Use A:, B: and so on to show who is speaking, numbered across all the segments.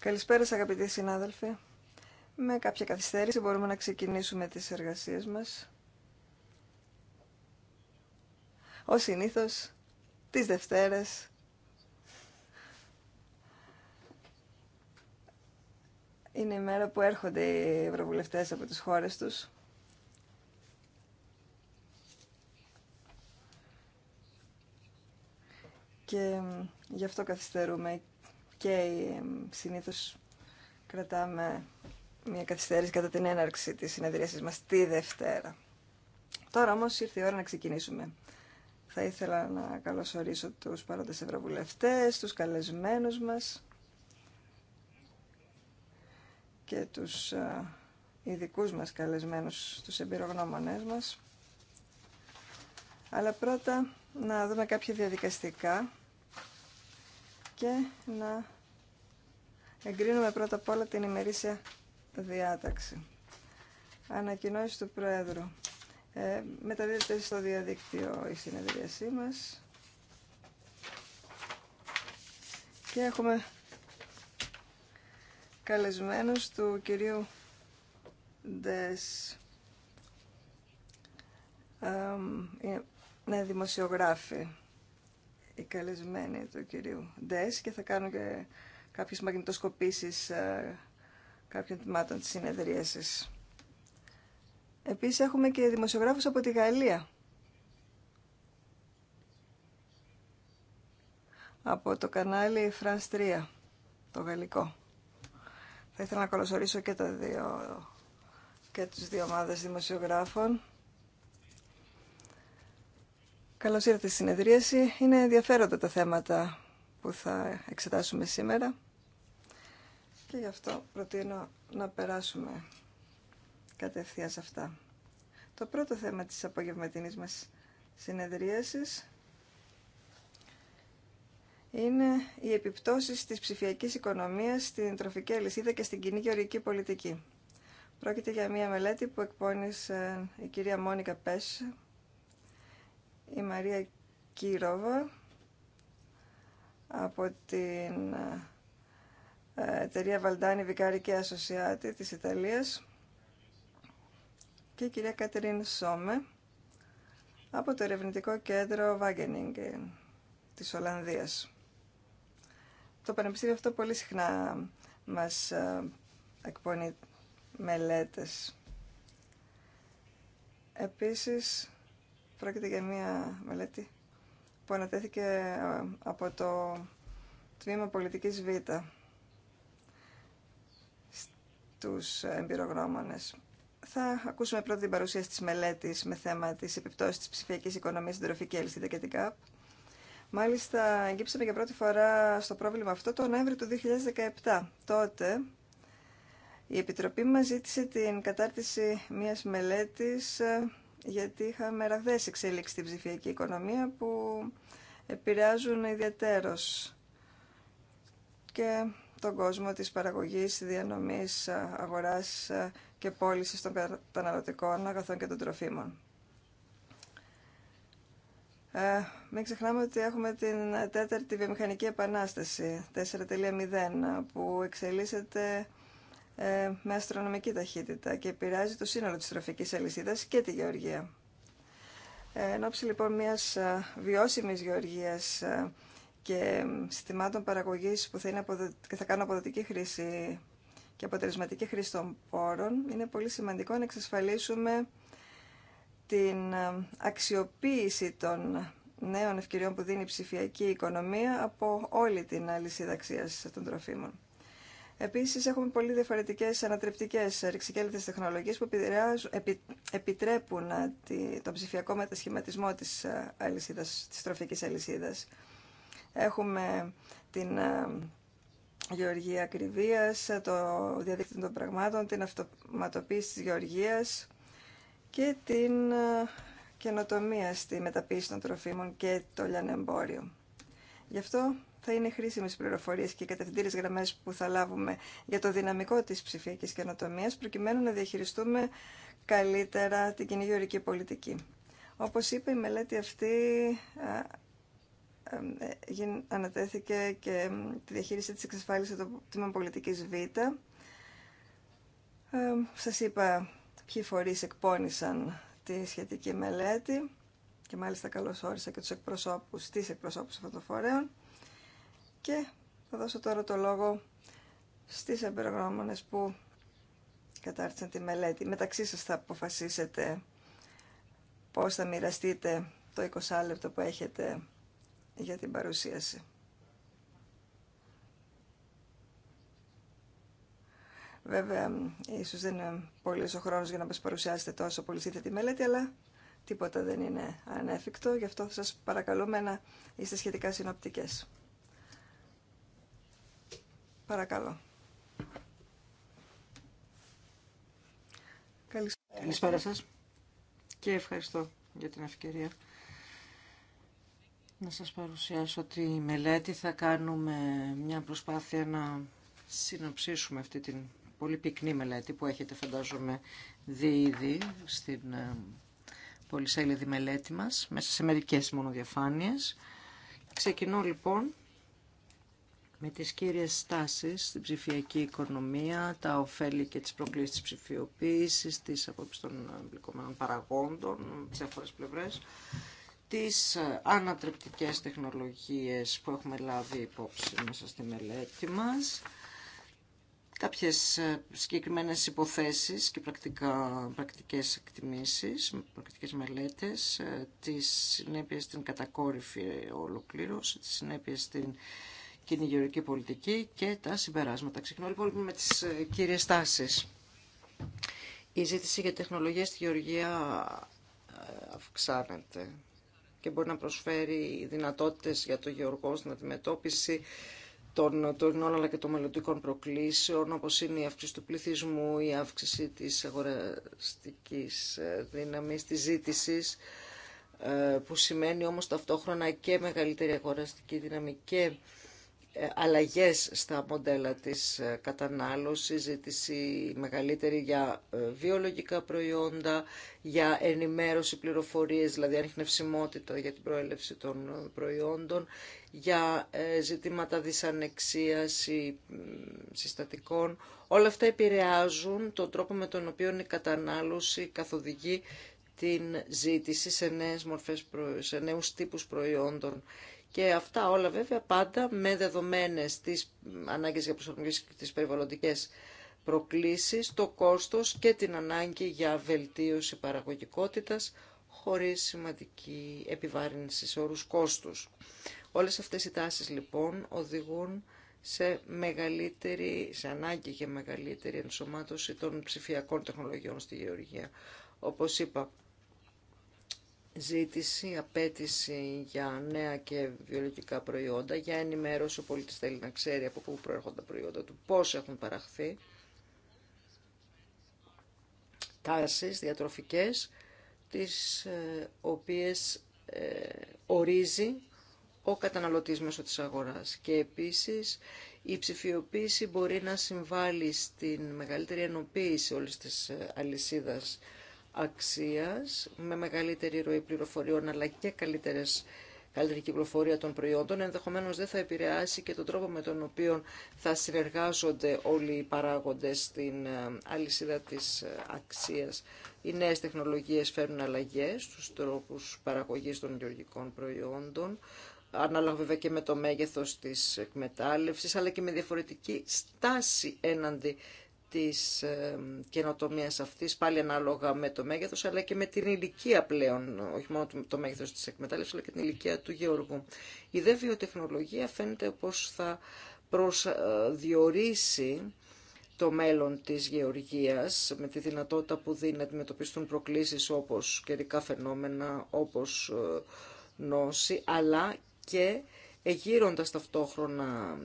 A: Καλησπέρα σας αγαπητοί συνάδελφοι. Με κάποια καθυστέρηση μπορούμε να ξεκινήσουμε τις εργασίες μας. Ο συνήθως, τις Δευτέρες. Είναι η μέρα που έρχονται οι ευρωβουλευτές από τις χώρες τους. και γι' αυτό καθυστερούμε και συνήθως κρατάμε μια καθυστέρηση κατά την έναρξη της συνεδρίασης μας τη Δευτέρα. Τώρα όμως ήρθε η ώρα να ξεκινήσουμε. Θα ήθελα να καλωσορίσω τους παρόντες ευρωβουλευτές, τους καλεσμένους μας και τους ειδικού μας καλεσμένους, τους εμπειρογνώμονές μας. Αλλά πρώτα να δούμε κάποια διαδικαστικά και να εγκρίνουμε πρώτα απ' όλα την ημερήσια διάταξη. Ανακοινώσει του Πρόεδρου. Ε, μεταδίδεται στο διαδίκτυο η συνεδρίασή μας. Και έχουμε καλεσμένους του κυρίου δες Ε, ναι, δημοσιογράφη η καλεσμένη του κυρίου Ντες και θα κάνω και κάποιες μαγνητοσκοπήσεις ε, κάποιων τμήματων της συνεδρίασης. Επίσης έχουμε και δημοσιογράφους από τη Γαλλία. Από το κανάλι France 3, το γαλλικό. Θα ήθελα να καλωσορίσω και, τα δύο, και τους δύο ομάδες δημοσιογράφων. Καλώς ήρθατε στη συνεδρίαση. Είναι ενδιαφέροντα τα θέματα που θα εξετάσουμε σήμερα και γι' αυτό προτείνω να περάσουμε κατευθείαν σε αυτά. Το πρώτο θέμα της απογευματινής μας συνεδρίασης είναι οι επιπτώσεις της ψηφιακής οικονομίας στην τροφική αλυσίδα και στην κοινή γεωργική πολιτική. Πρόκειται για μια μελέτη που εκπώνησε η κυρία Μόνικα Πέσ η Μαρία Κύροβα από την ε, εταιρεία Βαλντάνη Βικάρη και Ασοσιάτη της Ιταλίας και η κυρία Κατερίν Σόμε από το ερευνητικό κέντρο Wageningen της Ολλανδίας. Το πανεπιστήμιο αυτό πολύ συχνά μας ε, εκπονεί μελέτες. Επίσης, Πρόκειται για μια μελέτη που ανατέθηκε ε, από το Τμήμα Πολιτικής Β στους εμπειρογνώμονες. Θα ακούσουμε πρώτα την παρουσίαση της μελέτης με θέμα της επιπτώσεις της ψηφιακής οικονομίας στην τροφική αλυσίδα και την ΚΑΠ. Μάλιστα, εγκύψαμε για πρώτη φορά στο πρόβλημα αυτό το Νοέμβριο του 2017. Τότε η Επιτροπή μας ζήτησε την κατάρτιση μιας μελέτης ε, γιατί είχαμε ραγδαίες εξέλιξεις στην ψηφιακή οικονομία που επηρεάζουν ιδιαίτερος και τον κόσμο της παραγωγής, διανομής, αγοράς και πώλησης των καταναλωτικών αγαθών και των τροφίμων. Ε, μην ξεχνάμε ότι έχουμε την τέταρτη βιομηχανική επανάσταση 4.0 που εξελίσσεται ε, με αστρονομική ταχύτητα και επηρεάζει το σύνολο της τροφικής αλυσίδας και τη γεωργία. Ε, εν ώψη λοιπόν μιας ε, βιώσιμης γεωργίας και συστημάτων παραγωγής που θα, είναι αποδο... θα κάνουν αποδοτική χρήση και αποτελεσματική χρήση των πόρων, είναι πολύ σημαντικό να εξασφαλίσουμε την αξιοποίηση των νέων ευκαιριών που δίνει η ψηφιακή οικονομία από όλη την αλυσίδα αξίας των τροφίμων. Επίσης έχουμε πολύ διαφορετικές ανατρεπτικές ρηξικέλητες τεχνολογίες που επιτρέπουν ε, τον ψηφιακό μετασχηματισμό της, ε, αλυσίδας, της τροφικής αλυσίδας. Έχουμε την ε, γεωργία ακριβία, το διαδίκτυο των πραγμάτων, την αυτοματοποίηση της γεωργίας και την καινοτομία στη μεταποίηση των τροφίμων και το λιανεμπόριο. Γι' αυτό θα είναι χρήσιμε πληροφορίε και οι κατευθυντήρες γραμμές που θα λάβουμε για το δυναμικό της ψηφιακή καινοτομία, προκειμένου να διαχειριστούμε καλύτερα την κοινή πολιτική. Όπω είπε η μελέτη αυτή ανατέθηκε και τη διαχείριση της εξασφάλισης του τμήμα πολιτικής Β. Ε, σας είπα ποιοι φορείς εκπώνησαν τη σχετική μελέτη και μάλιστα καλώς όρισα και τους εκπροσώπους, τις εκπροσώπους αυτών των φορέων. Και θα δώσω τώρα το λόγο στις εμπεργόμενες που κατάρτισαν τη μελέτη. Μεταξύ σας θα αποφασίσετε πώς θα μοιραστείτε το 20 λεπτό που έχετε για την παρουσίαση. Βέβαια, ίσως δεν είναι πολύ ο χρόνος για να μας παρουσιάσετε τόσο πολύ τη μελέτη, αλλά τίποτα δεν είναι ανέφικτο, γι' αυτό σας παρακαλούμε να είστε σχετικά συνοπτικές.
B: Παρακαλώ. Καλησπέρα σας και ευχαριστώ για την ευκαιρία να σας παρουσιάσω τη μελέτη. Θα κάνουμε μια προσπάθεια να συνοψίσουμε αυτή την πολύ πυκνή μελέτη που έχετε φαντάζομαι δει ήδη στην ε, πολυσέλιδη μελέτη μας, μέσα σε μερικές μονοδιαφάνειες. Ξεκινώ λοιπόν με τις κύριες στάσεις στην ψηφιακή οικονομία, τα ωφέλη και τις προκλήσεις της ψηφιοποίησης, τις απόψεις των εμπλικωμένων παραγόντων, τις διάφορες πλευρές, τις ε, ανατρεπτικές τεχνολογίες που έχουμε λάβει υπόψη μέσα στη μελέτη μας, κάποιες ε, συγκεκριμένες υποθέσεις και πρακτικά, πρακτικές εκτιμήσεις, πρακτικές μελέτες, ε, τις συνέπειες στην κατακόρυφη ολοκλήρωση, τις συνέπειες στην την πολιτική και τα συμπεράσματα. Ξεκινώ λοιπόν με τις ε, κύριες τάσεις. Η ζήτηση για τεχνολογία στη γεωργία ε, αυξάνεται και μπορεί να προσφέρει δυνατότητες για το γεωργό στην αντιμετώπιση των τωρινών αλλά και των μελλοντικών προκλήσεων, όπως είναι η αύξηση του πληθυσμού, η αύξηση της αγοραστικής ε, δύναμης, της ζήτησης, που σημαίνει όμως ταυτόχρονα και μεγαλύτερη αγοραστική δύναμη και ε, αλλαγές στα μοντέλα της ε, κατανάλωσης, ζήτηση μεγαλύτερη για ε, βιολογικά προϊόντα, για ενημέρωση πληροφορίες, δηλαδή ανιχνευσιμότητα για την προέλευση των προϊόντων, για ζητήματα δυσανεξίας συστατικών. Όλα αυτά επηρεάζουν τον τρόπο με τον οποίο η κατανάλωση καθοδηγεί την ζήτηση σε, νέες μορφές, σε νέους τύπους προϊόντων και αυτά όλα βέβαια πάντα με δεδομένες τις ανάγκες για προσαρμογή και τις περιβαλλοντικές προκλήσεις, το κόστος και την ανάγκη για βελτίωση παραγωγικότητας χωρίς σημαντική επιβάρυνση σε όρους κόστους. Όλες αυτές οι τάσεις λοιπόν οδηγούν σε μεγαλύτερη, σε ανάγκη για μεγαλύτερη ενσωμάτωση των ψηφιακών τεχνολογιών στη γεωργία. Όπως είπα, ζήτηση, απέτηση για νέα και βιολογικά προϊόντα, για ενημέρωση ο πολίτης θέλει να ξέρει από πού προέρχονται τα προϊόντα του, πώς έχουν παραχθεί, τάσεις διατροφικές, τις ε, οποίες ε, ορίζει ο καταναλωτής μέσω της αγοράς. Και επίσης η ψηφιοποίηση μπορεί να συμβάλλει στην μεγαλύτερη ενοποίηση όλης της ε, αλυσίδας αξίας με μεγαλύτερη ροή πληροφοριών αλλά και καλύτερες καλύτερη κυκλοφορία των προϊόντων, Ενδεχομένω δεν θα επηρεάσει και τον τρόπο με τον οποίο θα συνεργάζονται όλοι οι παράγοντε στην ε, αλυσίδα τη ε, αξία. Οι νέε τεχνολογίε φέρνουν αλλαγέ, στους τρόπους παραγωγή των γεωργικών προϊόντων, ανάλογα βέβαια και με το μέγεθο τη εκμετάλλευση, αλλά και με διαφορετική στάση έναντι της ε, καινοτομίας αυτής, πάλι ανάλογα με το μέγεθος, αλλά και με την ηλικία πλέον, όχι μόνο το μέγεθος της εκμετάλλευσης, αλλά και την ηλικία του γεωργού. Η δε βιοτεχνολογία φαίνεται πως θα προσδιορίσει το μέλλον της γεωργίας με τη δυνατότητα που δίνει να αντιμετωπιστούν προκλήσεις όπως καιρικά φαινόμενα, όπως ε, νόση, αλλά και εγείροντας ταυτόχρονα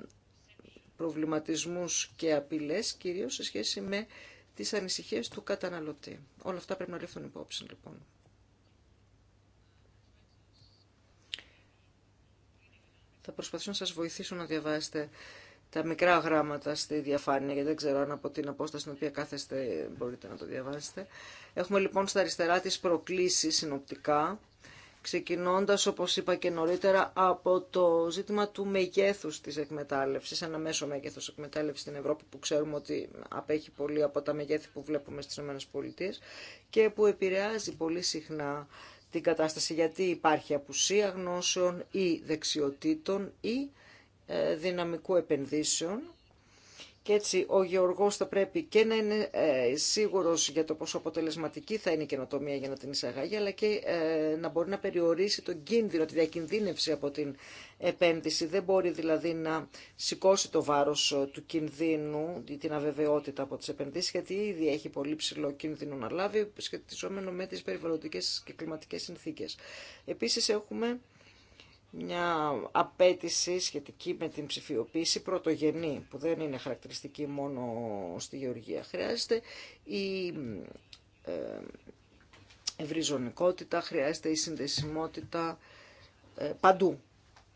B: προβληματισμούς και απειλές, κυρίως σε σχέση με τις ανησυχίες του καταναλωτή. Όλα αυτά πρέπει να ληφθούν υπόψη, λοιπόν. Θα προσπαθήσω να σας βοηθήσω να διαβάσετε τα μικρά γράμματα στη διαφάνεια, γιατί δεν ξέρω αν από την απόσταση στην οποία κάθεστε μπορείτε να το διαβάσετε. Έχουμε λοιπόν στα αριστερά τις προκλήσεις συνοπτικά ξεκινώντας όπως είπα και νωρίτερα από το ζήτημα του μεγέθους της εκμετάλλευσης, ένα μέσο μέγεθος εκμετάλλευσης στην Ευρώπη που ξέρουμε ότι απέχει πολύ από τα μεγέθη που βλέπουμε στις ΗΠΑ και που επηρεάζει πολύ συχνά την κατάσταση γιατί υπάρχει απουσία γνώσεων ή δεξιοτήτων ή ε, δυναμικού επενδύσεων και έτσι ο γεωργός θα πρέπει και να είναι ε, σίγουρος για το πόσο αποτελεσματική θα είναι η καινοτομία για να την εισαγάγει, αλλά και ε, να μπορεί να περιορίσει τον κίνδυνο, τη διακινδύνευση από την επένδυση. Δεν μπορεί δηλαδή να σηκώσει το βάρος ε, του κινδύνου ή την αβεβαιότητα από τις επενδύσεις, γιατί ήδη έχει πολύ ψηλό κίνδυνο να λάβει σχετιζόμενο με τις περιβαλλοντικές και κλιματικές συνθήκες. Επίσης έχουμε μια απέτηση σχετική με την ψηφιοποίηση πρωτογενή, που δεν είναι χαρακτηριστική μόνο στη γεωργία. Χρειάζεται η ε, ευρυζωνικότητα, χρειάζεται η συνδεσιμότητα ε, παντού.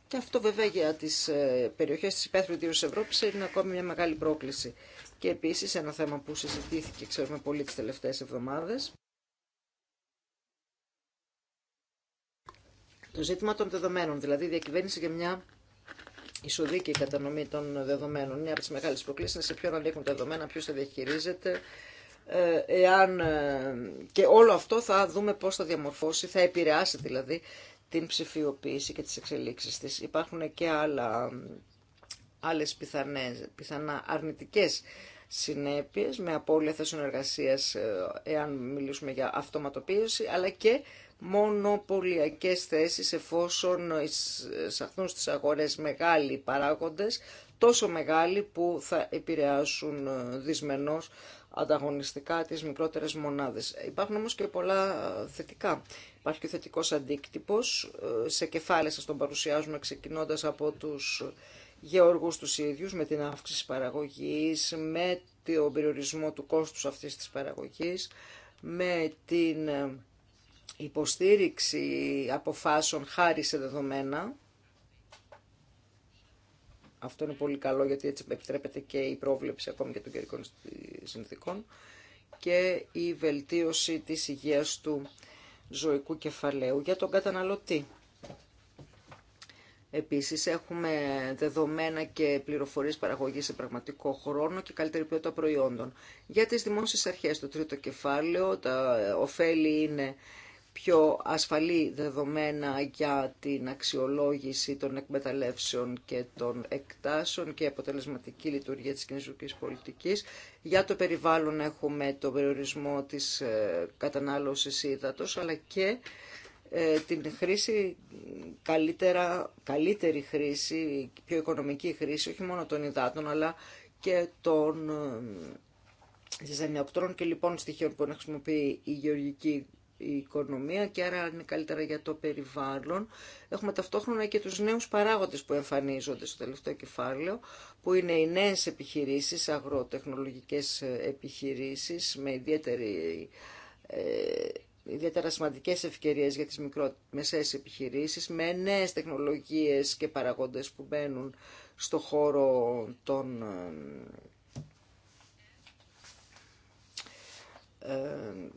B: Και αυτό βέβαια για τις ε, περιοχές της υπαίθρου της Ευρώπης είναι ακόμη μια μεγάλη πρόκληση. Και επίσης ένα θέμα που συζητήθηκε, ξέρουμε πολύ τις τελευταίες εβδομάδες, Το ζήτημα των δεδομένων, δηλαδή η διακυβέρνηση για μια ισοδίκη κατανομή των δεδομένων. Μια από τι μεγάλε προκλήσει είναι σε ποιον ανήκουν τα δεδομένα, ποιο τα διαχειρίζεται. Ε, εάν, ε, και όλο αυτό θα δούμε πώς θα διαμορφώσει, θα επηρεάσει δηλαδή την ψηφιοποίηση και τις εξελίξεις της. Υπάρχουν και άλλα, άλλες πιθανές, πιθανά αρνητικές συνέπειες με απώλεια θέσεων ε, εάν μιλήσουμε για αυτοματοποίηση αλλά και μονοπωλιακές θέσεις εφόσον εισαχθούν στις αγορές μεγάλοι παράγοντες, τόσο μεγάλοι που θα επηρεάσουν ε, δυσμενώς ανταγωνιστικά τις μικρότερες μονάδες. Υπάρχουν όμως και πολλά θετικά. Υπάρχει και θετικός αντίκτυπος. Ε, σε κεφάλαια σας τον παρουσιάζουμε ξεκινώντας από τους γεωργούς τους ίδιους, με την αύξηση παραγωγής, με τον περιορισμό του κόστους αυτής της παραγωγής, με την ε, υποστήριξη αποφάσεων χάρη σε δεδομένα. Αυτό είναι πολύ καλό γιατί έτσι επιτρέπεται και η πρόβλεψη ακόμη και των καιρικών συνθήκων και η βελτίωση της υγείας του ζωικού κεφαλαίου για τον καταναλωτή. Επίσης έχουμε δεδομένα και πληροφορίες παραγωγής σε πραγματικό χρόνο και καλύτερη ποιότητα προϊόντων. Για τις δημόσιες αρχές, το τρίτο κεφάλαιο, τα ωφέλη είναι πιο ασφαλή δεδομένα για την αξιολόγηση των εκμεταλλεύσεων και των εκτάσεων και αποτελεσματική λειτουργία της κοινωνικής πολιτικής. Για το περιβάλλον έχουμε τον περιορισμό της ε, κατανάλωσης ύδατος, αλλά και ε, την χρήση, καλύτερα, καλύτερη χρήση, πιο οικονομική χρήση, όχι μόνο των υδάτων, αλλά και των ε, ζυζανιοπτρών και λοιπόν στοιχείων που χρησιμοποιεί η γεωργική η οικονομία και άρα είναι καλύτερα για το περιβάλλον. Έχουμε ταυτόχρονα και τους νέους παράγοντες που εμφανίζονται στο τελευταίο κεφάλαιο, που είναι οι νέες επιχειρήσεις, αγροτεχνολογικές επιχειρήσεις με ιδιαίτερη ε, ιδιαίτερα σημαντικέ ευκαιρίε για τις μικρομεσαίε επιχειρήσεις με νέες τεχνολογίες και παραγόντες που μπαίνουν στο χώρο των ε, ε,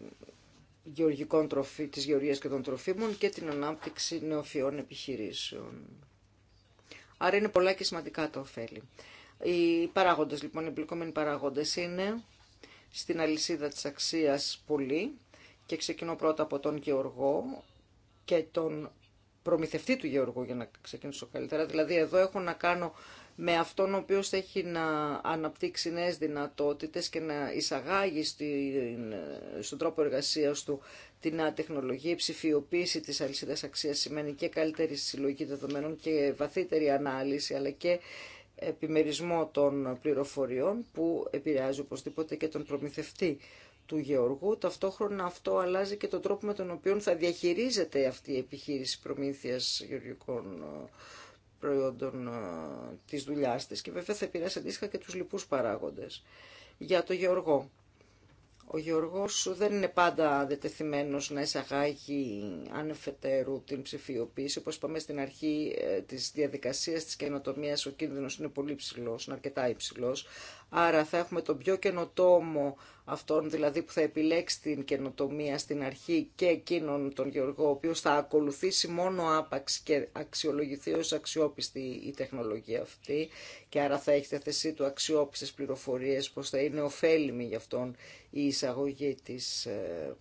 B: γεωργικών τροφή, της γεωργίας και των τροφίμων και την ανάπτυξη νεοφιών επιχειρήσεων. Άρα είναι πολλά και σημαντικά τα ωφέλη. Οι παράγοντες, λοιπόν, οι εμπλεκόμενοι παράγοντες είναι στην αλυσίδα της αξίας πολύ και ξεκινώ πρώτα από τον γεωργό και τον προμηθευτή του γεωργού για να ξεκινήσω καλύτερα. Δηλαδή εδώ έχω να κάνω με αυτόν ο οποίος έχει να αναπτύξει νέες δυνατότητες και να εισαγάγει στην, στον τρόπο εργασίας του την τεχνολογία, η ψηφιοποίηση της αλυσίδας αξίας σημαίνει και καλύτερη συλλογική δεδομένων και βαθύτερη ανάλυση αλλά και επιμερισμό των πληροφοριών που επηρεάζει οπωσδήποτε και τον προμηθευτή του Γεωργού. Ταυτόχρονα αυτό αλλάζει και τον τρόπο με τον οποίο θα διαχειρίζεται αυτή η επιχείρηση προμήθειας γεωργικών προϊόντων ε, της δουλειάς της και βέβαια θα επηρέασε αντίστοιχα και τους λοιπούς παράγοντες. Για το Γεωργό. Ο Γεωργός δεν είναι πάντα δετεθειμένος να εισαγάγει ανεφετέρου την ψηφιοποίηση. Όπως είπαμε στην αρχή ε, της διαδικασίας της καινοτομίας, ο κίνδυνος είναι πολύ ψηλός, είναι αρκετά υψηλός. Άρα θα έχουμε τον πιο καινοτόμο αυτόν δηλαδή που θα επιλέξει την καινοτομία στην αρχή και εκείνον τον Γεωργό, ο οποίος θα ακολουθήσει μόνο άπαξ και αξιολογηθεί ως αξιόπιστη η τεχνολογία αυτή και άρα θα έχει τη θεσή του αξιόπιστες πληροφορίες πως θα είναι ωφέλιμη για αυτόν η εισαγωγή της ε,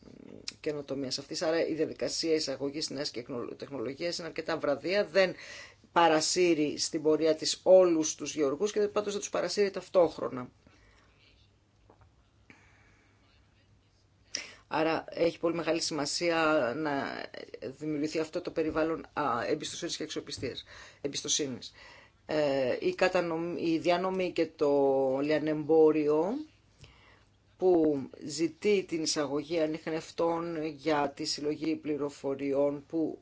B: καινοτομίας αυτής. Άρα η διαδικασία εισαγωγής νέας τεχνολογίας είναι αρκετά βραδία, δεν παρασύρει στην πορεία της όλους τους γεωργούς και πάντως δεν τους παρασύρει ταυτόχρονα. Άρα έχει πολύ μεγάλη σημασία να δημιουργηθεί αυτό το περιβάλλον εμπιστοσύνης και εξοπιστίας. εμπιστοσύνης. Ε, η, η διανομή και το λιανεμπόριο που ζητεί την εισαγωγή ανιχνευτών για τη συλλογή πληροφοριών που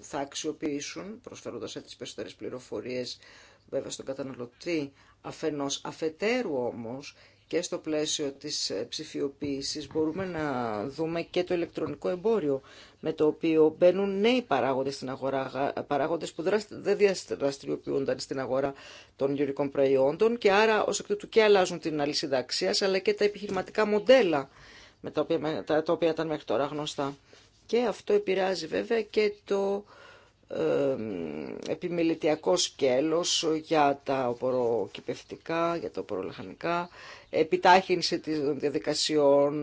B: θα αξιοποιήσουν, προσφέροντας έτσι περισσότερες πληροφορίες βέβαια στον καταναλωτή αφενός. Αφετέρου όμως και στο πλαίσιο της ε, ψηφιοποίησης μπορούμε να δούμε και το ηλεκτρονικό εμπόριο με το οποίο μπαίνουν νέοι παράγοντες στην αγορά, παράγοντες που δεν δραστηριοποιούνταν στην αγορά των γεωρικών προϊόντων και άρα ως εκ τούτου και αλλάζουν την αλυσίδα αξίας αλλά και τα επιχειρηματικά μοντέλα με τα οποία, τα οποία ήταν μέχρι τώρα γνωστά και αυτό επηρεάζει βέβαια και το επιμελητιακό σκέλος για τα οποροκυπευτικά, για τα οπορολαχανικά, επιτάχυνση των διαδικασιών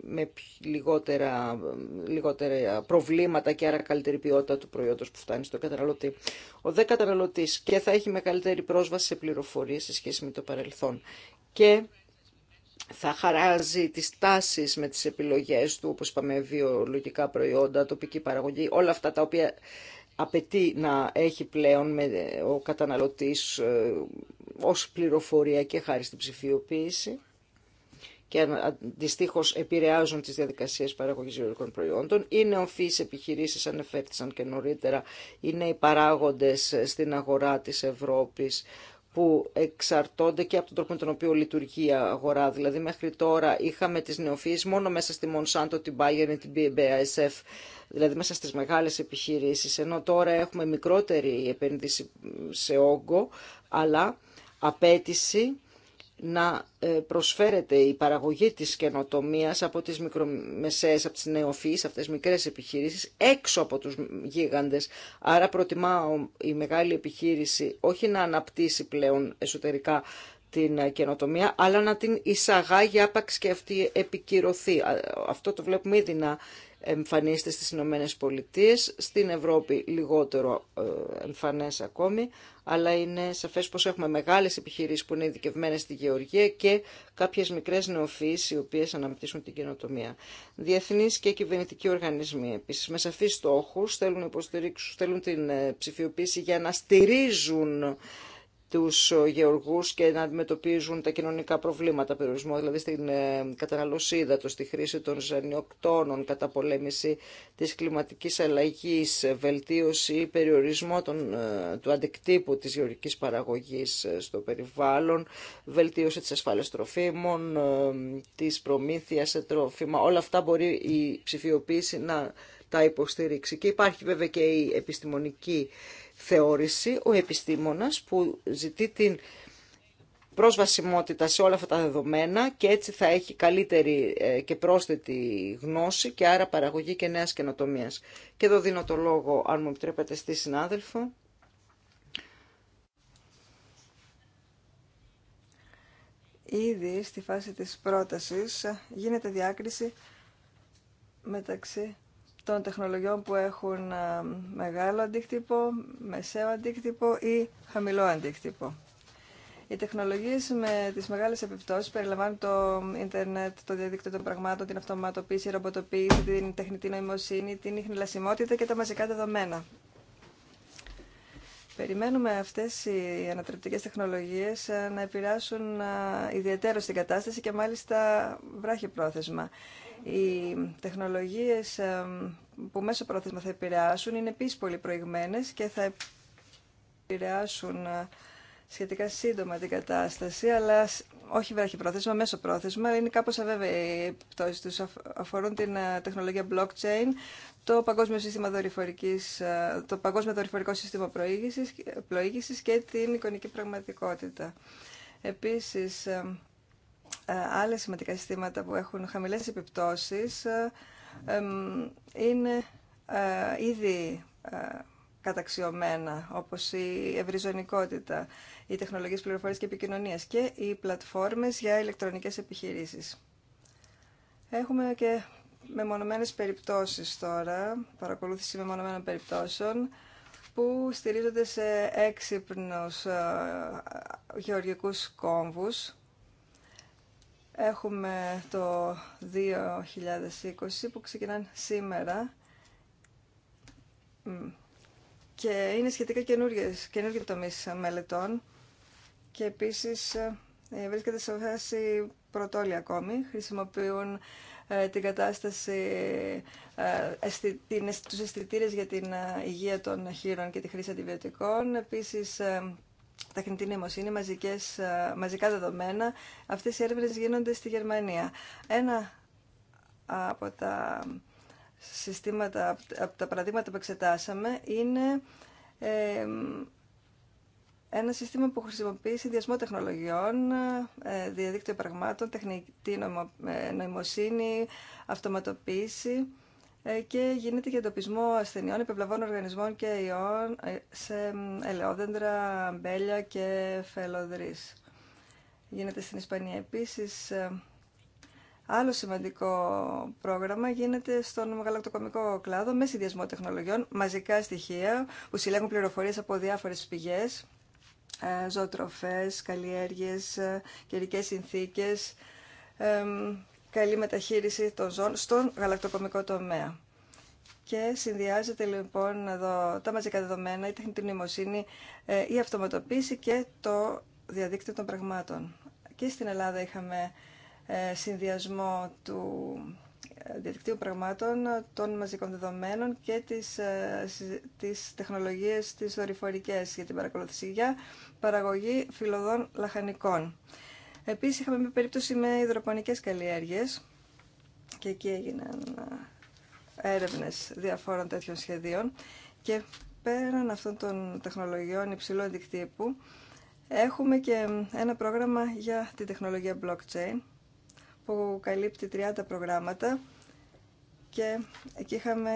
B: με λιγότερα, λιγότερα προβλήματα και άρα καλύτερη ποιότητα του προϊόντος που φτάνει στο καταναλωτή. Ο δε καταναλωτής και θα έχει μεγαλύτερη πρόσβαση σε πληροφορίες σε σχέση με το παρελθόν. Και θα χαράζει τις τάσεις με τις επιλογές του, όπως είπαμε, βιολογικά προϊόντα, τοπική παραγωγή, όλα αυτά τα οποία απαιτεί να έχει πλέον με ο καταναλωτής ε, ως πληροφορία και χάρη στην ψηφιοποίηση και αντιστοίχω επηρεάζουν τις διαδικασίες παραγωγής γεωργικών προϊόντων. Οι νεοφύης επιχειρήσεις ανεφέρθησαν και νωρίτερα, είναι οι παράγοντες ε, στην αγορά της Ευρώπης που εξαρτώνται και από τον τρόπο με τον οποίο λειτουργεί η αγορά. Δηλαδή μέχρι τώρα είχαμε τις νεοφύης μόνο μέσα στη Monsanto, την Bayern, την BASF, δηλαδή μέσα στις μεγάλες επιχειρήσεις, ενώ τώρα έχουμε μικρότερη επένδυση σε όγκο, αλλά απέτηση να ε, προσφέρεται η παραγωγή της καινοτομίας από τις μικρομεσαίες, από τις νεοφυείς, αυτές τις μικρές επιχειρήσεις, έξω από τους γίγαντες. Άρα προτιμάω η μεγάλη επιχείρηση όχι να αναπτύσσει πλέον εσωτερικά την καινοτομία, αλλά να την εισαγάγει άπαξ και αυτή επικυρωθεί. Αυτό το βλέπουμε ήδη να εμφανίζεται στις Ηνωμένε Πολιτείε, στην Ευρώπη λιγότερο ε, εμφανές ακόμη, αλλά είναι σαφές πως έχουμε μεγάλες επιχειρήσεις που είναι ειδικευμένε στη γεωργία και κάποιες μικρές νεοφύσεις οι οποίες αναπτύσσουν την καινοτομία. Διεθνείς και κυβερνητικοί οργανισμοί επίσης με σαφείς στόχους θέλουν, θέλουν την ε, ψηφιοποίηση για να στηρίζουν τους γεωργούς και να αντιμετωπίζουν τα κοινωνικά προβλήματα περιορισμό, δηλαδή στην ε, καταναλώση του, στη χρήση των ζανιοκτώνων, καταπολέμηση της κλιματικής αλλαγής, βελτίωση ή περιορισμό των, ε, του αντικτύπου της γεωργικής παραγωγής ε, στο περιβάλλον, βελτίωση της ασφάλειας τροφίμων, της προμήθειας σε τρόφιμα. Όλα αυτά μπορεί η ψηφιοποίηση να τα υποστηρίξει. Και υπάρχει βέβαια και η επιστημονική θεώρηση ο επιστήμονας που ζητεί την πρόσβασιμότητα σε όλα αυτά τα δεδομένα και έτσι θα έχει καλύτερη ε, και πρόσθετη γνώση και άρα παραγωγή και νέας καινοτομίας. Και εδώ δίνω το λόγο, αν μου επιτρέπετε, στη συνάδελφο.
A: Ήδη στη φάση της πρότασης γίνεται διάκριση μεταξύ των τεχνολογιών που έχουν ε, μεγάλο αντίκτυπο, μεσαίο αντίκτυπο ή χαμηλό αντίκτυπο. Οι τεχνολογίες με τις μεγάλες επιπτώσει περιλαμβάνουν το ίντερνετ, το διαδίκτυο των πραγμάτων, την αυτοματοποίηση, η ρομποτοποίηση, την τεχνητή νοημοσύνη, την ίχνηλασιμότητα και τα μαζικά δεδομένα. Περιμένουμε αυτέ οι ανατρεπτικές τεχνολογίε ε, να επηρεάσουν ε, ιδιαίτερο στην κατάσταση και μάλιστα βράχει πρόθεσμα. Οι τεχνολογίες που μέσω πρόθεσμα θα επηρεάσουν είναι επίσης πολύ προηγμένες και θα επηρεάσουν ε, σχετικά σύντομα την κατάσταση, αλλά όχι βράχει πρόθεσμα, μέσω πρόθεσμα. Είναι κάπως αβέβαιη οι πτώση τους. Αφορούν την ε, τεχνολογία blockchain, το παγκόσμιο, σύστημα δορυφορικής, ε, το παγκόσμιο δορυφορικό σύστημα προήγησης, και την εικονική πραγματικότητα. Επίσης, ε, άλλα σημαντικά συστήματα που έχουν χαμηλές επιπτώσεις ε, είναι ε, ήδη καταξιωμένα, όπως η ευρυζωνικότητα, οι τεχνολογίες πληροφορίας και επικοινωνίας και οι πλατφόρμες για ηλεκτρονικές επιχειρήσεις. Έχουμε και μεμονωμένες περιπτώσεις τώρα, παρακολούθηση μεμονωμένων περιπτώσεων, που στηρίζονται σε έξυπνους γεωργικούς κόμβους, Έχουμε το 2020 που ξεκινάνε σήμερα και είναι σχετικά καινούργιες, καινούργιες τομείς μελετών και επίσης ε, βρίσκεται σε φάση πρωτόλια ακόμη. Χρησιμοποιούν ε, την κατάσταση, ε, τους αισθητήρε για την υγεία των χείρων και τη χρήση αντιβιωτικών. Επίσης τεχνητή νοημοσύνη, μαζικές, ε, μαζικά δεδομένα. Αυτές οι έρευνες γίνονται στη Γερμανία. Ένα από τα συστήματα, από τα παραδείγματα που εξετάσαμε είναι ένα σύστημα που χρησιμοποιεί συνδυασμό τεχνολογιών, ε, διαδίκτυο πραγμάτων, τεχνητή ε, νοημοσύνη, αυτοματοποίηση ε, και γίνεται και εντοπισμό ασθενειών, επιβλαβών οργανισμών και ιών ε, σε ελαιόδεντρα, μπέλια και φελοδρίς. Γίνεται στην Ισπανία επίσης. Ε, άλλο σημαντικό πρόγραμμα γίνεται στον μεγαλακτοκομικό κλάδο με συνδυασμό τεχνολογιών, μαζικά στοιχεία που συλλέγουν πληροφορίες από διάφορες πηγές, ζωοτροφές, καλλιέργειες, καιρικές συνθήκες, καλή μεταχείριση των ζώων στον γαλακτοκομικό τομέα. Και συνδυάζεται λοιπόν εδώ τα μαζικά δεδομένα, η τεχνητή νοημοσύνη, ε, η αυτοματοποίηση και το διαδίκτυο των πραγμάτων. Και στην Ελλάδα είχαμε ε, συνδυασμό του ε, διαδικτύου πραγμάτων, των μαζικών δεδομένων και τις, τις τεχνολογίες τις δορυφορικές για την παρακολουθήση για παραγωγή φιλοδών λαχανικών. Επίσης είχαμε μια περίπτωση με υδροπονικές καλλιέργειες και εκεί έγιναν έρευνες διαφόρων τέτοιων σχεδίων και πέραν αυτών των τεχνολογιών υψηλού αντικτύπου έχουμε και ένα πρόγραμμα για την τεχνολογία blockchain που καλύπτει 30 προγράμματα και εκεί είχαμε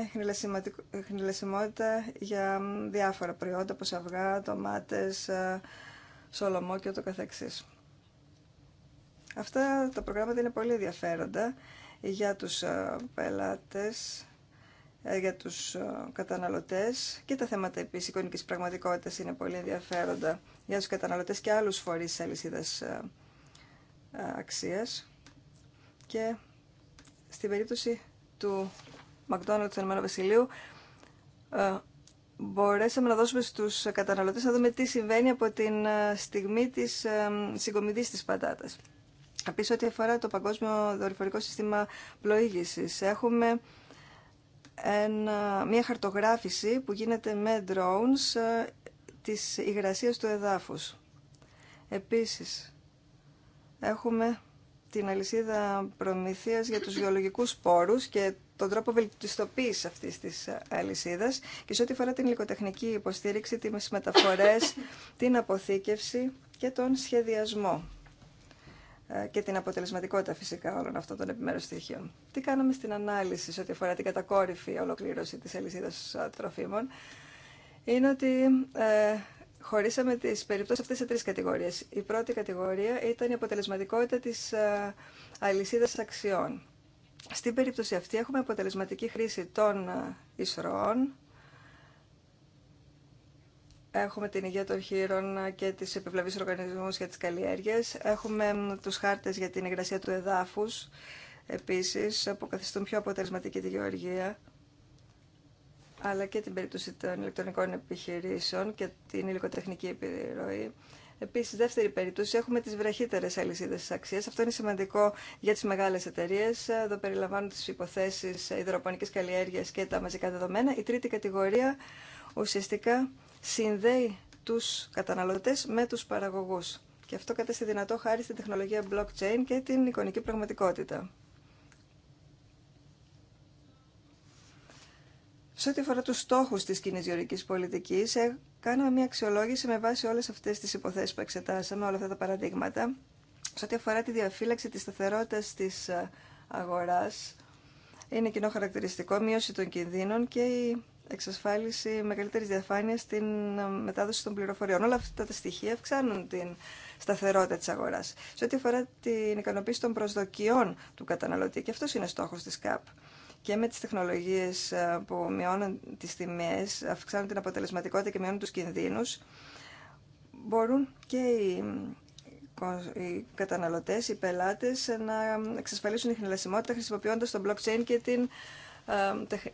A: χνηλασιμότητα για διάφορα προϊόντα όπως αυγά, ντομάτες, σολομό και ούτω καθεξής. Αυτά τα προγράμματα είναι πολύ ενδιαφέροντα για τους ε, πελάτες, ε, για τους ε, καταναλωτές και τα θέματα επίσης εικονικής πραγματικότητας είναι πολύ ενδιαφέροντα για τους καταναλωτές και άλλους φορείς αλυσίδας αξίας. Και στην περίπτωση του McDonald's του Ενωμένου Βασιλείου μπορέσαμε να δώσουμε στους καταναλωτές να δούμε τι συμβαίνει από την στιγμή της συγκομιδής της πατάτας. Επίσης, ό,τι αφορά το Παγκόσμιο Δορυφορικό Σύστημα Πλοήγησης, έχουμε ένα, μια χαρτογράφηση που γίνεται με drones ε, της υγρασίας του εδάφους. Επίσης, έχουμε την αλυσίδα προμηθείας για τους γεωλογικούς σπόρους και τον τρόπο βελτιστοποίηση αυτή τη αλυσίδα και σε ό,τι αφορά την υλικοτεχνική υποστήριξη, τι μεταφορέ, την αποθήκευση και τον σχεδιασμό. Ε, και την αποτελεσματικότητα φυσικά όλων αυτών των επιμέρους στοιχείων. Τι κάναμε στην ανάλυση σε ό,τι αφορά την κατακόρυφη ολοκλήρωση της αλυσίδα ε, τροφίμων είναι ότι ε, χωρίσαμε τις περιπτώσεις αυτές σε τρεις κατηγορίες. Η πρώτη κατηγορία ήταν η αποτελεσματικότητα της ε, αλυσίδα αξιών. Στην περίπτωση αυτή έχουμε αποτελεσματική χρήση των ισρώων, Έχουμε την υγεία των χείρων και τις επιβλαβείς οργανισμούς για τις καλλιέργειες. Έχουμε τους χάρτες για την υγρασία του εδάφους, επίσης, που καθιστούν πιο αποτελεσματική τη γεωργία, αλλά και την περίπτωση των ηλεκτρονικών επιχειρήσεων και την υλικοτεχνική επιρροή. Επίση, δεύτερη περίπτωση, έχουμε τι βραχύτερε αλυσίδε τη αξία. Αυτό είναι σημαντικό για τι μεγάλε εταιρείε. Εδώ περιλαμβάνουν τι υποθέσει ε, υδροπονική καλλιέργεια και τα μαζικά δεδομένα. Η τρίτη κατηγορία ουσιαστικά συνδέει τους καταναλωτές με τους παραγωγούς. Και αυτό κατέστη δυνατό χάρη στην τεχνολογία blockchain και την εικονική πραγματικότητα. Σε ό,τι αφορά τους στόχους της κοινή γεωρικής πολιτικής, ε, κάναμε μια αξιολόγηση με βάση όλες αυτές τις υποθέσεις που εξετάσαμε, όλα αυτά τα παραδείγματα. Σε ό,τι αφορά τη διαφύλαξη της σταθερότητας της ε, αγοράς, είναι κοινό χαρακτηριστικό, μείωση των κινδύνων και η εξασφάλιση μεγαλύτερη διαφάνεια στην ε, μετάδοση των πληροφοριών. Όλα αυτά τα στοιχεία αυξάνουν την σταθερότητα της αγοράς. Σε ό,τι αφορά την ικανοποίηση των προσδοκιών του καταναλωτή, και αυτός είναι στόχος της ΚΑΠ. Και με τις τεχνολογίες ε, που μειώνουν τις τιμές, αυξάνουν την αποτελεσματικότητα και μειώνουν τους κινδύνους, μπορούν και οι οι καταναλωτές, οι πελάτες να εξασφαλίσουν η χρησιμότητα χρησιμοποιώντας το blockchain και την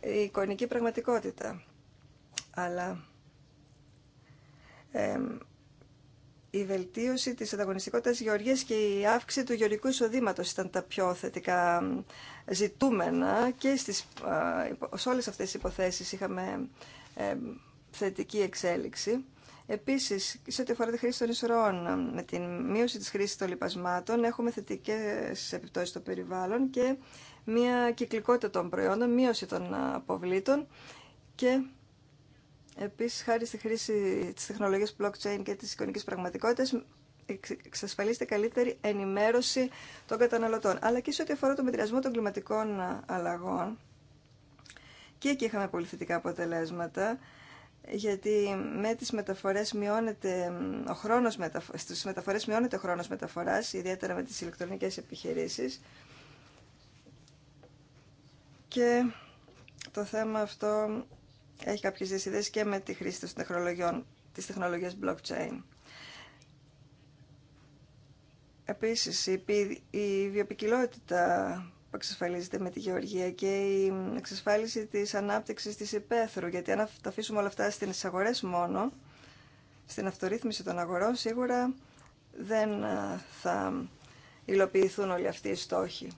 A: η εικονική πραγματικότητα. Αλλά η βελτίωση της ανταγωνιστικότητας γεωργίας και η αύξηση του γεωργικού εισοδήματος ήταν τα πιο θετικά ζητούμενα και στις, σε όλες αυτές τις υποθέσεις είχαμε θετική εξέλιξη. Επίσης, σε ό,τι αφορά τη χρήση των ισορροών, με την μείωση της χρήσης των λιπασμάτων έχουμε θετικές επιπτώσεις στο περιβάλλον και μία κυκλικότητα των προϊόντων, μείωση των αποβλήτων και επίσης χάρη στη χρήση της τεχνολογίας blockchain και της εικονικής πραγματικότητας εξασφαλίζεται καλύτερη ενημέρωση των καταναλωτών. Αλλά και σε ό,τι αφορά το μετριασμό των κλιματικών αλλαγών, και εκεί είχαμε πολύ θετικά αποτελέσματα, γιατί με τις μεταφορές μειώνεται ο χρόνος μεταφο- στις μεταφορές μειώνεται ο χρόνος μεταφοράς, ιδιαίτερα με τις ηλεκτρονικές επιχειρήσεις και το θέμα αυτό έχει κάποιες διασυνδέσεις και με τη χρήση των τεχνολογιών, της τεχνολογίας blockchain. Επίσης, η βιοπικιλότητα που εξασφαλίζεται με τη γεωργία και η εξασφάλιση της ανάπτυξης της υπαίθρου, γιατί αν τα αφήσουμε όλα αυτά στις αγορές μόνο, στην αυτορύθμιση των αγορών, σίγουρα δεν ε, θα υλοποιηθούν όλοι αυτοί οι στόχοι.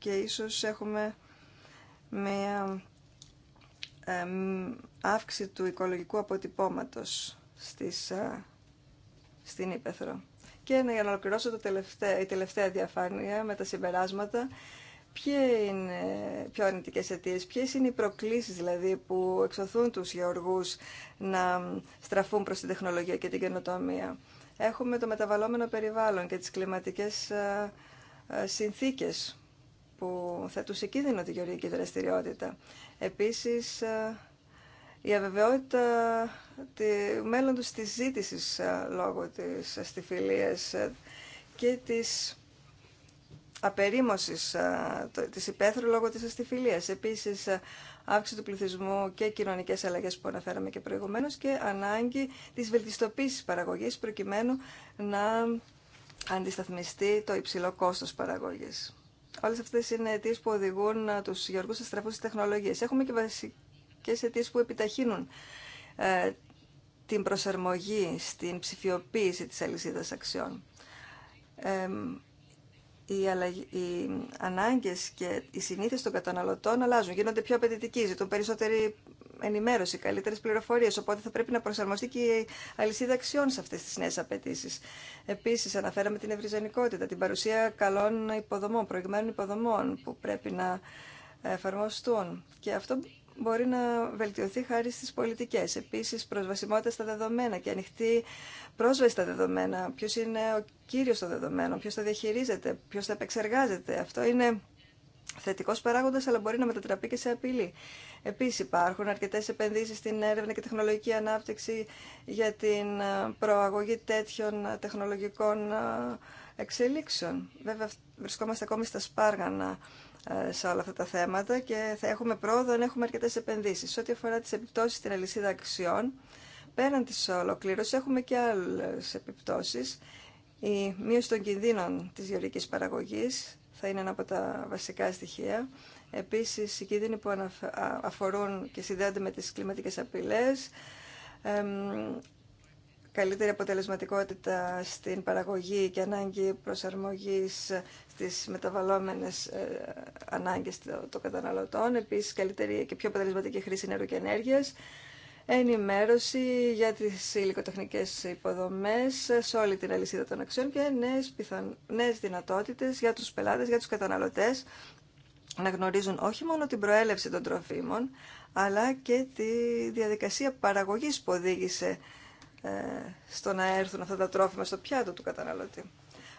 A: και ίσως έχουμε μια αύξηση του οικολογικού αποτυπώματος στις, ε, στην Ήπεθρο. Και για να ολοκληρώσω το η τελευταία διαφάνεια με τα συμπεράσματα, ποιε είναι πιο αρνητικές αιτίε, ποιε είναι οι προκλήσεις δηλαδή που εξωθούν τους γεωργούς να στραφούν προς την τεχνολογία και την καινοτομία. Έχουμε το μεταβαλλόμενο περιβάλλον και τις κλιματικές ε, ε, συνθήκες που θα σε κίνδυνο τη γεωργική δραστηριότητα. Επίσης, ε, η αβεβαιότητα τη μέλλοντος της ζήτησης ε, λόγω της αστιφιλίας ε, και της απερίμωσης της υπαίθρου λόγω της αστιφιλίας. Επίσης, αύξηση του πληθυσμού και κοινωνικές αλλαγές που αναφέραμε και προηγουμένως και ανάγκη της βελτιστοποίησης παραγωγής προκειμένου να αντισταθμιστεί το υψηλό κόστος παραγωγής. Όλε αυτέ είναι αιτίε που οδηγούν ε, του γεωργού σε στι τεχνολογίε. Έχουμε και βασικέ αιτίε που επιταχύνουν ε, την προσαρμογή στην ψηφιοποίηση τη αλυσίδα αξιών. οι, ανάγκες και οι συνήθειες των καταναλωτών αλλάζουν, γίνονται πιο απαιτητικοί, ζητούν περισσότερη ενημέρωση, καλύτερε πληροφορίε. Οπότε θα πρέπει να προσαρμοστεί και η αλυσίδα αξιών σε αυτέ τι νέε απαιτήσει. Επίση, αναφέραμε την ευρυζανικότητα, την παρουσία καλών υποδομών, προηγμένων υποδομών που πρέπει να εφαρμοστούν. Και αυτό μπορεί να βελτιωθεί χάρη στι πολιτικέ. Επίση, προσβασιμότητα στα δεδομένα και ανοιχτή πρόσβαση στα δεδομένα. Ποιο είναι ο κύριο των δεδομένων, ποιο τα διαχειρίζεται, ποιο τα επεξεργάζεται. Αυτό είναι θετικό παράγοντα, αλλά μπορεί να μετατραπεί και σε απειλή. Επίση, υπάρχουν αρκετέ επενδύσει στην έρευνα και τεχνολογική ανάπτυξη για την ε, προαγωγή τέτοιων ε, τεχνολογικών ε, εξελίξεων. Βέβαια, βρισκόμαστε ακόμη στα σπάργανα σε όλα αυτά τα θέματα και θα έχουμε πρόοδο αν έχουμε αρκετέ επενδύσει. ό,τι αφορά τι επιπτώσει στην αλυσίδα αξιών, πέραν τη ολοκλήρωση, έχουμε και άλλε επιπτώσει. Η μείωση των κινδύνων τη γεωργική παραγωγή θα είναι ένα από τα βασικά στοιχεία. Επίσης, οι κίνδυνοι που αφορούν και συνδέονται με τις κλιματικές απειλές, καλύτερη αποτελεσματικότητα στην παραγωγή και ανάγκη προσαρμογής στις μεταβαλλόμενες ε, ανάγκες των καταναλωτών, επίσης καλύτερη και πιο αποτελεσματική χρήση νερού και ενέργειας, ενημέρωση για τις υλικοτεχνικές υποδομές σε όλη την αλυσίδα των αξιών και νέες, πιθαν... νέες δυνατότητες για τους πελάτες, για τους καταναλωτές να γνωρίζουν όχι μόνο την προέλευση των τροφίμων, αλλά και τη διαδικασία παραγωγής που οδήγησε ε, στο να έρθουν αυτά τα τρόφιμα στο πιάτο του καταναλωτή.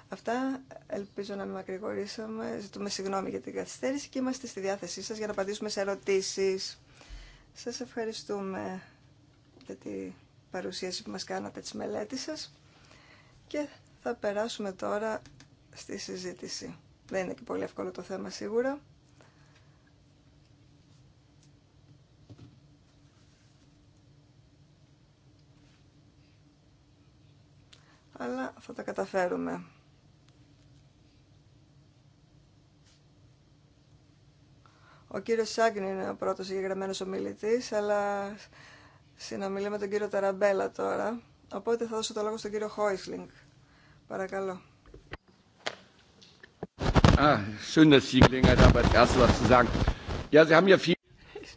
A: Αυτά ελπίζω να μην μακρηγορήσαμε. Ζητούμε συγγνώμη για την καθυστέρηση και είμαστε στη διάθεσή σας για να απαντήσουμε σε ερωτήσεις. Σας ευχαριστούμε τη παρουσίαση που μας κάνατε της μελέτης σας και θα περάσουμε τώρα στη συζήτηση. Δεν είναι και πολύ εύκολο το θέμα σίγουρα. Αλλά θα τα καταφέρουμε. Ο κύριος Σάγκνη είναι ο πρώτος εγγεγραμμένος ομιλητής, αλλά συνομιλεί με τον κύριο Ταραμπέλα τώρα, οπότε θα δώσω το λόγο στον κύριο Χόισλινγκ. Παρακαλώ.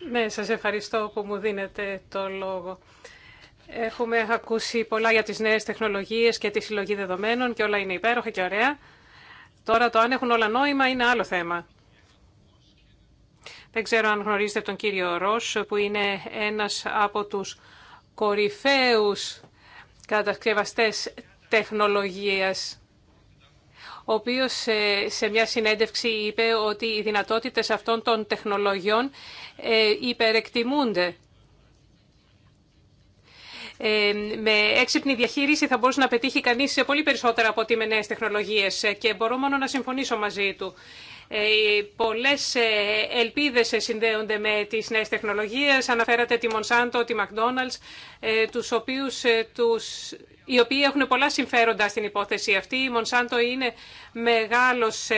C: Ναι, σας ευχαριστώ που μου δίνετε το λόγο. Έχουμε ακούσει πολλά για τις νέες τεχνολογίες και τη συλλογή δεδομένων και όλα είναι υπέροχα και ωραία. Τώρα το αν έχουν όλα νόημα είναι άλλο θέμα. Δεν ξέρω αν γνωρίζετε τον κύριο Ρος, που είναι ένας από τους κορυφαίους κατασκευαστές τεχνολογίας ο οποίος σε μια συνέντευξη είπε ότι οι δυνατότητες αυτών των τεχνολογιών ε, υπερεκτιμούνται. Ε, με έξυπνη διαχείριση θα μπορούσε να πετύχει κανείς πολύ περισσότερα από ότι με νέες τεχνολογίες ε, και μπορώ μόνο να συμφωνήσω μαζί του. Ε, πολλές ε, ελπίδες ε, συνδέονται με τις νέες τεχνολογίες. Αναφέρατε τη Monsanto, τη McDonald's, τους οποίους, τους, οι οποίοι έχουν πολλά συμφέροντα στην υπόθεση αυτή. Η Monsanto είναι μεγάλος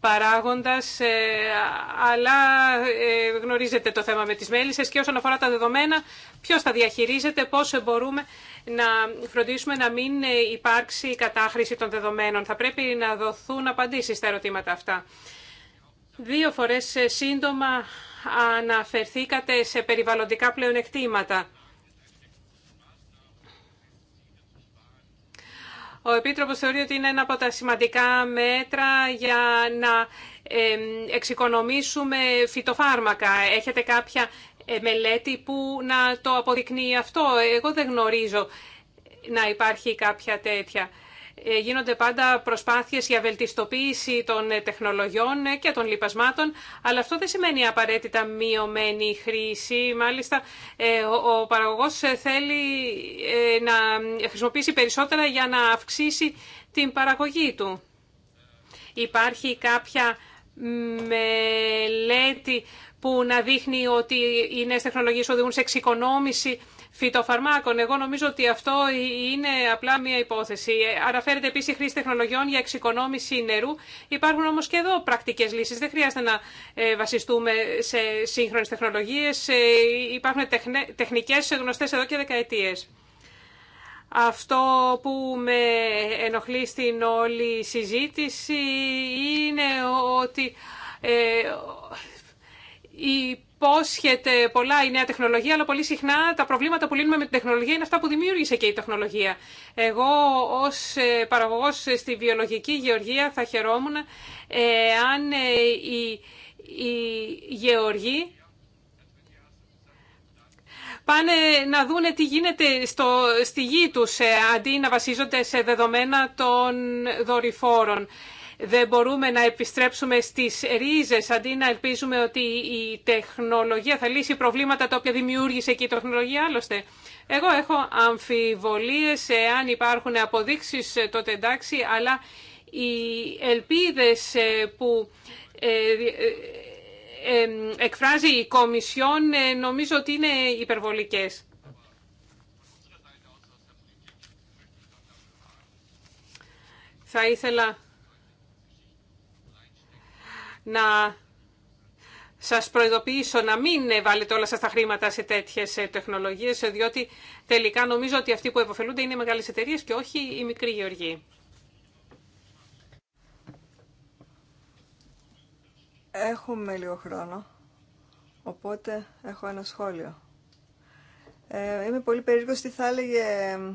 C: παράγοντας, αλλά γνωρίζετε το θέμα με τις μέλισσες και όσον αφορά τα δεδομένα, ποιος θα διαχειρίζεται, πώς μπορούμε να φροντίσουμε να μην υπάρξει κατάχρηση των δεδομένων. Θα πρέπει να δοθούν απαντήσεις στα ερωτήματα αυτά. Δύο φορές ε, σύντομα αναφερθήκατε σε περιβαλλοντικά πλεονεκτήματα. Ο Επίτροπος θεωρεί ότι είναι ένα από τα σημαντικά μέτρα για να ε, εξοικονομήσουμε φυτοφάρμακα. Έχετε κάποια ε, μελέτη που να το αποδεικνύει αυτό. Εγώ δεν γνωρίζω να υπάρχει κάποια τέτοια. Ε, γίνονται πάντα προσπάθειες για βελτιστοποίηση των ε, τεχνολογιών ε, και των λοιπασμάτων, αλλά αυτό δεν σημαίνει απαραίτητα μειωμένη χρήση. Μάλιστα, ο παραγωγός θέλει να χρησιμοποιήσει περισσότερα για να αυξήσει την παραγωγή του. Υπάρχει κάποια μελέτη που να δείχνει ότι οι νέες τεχνολογίες οδηγούν σε εξοικονόμηση φυτοφαρμάκων. Εγώ νομίζω ότι αυτό ε, είναι απλά μια υπόθεση. Ε, αναφέρεται επίση η χρήση τεχνολογιών για εξοικονόμηση νερού. Υπάρχουν όμω και εδώ πρακτικέ λύσει. Δεν χρειάζεται να ε, βασιστούμε σε σύγχρονε τεχνολογίε. Υπάρχουν τεχνικέ γνωστέ εδώ και δεκαετίε. Αυτό που με ενοχλεί στην όλη συζήτηση είναι ότι η υπόσχεται πολλά η νέα τεχνολογία, αλλά πολύ συχνά τα προβλήματα που λύνουμε με την τεχνολογία είναι αυτά που δημιούργησε και η τεχνολογία. Εγώ ως ε, παραγωγός στη βιολογική γεωργία θα χαιρόμουν ε, αν οι, ε, οι γεωργοί πάνε να δούνε τι γίνεται στο, στη γη τους αντί να βασίζονται σε δεδομένα των δορυφόρων. Δεν μπορούμε να επιστρέψουμε στις ρίζες αντί να ελπίζουμε ότι η τεχνολογία θα λύσει προβλήματα τα οποία δημιούργησε και η τεχνολογία άλλωστε. Εγώ έχω αμφιβολίες εάν υπάρχουν αποδείξεις τότε εντάξει, αλλά οι ελπίδες ε, που ε, ε, εκφράζει η Κομισιόν νομίζω ότι είναι υπερβολικές. Θα ήθελα να σας προειδοποιήσω να μην βάλετε όλα σας τα χρήματα σε τέτοιες ε, τεχνολογίες, ε, διότι τελικά νομίζω ότι αυτοί που επωφελούνται είναι οι μεγάλες εταιρείες και όχι οι μικροί γεωργοί.
A: Έχουμε λίγο χρόνο, οπότε έχω ένα σχόλιο. Ε, είμαι πολύ περίεργος τι θα έλεγε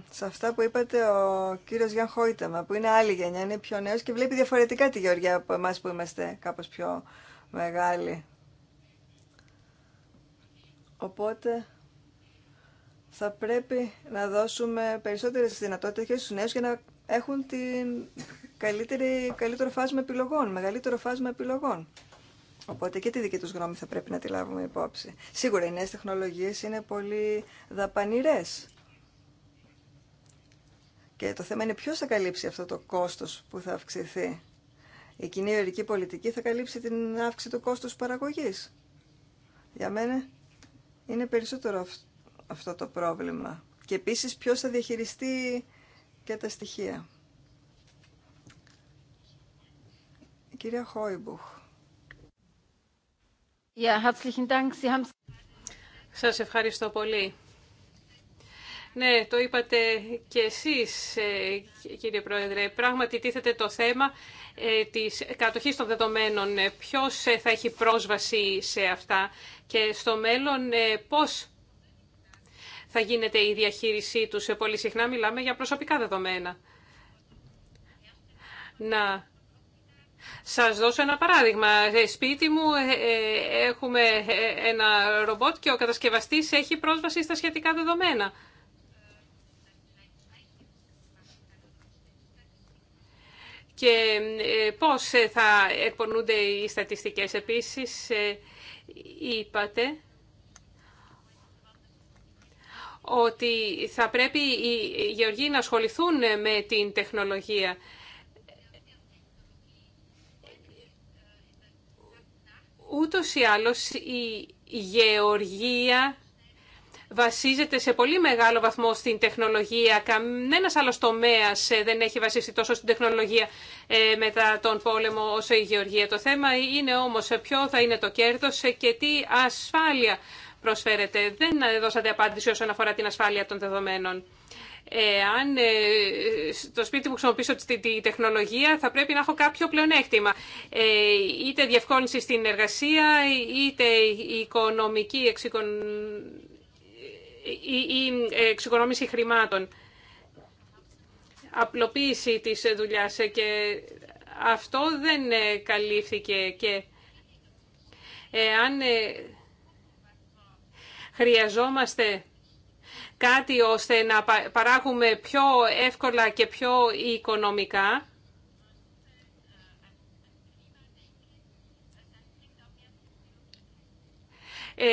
A: σε αυτά που είπατε ο κύριος Γιάν Χόιτεμα, που είναι άλλη γενιά, είναι πιο νέος και βλέπει διαφορετικά τη Γεωργία από εμάς που είμαστε κάπως πιο μεγάλοι. Οπότε θα πρέπει να δώσουμε περισσότερες δυνατότητες και στους νέους για να έχουν την καλύτερη, καλύτερο φάσμα επιλογών, μεγαλύτερο φάσμα επιλογών. Οπότε και τη δική του γνώμη θα πρέπει να τη λάβουμε υπόψη. Σίγουρα οι νέε τεχνολογίες είναι πολύ δαπανηρές. Και το θέμα είναι ποιο θα καλύψει αυτό το κόστος που θα αυξηθεί. Η κοινή ιερική πολιτική θα καλύψει την αύξηση του κόστου παραγωγής. Για μένα είναι περισσότερο αυτό το πρόβλημα. Και επίση ποιο θα διαχειριστεί και τα στοιχεία. Η κυρία Χόιμπουχ.
C: Σα ευχαριστώ πολύ. Ναι, το είπατε και εσείς, ε, κύριε Πρόεδρε. Πράγματι, τίθεται το θέμα ε, της κατοχής των δεδομένων. Ε, ποιος θα έχει πρόσβαση σε αυτά και στο μέλλον πώς θα γίνεται η διαχείρισή τους. Πολύ συχνά μιλάμε για προσωπικά δεδομένα. Να σας δώσω ένα παράδειγμα. Ε, σπίτι μου ε, ε, έχουμε ένα ρομπότ και ο κατασκευαστής έχει πρόσβαση στα σχετικά δεδομένα. Και πώς θα εκπονούνται οι στατιστικές. Επίσης, είπατε ότι θα πρέπει οι γεωργοί να ασχοληθούν με την τεχνολογία. Ούτως ή άλλως η γεωργία βασίζεται σε πολύ μεγάλο βαθμό στην τεχνολογία. Κανένα άλλο τομέα ε, δεν έχει βασιστεί τόσο στην τεχνολογία ε, μετά τον πόλεμο όσο η γεωργια βασιζεται σε πολυ μεγαλο βαθμο στην τεχνολογια κανενα αλλο τομεα δεν εχει βασισει τοσο στην τεχνολογια μετα τον πολεμο οσο η γεωργια Το θέμα είναι όμω ποιο θα είναι το κέρδο και τι ασφάλεια προσφέρεται. Δεν δώσατε απάντηση όσον αφορά την ασφάλεια των δεδομένων αν ε, στο σπίτι μου χρησιμοποιήσω τη τεχνολογία θα πρέπει να έχω κάποιο πλεονέκτημα. Ε, είτε διευκόλυνση στην εργασία, είτε οικονομική ή ε, εξοικονόμηση χρημάτων. Απλοποίηση της δουλειάς και αυτό δεν καλύφθηκε και αν χρειαζόμαστε κάτι ώστε να παράγουμε πιο εύκολα και πιο οικονομικά. ε,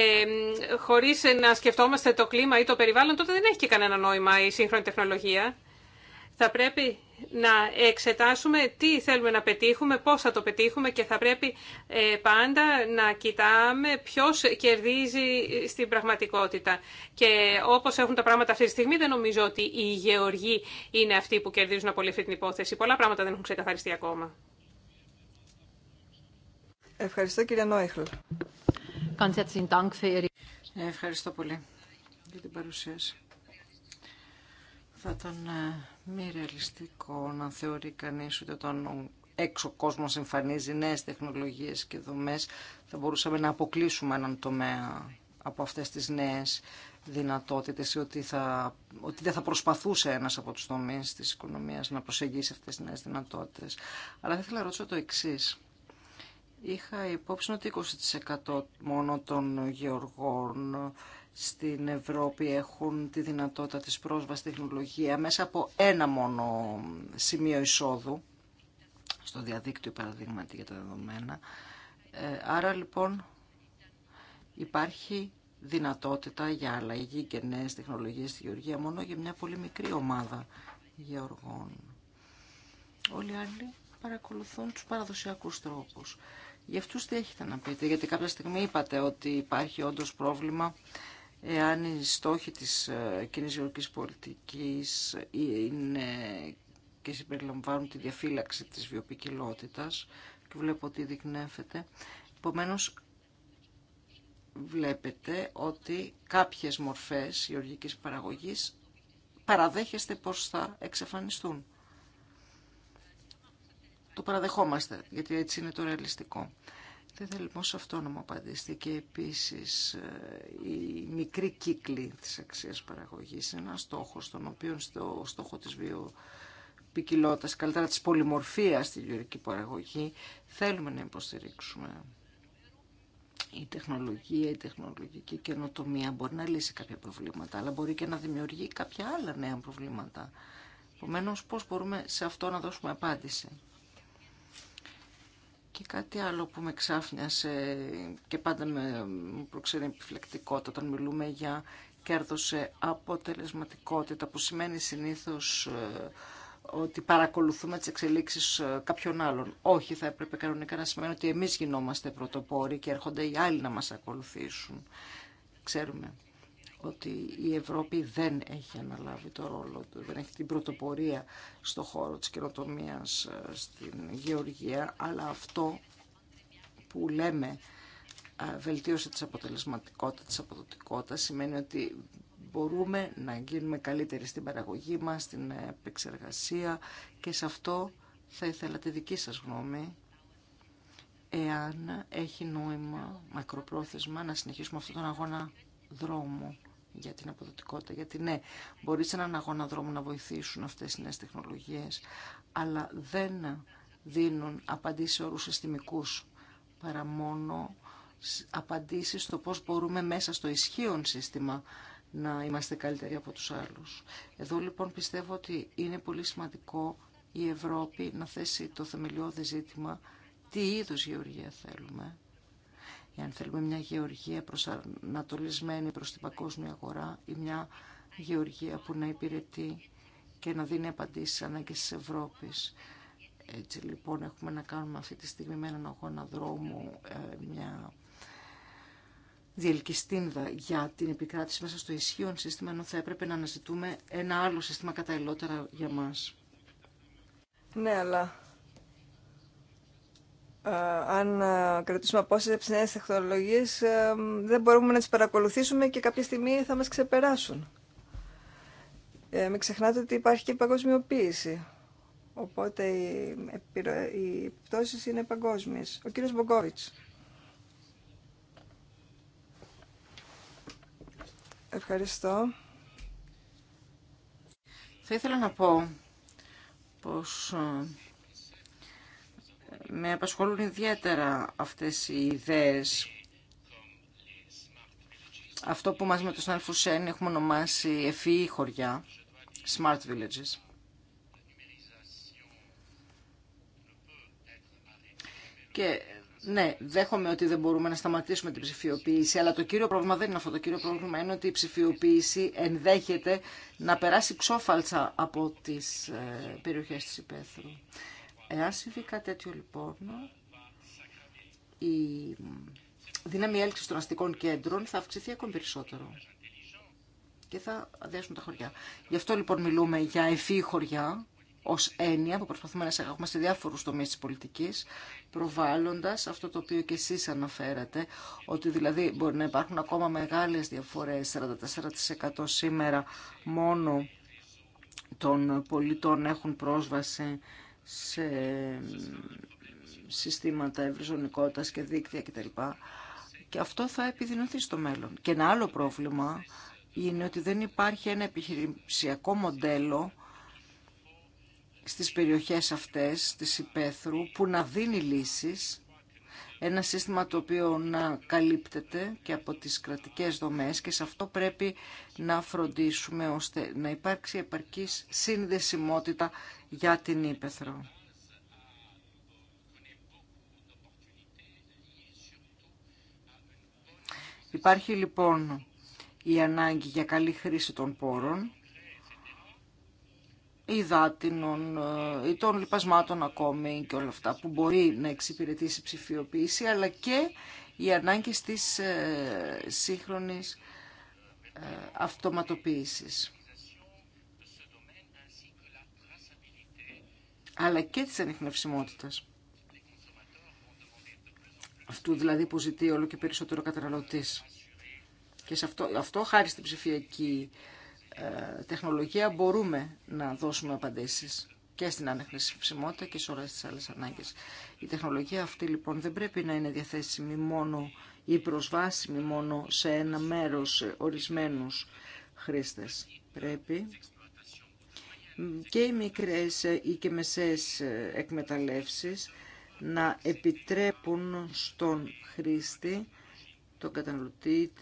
C: χωρίς να σκεφτόμαστε το κλίμα ή το περιβάλλον, τότε δεν έχει και κανένα νόημα η σύγχρονη τεχνολογία. Θα πρέπει να εξετάσουμε τι θέλουμε να πετύχουμε, πώς θα το πετύχουμε και θα πρέπει ε, πάντα να κοιτάμε ποιος κερδίζει στην πραγματικότητα. Και όπως έχουν τα πράγματα αυτή τη στιγμή δεν νομίζω ότι οι γεωργοί είναι αυτοί που κερδίζουν από όλη αυτή την υπόθεση. Πολλά πράγματα δεν έχουν ξεκαθαριστεί
A: ακόμα. Ευχαριστώ κύριε Νόιχλ.
B: Ευχαριστώ πολύ για την παρουσίαση. Θα τον ε, μη ρεαλιστικό να θεωρεί κανείς ότι όταν έξω κόσμος εμφανίζει νέες τεχνολογίες και δομές θα μπορούσαμε να αποκλείσουμε έναν τομέα από αυτές τις νέες δυνατότητες ή ότι, θα, ότι δεν θα προσπαθούσε ένας από τους τομείς της οικονομίας να προσεγγίσει αυτές τις νέες δυνατότητες. Αλλά θα ήθελα να ρωτήσω το εξή. Είχα υπόψη ότι 20% μόνο των γεωργών στην Ευρώπη έχουν τη δυνατότητα της πρόσβασης τεχνολογία μέσα από ένα μόνο σημείο εισόδου, στο διαδίκτυο παραδείγματι για τα δεδομένα. Ε, άρα λοιπόν υπάρχει δυνατότητα για αλλαγή και νέες τεχνολογίες στη γεωργία μόνο για μια πολύ μικρή ομάδα γεωργών. Όλοι οι άλλοι παρακολουθούν τους παραδοσιακούς τρόπους. Γι' αυτούς τι έχετε να πείτε, γιατί κάποια στιγμή είπατε ότι υπάρχει όντως πρόβλημα εάν οι στόχοι της ε, κοινής γεωργικής πολιτικής είναι και συμπεριλαμβάνουν τη διαφύλαξη της βιοπικιλότητας και βλέπω ότι δεικνύεται. Επομένω, βλέπετε ότι κάποιες μορφές γεωργικής παραγωγής παραδέχεστε πως θα εξαφανιστούν. Το παραδεχόμαστε, γιατί έτσι είναι το ρεαλιστικό. Δεν θέλω λοιπόν αυτό να μου απαντήσετε και επίσης ε, η μικρή κύκλη της αξίας παραγωγής είναι ένας στόχος τον οποίο στο στόχο της βιοπικιλότητας, καλύτερα της πολυμορφίας στη γεωρική παραγωγή θέλουμε να υποστηρίξουμε. Η τεχνολογία, η τεχνολογική καινοτομία μπορεί να λύσει κάποια προβλήματα, αλλά μπορεί και να δημιουργεί κάποια άλλα νέα προβλήματα. Επομένω, πώς μπορούμε σε αυτό να δώσουμε απάντηση. Και κάτι άλλο που με ξάφνιασε και πάντα με προξέρει επιφλεκτικότητα όταν μιλούμε για κέρδος αποτελεσματικότητα που σημαίνει συνήθως ε, ότι παρακολουθούμε τις εξελίξεις ε, κάποιων άλλων. Όχι, θα έπρεπε κανονικά να σημαίνει ότι εμείς γινόμαστε πρωτοπόροι και έρχονται οι άλλοι να μας ακολουθήσουν. Ξέρουμε ότι η Ευρώπη δεν έχει αναλάβει το ρόλο του, δεν έχει την πρωτοπορία στο χώρο της καινοτομία ε, στην γεωργία, αλλά αυτό που λέμε ε, βελτίωση της αποτελεσματικότητας, της αποδοτικότητας, σημαίνει ότι μπορούμε να γίνουμε καλύτεροι στην παραγωγή μας, στην επεξεργασία και σε αυτό θα ήθελα τη δική σας γνώμη εάν έχει νόημα μακροπρόθεσμα να συνεχίσουμε αυτόν τον αγώνα δρόμο για την αποδοτικότητα. Γιατί ναι, μπορεί σε έναν αγώνα δρόμου να βοηθήσουν αυτές οι νέες τεχνολογίες, αλλά δεν δίνουν απαντήσεις σε όρους συστημικούς, παρά μόνο απαντήσεις στο πώς μπορούμε μέσα στο ισχύον σύστημα να είμαστε καλύτεροι από τους άλλους. Εδώ λοιπόν πιστεύω ότι είναι πολύ σημαντικό η Ευρώπη να θέσει το θεμελιώδη ζήτημα τι είδους γεωργία θέλουμε Εάν θέλουμε μια γεωργία προσανατολισμένη προς την παγκόσμια αγορά ή μια γεωργία που να υπηρετεί και να δίνει απαντήσεις στις ανάγκες της Ευρώπης. Έτσι λοιπόν έχουμε να κάνουμε αυτή τη στιγμή με έναν αγώνα δρόμου, ε, μια διελκυστίνδα για την επικράτηση μέσα στο ισχύον σύστημα, ενώ θα έπρεπε να αναζητούμε ένα άλλο σύστημα καταλληλότερα για μας. Ναι, αλλά
A: ε, αν ε, κρατήσουμε απόσταση από τεχνολογίε, τεχνολογίες, δεν μπορούμε να τις παρακολουθήσουμε και κάποια στιγμή θα μας ξεπεράσουν. Ε, μην ξεχνάτε ότι υπάρχει και παγκοσμιοποίηση. Οπότε οι, οι πτώσεις είναι παγκόσμιες. Ο κύριος Μπογκόβιτς.
B: Ευχαριστώ. Θα ήθελα να πω πως ε, με απασχολούν ιδιαίτερα αυτές οι ιδέες. Αυτό που μαζί με τον Σνάρφου Σέν έχουμε ονομάσει ευφυή χωριά, smart villages. Και ναι, δέχομαι ότι δεν μπορούμε να σταματήσουμε την ψηφιοποίηση, αλλά το κύριο πρόβλημα δεν είναι αυτό. Το κύριο πρόβλημα είναι ότι η ψηφιοποίηση ενδέχεται να περάσει ξόφαλτσα από τις ε, περιοχές της υπαίθρου. Εάν συμβεί κάτι τέτοιο λοιπόν, η δύναμη έλξη των αστικών κέντρων θα αυξηθεί ακόμη περισσότερο και θα αδειάσουν τα χωριά. Γι' αυτό λοιπόν μιλούμε για ευφύ χωριά ως έννοια που προσπαθούμε να εισαγάγουμε σε διάφορου τομείς τη πολιτική, προβάλλοντας αυτό το οποίο και εσεί αναφέρατε, ότι δηλαδή μπορεί να υπάρχουν ακόμα μεγάλε διαφορέ 44% σήμερα μόνο των πολιτών έχουν πρόσβαση σε συστήματα ευρυζωνικότητας και δίκτυα κτλ. Και αυτό θα επιδεινωθεί στο μέλλον. Και ένα άλλο πρόβλημα είναι ότι δεν υπάρχει ένα επιχειρησιακό μοντέλο στις περιοχές αυτές, της υπαίθρου, που να δίνει λύσεις ένα σύστημα το οποίο να καλύπτεται και από τις κρατικές δομές και σε αυτό πρέπει να φροντίσουμε ώστε να υπάρξει επαρκής συνδεσιμότητα για την Ήπεθρο. Υπάρχει λοιπόν η ανάγκη για καλή χρήση των πόρων υδάτινων ε, ή των λοιπασμάτων ακόμη και όλα αυτά που μπορεί να εξυπηρετήσει ψηφιοποίηση, αλλά και οι ανάγκες της ε, σύγχρονης ε, αυτοματοποίησης. αλλά και της ανιχνευσιμότητας. Αυτού δηλαδή που ζητεί όλο και περισσότερο καταναλωτής. Και σε αυτό, αυτό χάρη στην ψηφιακή ε, τεχνολογία μπορούμε να δώσουμε απαντήσεις και στην ανεχνησιμότητα και σε όλες τις άλλες ανάγκες. Η τεχνολογία αυτή λοιπόν δεν πρέπει να είναι διαθέσιμη μόνο ή προσβάσιμη μόνο σε ένα μέρος ορισμένους χρήστες. Πρέπει και οι μικρές ή και μεσές εκμεταλλεύσεις να επιτρέπουν στον χρήστη τον καταναλωτή,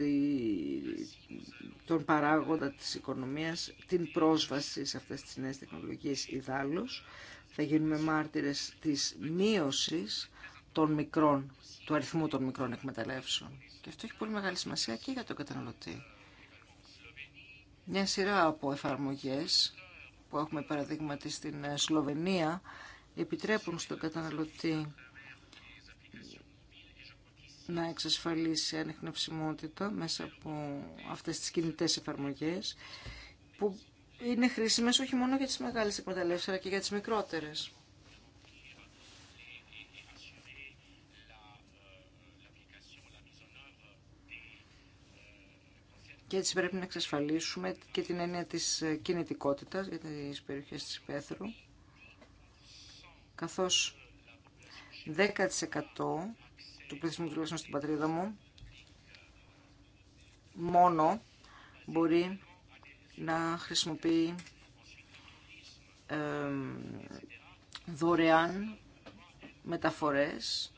B: τον παράγοντα της οικονομίας, την πρόσβαση σε αυτές τις νέες τεχνολογίες ιδάλλως. Θα γίνουμε μάρτυρες της μείωσης των μικρών, του αριθμού των μικρών εκμεταλλεύσεων. Και αυτό έχει πολύ μεγάλη σημασία και για τον καταναλωτή. Μια σειρά από εφαρμογές που έχουμε παραδείγματι στην Σλοβενία επιτρέπουν στον καταναλωτή να εξασφαλίσει ανεχνευσιμότητα μέσα από αυτές τις κινητές εφαρμογές που είναι χρήσιμες όχι μόνο για τις μεγάλες εκμεταλλεύσεις αλλά και για τις μικρότερες. Και έτσι πρέπει να εξασφαλίσουμε και την έννοια της κινητικότητας για τις περιοχές της υπαίθρου, καθώς 10% του πληθυσμού τουλάχιστον στην πατρίδα μου μόνο μπορεί να χρησιμοποιεί ε, δωρεάν μεταφορές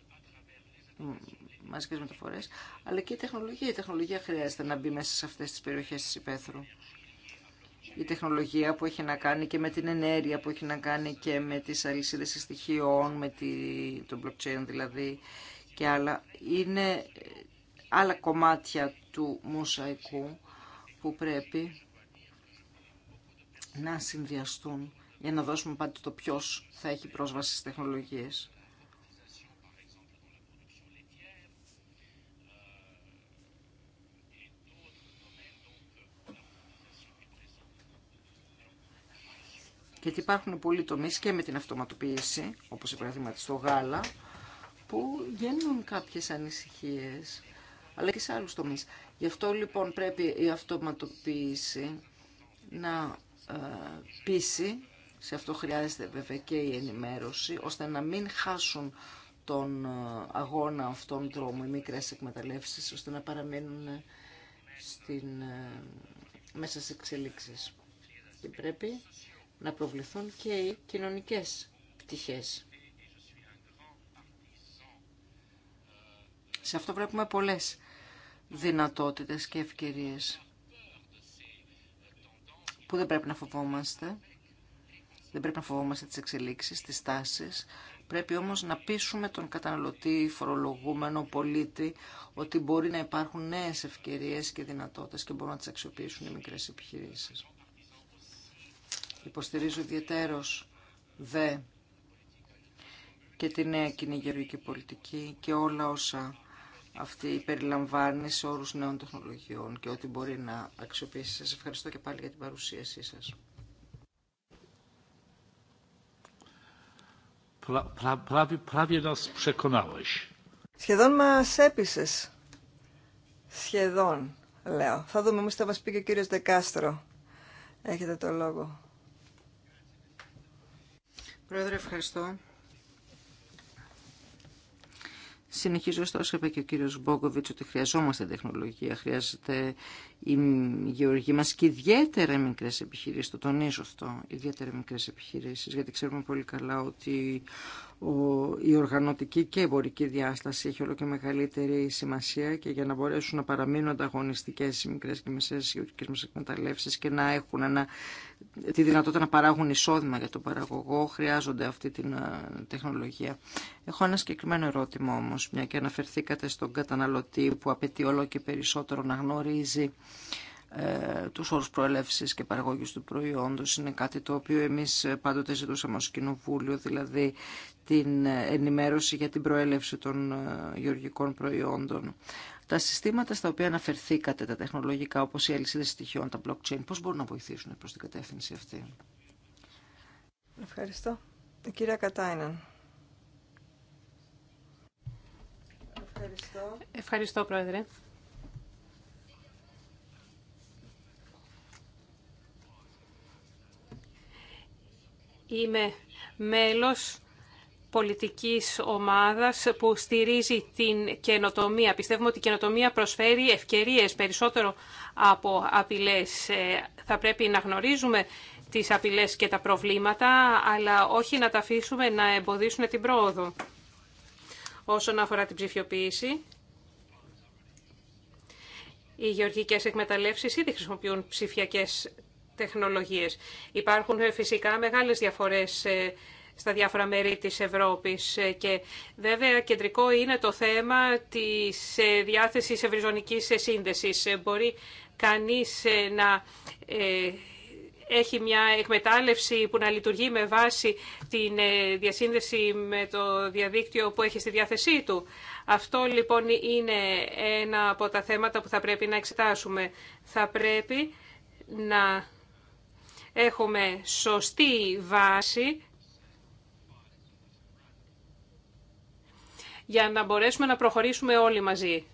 B: μαζικές μεταφορές αλλά και η τεχνολογία. Η τεχνολογία χρειάζεται να μπει μέσα σε αυτές τις περιοχές της υπαίθρου. Η τεχνολογία που έχει να κάνει και με την ενέργεια, που έχει να κάνει και με τις αλυσίδες στοιχείων, με τη, το blockchain δηλαδή, και άλλα είναι άλλα κομμάτια του μουσαϊκού που πρέπει να συνδυαστούν για να δώσουμε πάντα το ποιος θα έχει πρόσβαση στις τεχνολογίες. Γιατί υπάρχουν πολλοί τομείς και με την αυτοματοποίηση, όπως η στο γάλα, που γίνουν κάποιες ανησυχίες, αλλά και σε άλλους τομείς. Γι' αυτό λοιπόν πρέπει η αυτοματοποίηση να ε, πείσει, σε αυτό χρειάζεται βέβαια και η ενημέρωση, ώστε να μην χάσουν τον ε, αγώνα αυτών δρόμου οι μικρές εκμεταλλεύσεις, ώστε να παραμείνουν στην, ε, μέσα σε εξελίξεις. Και πρέπει να προβληθούν και οι κοινωνικές πτυχές. Σε αυτό βλέπουμε πολλές δυνατότητες και ευκαιρίες που δεν πρέπει να φοβόμαστε. Δεν πρέπει να φοβόμαστε τις εξελίξεις, τις τάσεις. Πρέπει όμως να πείσουμε τον καταναλωτή, φορολογούμενο, πολίτη, ότι μπορεί να υπάρχουν νέες ευκαιρίες και δυνατότητες και μπορούν να τις αξιοποιήσουν οι μικρές επιχειρήσεις. Υποστηρίζω ιδιαίτερος δε και τη νέα κυνηγερική πολιτική και όλα όσα αυτή περιλαμβάνει σε όρους νέων τεχνολογιών και ό,τι μπορεί να αξιοποιήσει. Σας ευχαριστώ και πάλι για την παρουσίασή σας.
A: Σχεδόν μας έπεισες. Σχεδόν, λέω. Θα δούμε όμως τι θα μας πει και ο κύριος Δεκάστρο. Έχετε το
B: λόγο. Πρόεδρε, ευχαριστώ. Συνεχίζω στα είπε και ο κύριος Μπόγκοβιτς ότι χρειαζόμαστε τεχνολογία, χρειάζεται οι γεωργοί μας και ιδιαίτερα οι μικρές επιχειρήσεις, το τονίζω αυτό, ιδιαίτερα οι μικρές επιχειρήσεις, γιατί ξέρουμε πολύ καλά ότι η οργανωτική και εμπορική διάσταση έχει όλο και μεγαλύτερη σημασία και για να μπορέσουν να παραμείνουν ανταγωνιστικές οι μικρές και μεσαίες γεωργικές μας εκμεταλλεύσεις και να έχουν ένα, τη δυνατότητα να παράγουν εισόδημα για τον παραγωγό, χρειάζονται αυτή την ε, τεχνολογία. Έχω ένα συγκεκριμένο ερώτημα όμως, μια και αναφερθήκατε στον καταναλωτή που απαιτεί όλο και περισσότερο να γνωρίζει ε, τους όρους προέλευσης και παραγωγής του προϊόντος είναι κάτι το οποίο εμείς πάντοτε ζητούσαμε ως κοινοβούλιο, δηλαδή την ενημέρωση για την προέλευση των ε, γεωργικών προϊόντων. Τα συστήματα στα οποία αναφερθήκατε, τα τεχνολογικά, όπως η αλυσίδα στοιχειών, τα blockchain, πώς μπορούν να βοηθήσουν προς την κατεύθυνση αυτή.
A: Ευχαριστώ. Η κυρία Κατάιναν.
B: Ευχαριστώ.
A: Ευχαριστώ, Πρόεδρε.
C: Είμαι μέλος πολιτικής ομάδας που στηρίζει την καινοτομία. Πιστεύουμε ότι η καινοτομία προσφέρει ευκαιρίες περισσότερο από απειλές. Ε, θα πρέπει να γνωρίζουμε τις απειλές και τα προβλήματα, αλλά όχι να τα αφήσουμε να εμποδίσουν την πρόοδο. Όσον αφορά την ψηφιοποίηση, οι γεωργικές εκμεταλλεύσεις ήδη χρησιμοποιούν ψηφιακές τεχνολογίες. Υπάρχουν ε, φυσικά μεγάλες διαφορές ε, στα διάφορα μέρη της Ευρώπης ε, και βέβαια κεντρικό είναι το θέμα της διάθεσης ευρυζωνικής σύνδεσης. Μπορεί κανείς να έχει μια εκμετάλλευση που να λειτουργεί με βάση τη διασύνδεση με το διαδίκτυο που έχει στη διάθεσή του. Αυτό λοιπόν είναι ένα από τα θέματα που θα πρέπει να εξετάσουμε. Θα πρέπει να έχουμε σωστή βάση για να μπορέσουμε να προχωρήσουμε όλοι μαζί.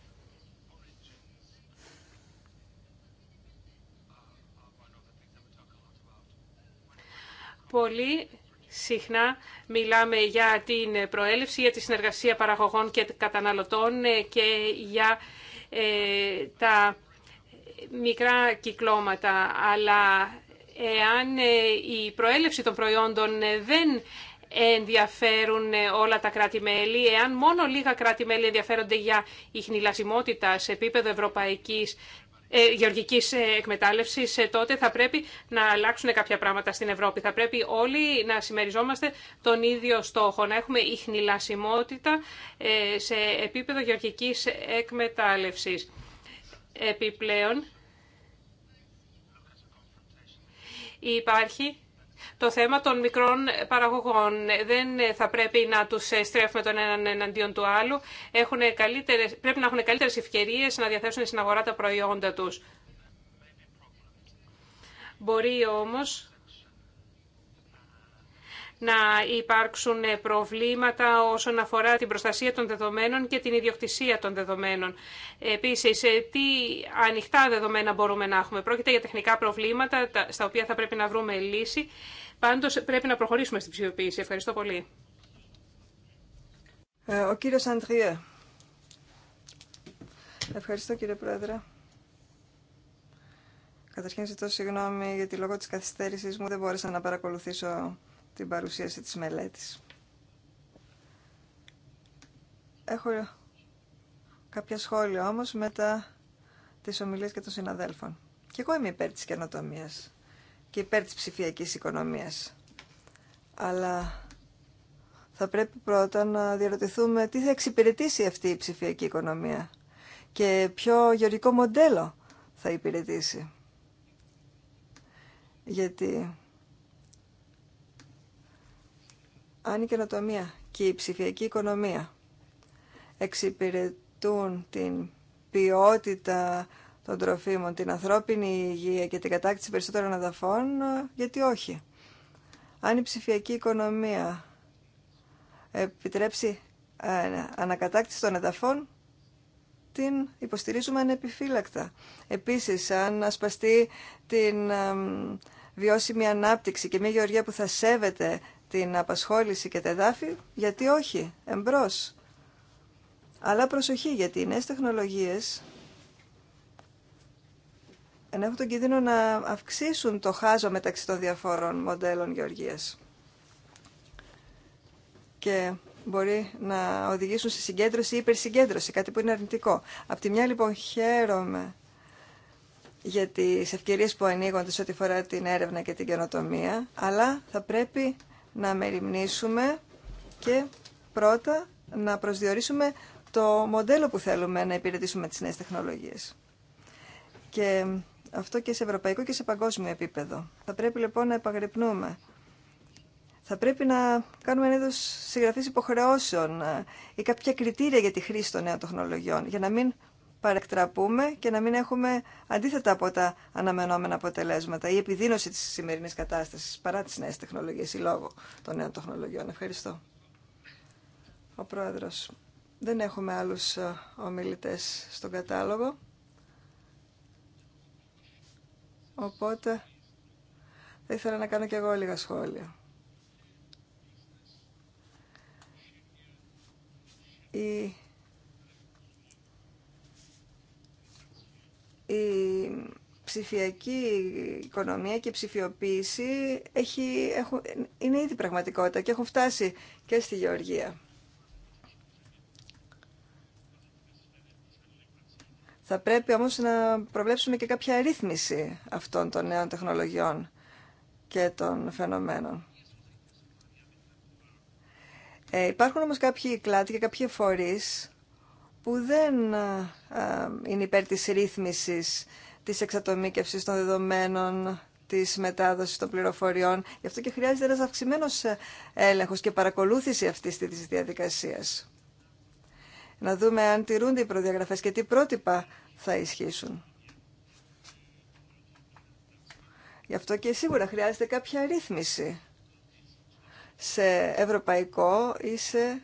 C: Πολύ συχνά μιλάμε για την προέλευση, για τη συνεργασία παραγωγών και καταναλωτών και για ε, τα μικρά κυκλώματα, αλλά εάν ε, η προέλευση των προϊόντων ε, δεν ενδιαφέρουν ε, όλα τα κράτη-μέλη, εάν μόνο λίγα κράτη-μέλη ενδιαφέρονται για ηχνηλασιμότητα σε επίπεδο ευρωπαϊκής γεωργικής εκμετάλλευσης, τότε θα πρέπει να αλλάξουν κάποια πράγματα στην Ευρώπη. Θα πρέπει όλοι να συμμεριζόμαστε τον ίδιο στόχο, να έχουμε ηχνηλασιμότητα σε επίπεδο γεωργικής εκμετάλλευσης. Επιπλέον, Υπάρχει το θέμα των μικρών παραγωγών. Δεν θα πρέπει να τους στρέφουμε τον έναν εναντίον του άλλου. Έχουν καλύτερες, πρέπει να έχουν καλύτερες ευκαιρίε να διαθέσουν στην αγορά τα προϊόντα τους. Μπορεί όμως να υπάρξουν προβλήματα όσον αφορά την προστασία των δεδομένων και την ιδιοκτησία των δεδομένων. Επίσης, τι ανοιχτά δεδομένα μπορούμε να έχουμε. Πρόκειται για τεχνικά προβλήματα στα οποία θα πρέπει να βρούμε λύση. Πάντως, πρέπει να προχωρήσουμε στην ψηφιοποίηση. Ευχαριστώ πολύ.
A: Ε, ο κύριος Αντριέ. Ευχαριστώ κύριε Πρόεδρε. Καταρχήν ζητώ συγγνώμη γιατί λόγω της καθυστέρησης μου δεν μπόρεσα να παρακολουθήσω την παρουσίαση της μελέτης. Έχω κάποια σχόλια όμως μετά τις ομιλίες και των συναδέλφων. Και εγώ είμαι υπέρ της καινοτομίας και υπέρ της ψηφιακής οικονομίας. Αλλά θα πρέπει πρώτα να διαρωτηθούμε τι θα εξυπηρετήσει αυτή η ψηφιακή οικονομία και ποιο γεωργικό μοντέλο θα υπηρετήσει. Γιατί αν η καινοτομία και η ψηφιακή οικονομία εξυπηρετούν την ποιότητα των τροφίμων, την ανθρώπινη υγεία και την κατάκτηση περισσότερων εδαφών, γιατί όχι. Αν η ψηφιακή οικονομία επιτρέψει ε, ανακατάκτηση των εδαφών, την υποστηρίζουμε ανεπιφύλακτα. Επίσης, αν ασπαστεί την βιώσιμη ανάπτυξη και μια γεωργία που θα σέβεται την απασχόληση και τα εδάφη, γιατί όχι, εμπρός. Αλλά προσοχή, γιατί οι νέες τεχνολογίες έχουν τον κίνδυνο να αυξήσουν το χάζο μεταξύ των διαφόρων μοντέλων γεωργίας. Και μπορεί να οδηγήσουν σε συγκέντρωση ή υπερσυγκέντρωση, κάτι που είναι αρνητικό. Απ' τη μια λοιπόν χαίρομαι για τις ευκαιρίες που ανοίγονται σε ό,τι φορά την έρευνα και την καινοτομία, αλλά θα πρέπει να μεριμνήσουμε και πρώτα να προσδιορίσουμε το μοντέλο που θέλουμε να υπηρετήσουμε τις νέες τεχνολογίες. Και αυτό και σε ευρωπαϊκό και σε παγκόσμιο επίπεδο. Θα πρέπει λοιπόν να επαγρυπνούμε. Θα πρέπει να κάνουμε ένα είδος συγγραφής υποχρεώσεων ε, ή κάποια κριτήρια για τη χρήση των νέων τεχνολογιών, για να μην παρεκτραπούμε και να μην έχουμε αντίθετα από τα αναμενόμενα αποτελέσματα ή επιδείνωση της σημερινής κατάστασης παρά τις νέες τεχνολογίες ή λόγω των νέων τεχνολογιών. Ευχαριστώ. Ο Πρόεδρος. Δεν έχουμε άλλους ε, ομιλητές στον κατάλογο. Οπότε θα ήθελα να κάνω και εγώ λίγα σχόλια. Η η ψηφιακή οικονομία και η ψηφιοποίηση έχει, είναι ήδη πραγματικότητα και έχουν φτάσει και στη Γεωργία. Θα πρέπει όμως να προβλέψουμε και κάποια ρύθμιση αυτών των νέων τεχνολογιών και των φαινομένων. Ε, υπάρχουν όμως κάποιοι κλάδοι και κάποιοι φορείς που δεν ε, ε, είναι υπέρ της ρύθμισης της εξατομίκευσης των δεδομένων της μετάδοσης των πληροφοριών. Γι' αυτό και χρειάζεται ένας αυξημένος ε, έλεγχος και παρακολούθηση αυτής της διαδικασίας. Να δούμε αν τηρούνται οι προδιαγραφές και τι πρότυπα θα ισχύσουν. Γι' αυτό και σίγουρα χρειάζεται κάποια ρύθμιση σε ευρωπαϊκό ή σε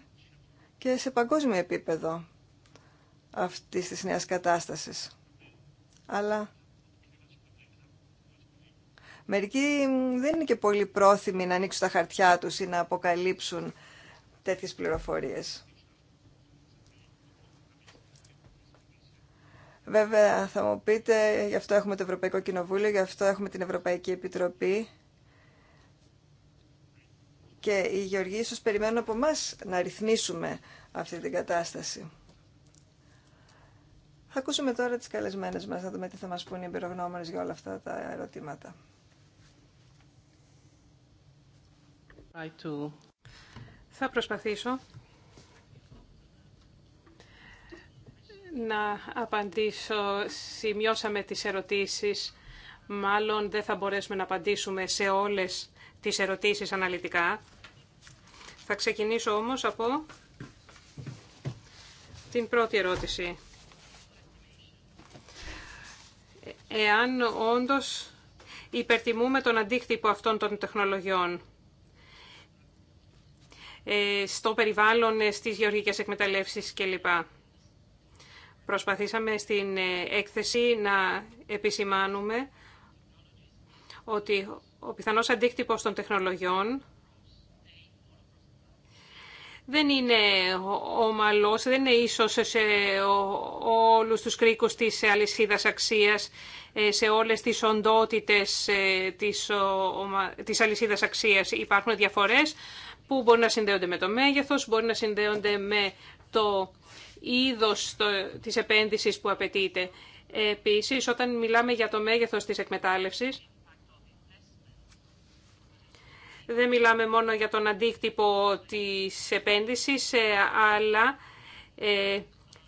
A: και σε παγκόσμιο επίπεδο αυτής της νέας κατάστασης. Αλλά μερικοί δεν είναι και πολύ πρόθυμοι να ανοίξουν τα χαρτιά τους ή να αποκαλύψουν τέτοιες πληροφορίες. Βέβαια θα μου πείτε, γι' αυτό έχουμε το Ευρωπαϊκό Κοινοβούλιο, γι' αυτό έχουμε την Ευρωπαϊκή Επιτροπή και οι Γεωργοί ίσως περιμένουν από εμά να ρυθμίσουμε αυτή την κατάσταση. Θα ακούσουμε τώρα τις καλεσμένες μας, Θα δούμε τι θα μας πούν οι εμπειρογνώμονες για όλα αυτά τα ερωτήματα. Θα προσπαθήσω
C: να απαντήσω. Σημειώσαμε τις ερωτήσεις. Μάλλον δεν θα μπορέσουμε να απαντήσουμε σε όλες τις ερωτήσεις αναλυτικά. Θα ξεκινήσω όμως από την πρώτη ερώτηση. εάν όντως υπερτιμούμε τον αντίκτυπο αυτών των τεχνολογιών ε, στο περιβάλλον, ε, στις γεωργικές εκμεταλλεύσεις κλπ. Προσπαθήσαμε στην ε, έκθεση να επισημάνουμε ότι ο πιθανός αντίκτυπος των τεχνολογιών δεν είναι ομαλός, δεν είναι ίσως σε όλους τους κρίκους της αλυσίδας αξίας, ε, σε όλες τις οντότητες ε, της αλυσίδας αξίας υπάρχουν διαφορές που μπορεί να συνδέονται με το μέγεθος, μπορεί να συνδέονται με το είδος της επένδυσης που απαιτείται. Επίσης, όταν μιλάμε για το μέγεθος της εκμετάλλευσης, δεν μιλάμε μόνο για τον αντίκτυπο της επένδυσης, ε, αλλά ε,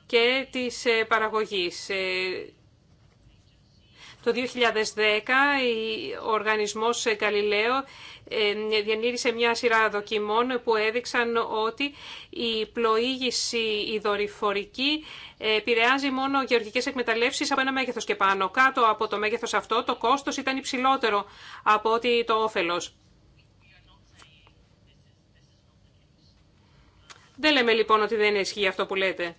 C: και της ε, παραγωγής. Το 2010 ο οργανισμός Καλλιλέο διενήρησε μια σειρά δοκιμών που έδειξαν ότι η πλοήγηση η δορυφορική επηρεάζει μόνο γεωργικές εκμεταλλεύσεις από ένα μέγεθος και πάνω. Κάτω από το μέγεθος αυτό το κόστος ήταν υψηλότερο από ότι το όφελος. Δεν λέμε λοιπόν ότι δεν ισχύει αυτό που λέτε.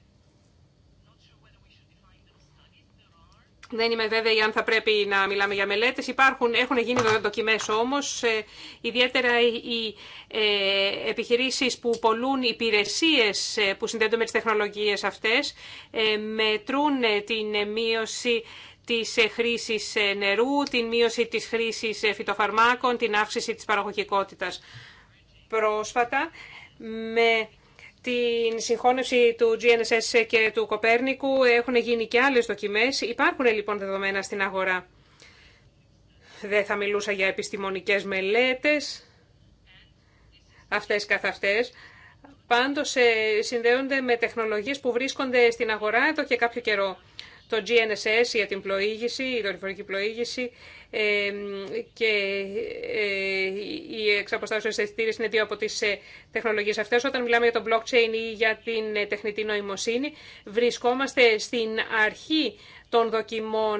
C: Δεν είμαι βέβαιη αν θα πρέπει να μιλάμε για μελέτες. έχουν γίνει δοκιμέ όμως, ε, ιδιαίτερα οι ε, επιχειρήσεις που πολλούν υπηρεσίες ε, που συνδέονται με τις τεχνολογίες αυτές, ε, μετρούν την μείωση της χρήσης νερού, την μείωση της χρήσης φυτοφαρμάκων, την αύξηση της παραγωγικότητας. Πρόσφατα, με την συγχώνευση του GNSS και του Κοπέρνικου. Έχουν γίνει και άλλες δοκιμές. Υπάρχουν λοιπόν δεδομένα στην αγορά. Δεν θα μιλούσα για επιστημονικές μελέτες, αυτές καθ' αυτές. Πάντως ε, συνδέονται με τεχνολογίες που βρίσκονται στην αγορά εδώ και κάποιο καιρό. Το GNSS για την πλοήγηση, η δορυφορική πλοήγηση, και ε, οι εξαποστάσεις αισθητήρες είναι δύο από τις ε, τεχνολογίες αυτές. Όταν μιλάμε για το blockchain ή για την ε, τεχνητή νοημοσύνη, βρισκόμαστε στην αρχή των δοκιμών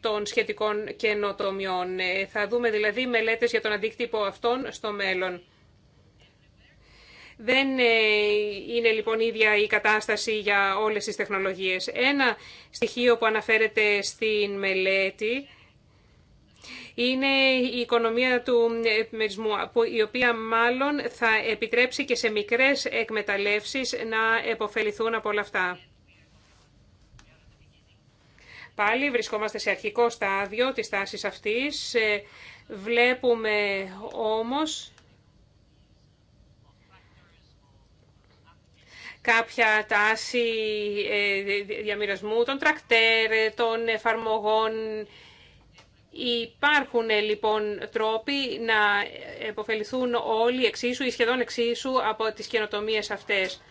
C: των σχετικών καινοτομιών. Θα δούμε δηλαδή μελέτες για τον αντίκτυπο αυτών στο μέλλον. Δεν είναι λοιπόν ίδια η κατάσταση για όλες τις τεχνολογίες. Ένα στοιχείο που αναφέρεται στην μελέτη είναι η οικονομία του επιμερισμού, η οποία μάλλον θα επιτρέψει και σε μικρές εκμεταλλεύσεις να επωφεληθούν από όλα αυτά. Πάλι βρισκόμαστε σε αρχικό στάδιο της τάσης αυτής. Ε, βλέπουμε όμως κάποια τάση ε, διαμοιρασμού των τρακτέρ, των εφαρμογών Υπάρχουν λοιπόν τρόποι να επωφεληθούν όλοι εξίσου ή σχεδόν εξίσου από τις καινοτομίε αυτές.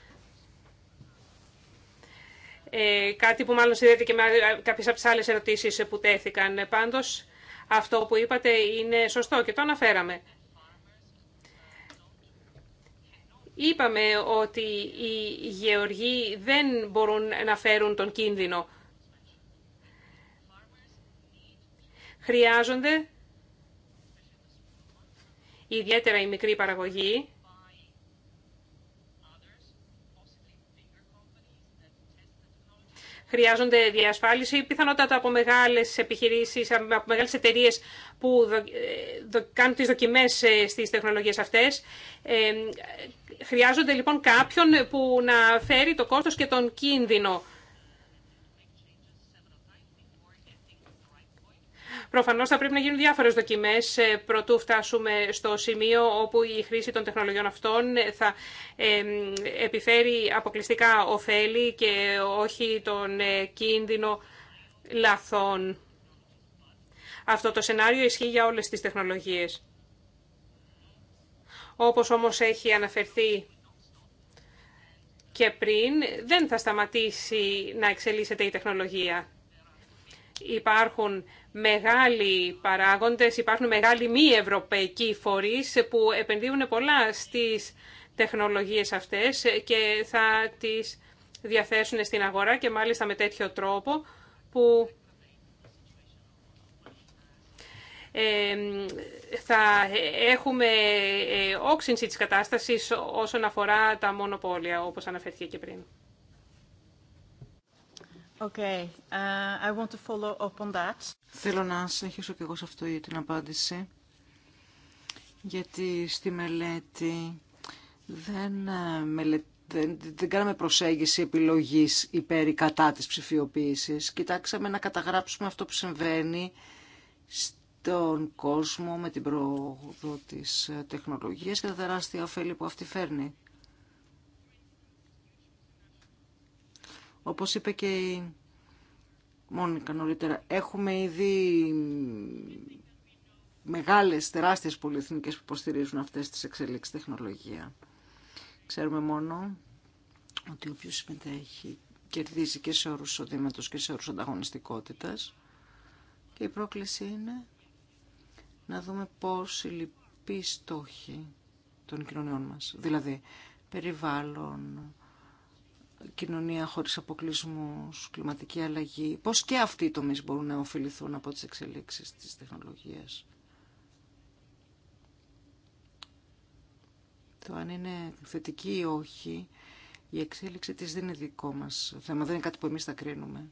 C: Ε, κάτι που μάλλον συνδέεται και με κάποιες από τις άλλες ερωτήσεις που τέθηκαν. Πάντως, αυτό που είπατε είναι σωστό και το αναφέραμε. Είπαμε ότι οι γεωργοί δεν μπορούν να φέρουν τον κίνδυνο. χρειάζονται ιδιαίτερα η μικρή παραγωγή χρειάζονται διασφάλιση, πιθανότατα από μεγάλες επιχειρήσεις, από μεγάλες εταιρείε που ε, κάνουν δοκιμές ε, στις τεχνολογίες αυτές. αυτέ. Ε, χρειάζονται λοιπόν κάποιον που να φέρει το κόστος και τον κίνδυνο Προφανώ θα πρέπει να γίνουν διάφορε δοκιμέ ε, προτού φτάσουμε στο σημείο όπου η χρήση των τεχνολογιών αυτών θα ε, επιφέρει αποκλειστικά ωφέλη και όχι τον ε, κίνδυνο λαθών. Αυτό το σενάριο ισχύει για όλες τις τεχνολογίες. Όπως όμως έχει αναφερθεί και πριν, δεν θα σταματήσει να εξελίσσεται η τεχνολογία υπάρχουν μεγάλοι παράγοντες, υπάρχουν μεγάλοι μη ευρωπαϊκοί φορείς που επενδύουν πολλά στις τεχνολογίες αυτές και θα τις διαθέσουν στην αγορά και μάλιστα με τέτοιο τρόπο που ε, θα έχουμε ε, όξυνση της κατάστασης όσον αφορά τα μονοπόλια, όπως αναφέρθηκε και πριν.
A: Uh,
B: Θέλω να συνεχίσω και εγώ σε αυτό την απάντηση, γιατί στη μελέτη ε, δεν, δεν, κάναμε προσέγγιση επιλογής υπέρ ή κατά της ψηφιοποίησης. Κοιτάξαμε να καταγράψουμε αυτό που συμβαίνει στον κόσμο με την πρόοδο της ε, τεχνολογίας και τα τεράστια ωφέλη που αυτή φέρνει. Όπως είπε και η Μόνικα νωρίτερα, έχουμε ήδη μεγάλες, τεράστιες πολυεθνικές που υποστηρίζουν αυτές τις εξελίξεις τεχνολογία. Ξέρουμε μόνο ότι όποιος συμμετέχει κερδίζει και σε όρους εισοδήματος και σε όρους ανταγωνιστικότητας και η πρόκληση είναι να δούμε πώς οι λοιποί στόχοι των κοινωνιών μας, δηλαδή περιβάλλον, κοινωνία χωρίς αποκλεισμούς, κλιματική αλλαγή, πώς και αυτοί οι τομείς μπορούν να ωφεληθούν από τις εξελίξεις της τεχνολογίας. Το αν είναι θετική ή όχι, η εξέλιξη της δεν είναι δικό μας θέμα, δεν είναι κάτι που εμείς θα κρίνουμε.